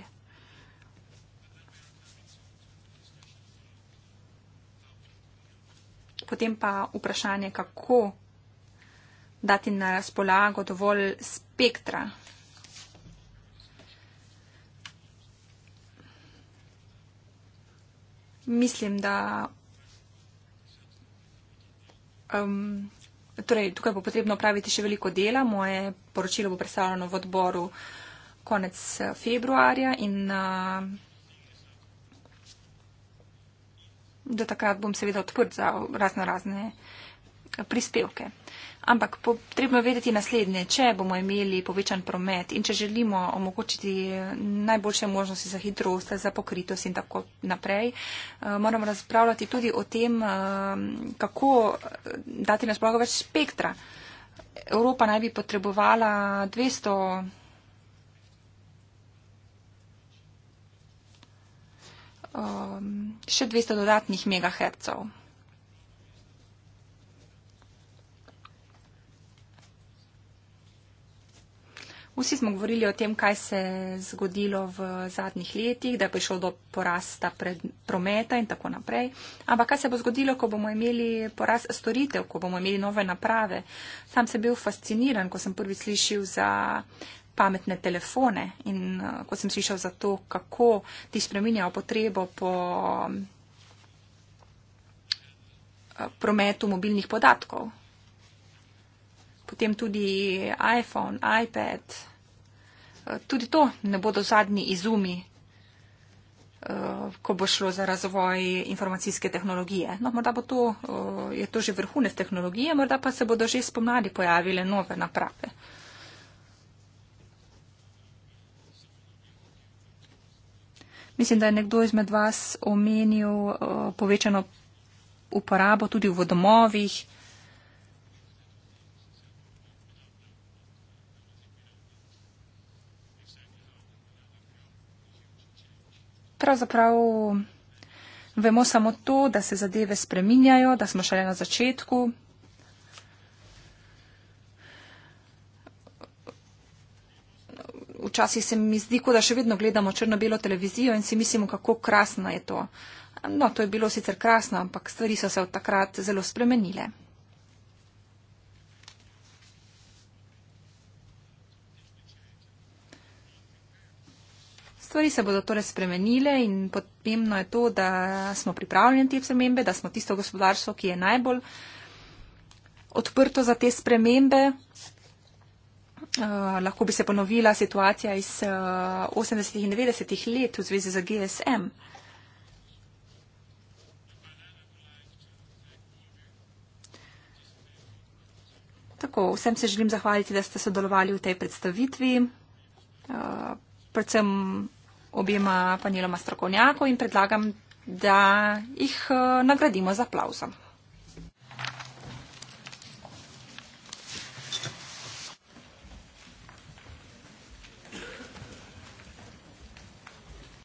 Potem pa vprašanje, kako dati na razpolago dovolj spektra. Mislim, da um, Torej, tukaj bo potrebno opraviti še veliko dela. Moje poročilo bo predstavljeno v odboru konec eh, februarja in uh, do takrat bom seveda odprt za razno razne prispevke. Ampak potrebno je vedeti naslednje. Če bomo imeli povečan promet in če želimo omogočiti najboljše možnosti za hitrost, za pokritost in tako naprej, eh, moramo razpravljati tudi o tem, eh, kako eh, dati na splošno več spektra. Evropa naj bi potrebovala 200. Um, ehm, še 200 dodatnih megahercev. Vsi smo govorili o tem, kaj se je zgodilo v zadnjih letih, da je prišlo do porasta pred prometa in tako naprej. Ampak kaj se bo zgodilo, ko bomo imeli porast storitev, ko bomo imeli nove naprave? Sam sem bil fasciniran, ko sem prvi slišal za pametne telefone in eh, ko sem slišal za to, kako ti spreminjajo potrebo po eh, prometu mobilnih podatkov. Potem tudi iPhone, iPad. Eh, tudi to ne bodo zadnji izumi, eh, ko bo šlo za razvoj informacijske tehnologije. No, morda bo to, eh, je to že vrhunec tehnologije, morda pa se bodo že spomladi pojavile nove naprave. Mislim, da je nekdo izmed vas omenil povečano uporabo tudi v vodomovih. pravzaprav vemo samo to, da se zadeve spreminjajo, da smo šele na začetku. Včasih se mi zdi, kot da še vedno gledamo črno-belo televizijo in si mislimo, kako krasna je to. No, to je bilo sicer krasno, ampak stvari so se od takrat zelo spremenile. stvari se bodo torej spremenile in potrebno je to, da smo pripravljeni te spremembe, da smo tisto gospodarstvo, ki je najbolj odprto za te spremembe. Uh, lahko bi se ponovila situacija iz uh, eh, 80. in 90. let v zvezi z GSM. Tako, vsem se želim zahvaliti, da ste sodelovali v tej predstavitvi. Uh, predvsem obima paneloma strokovnjakov in predlagam, da jih eh, nagradimo z aplauzom.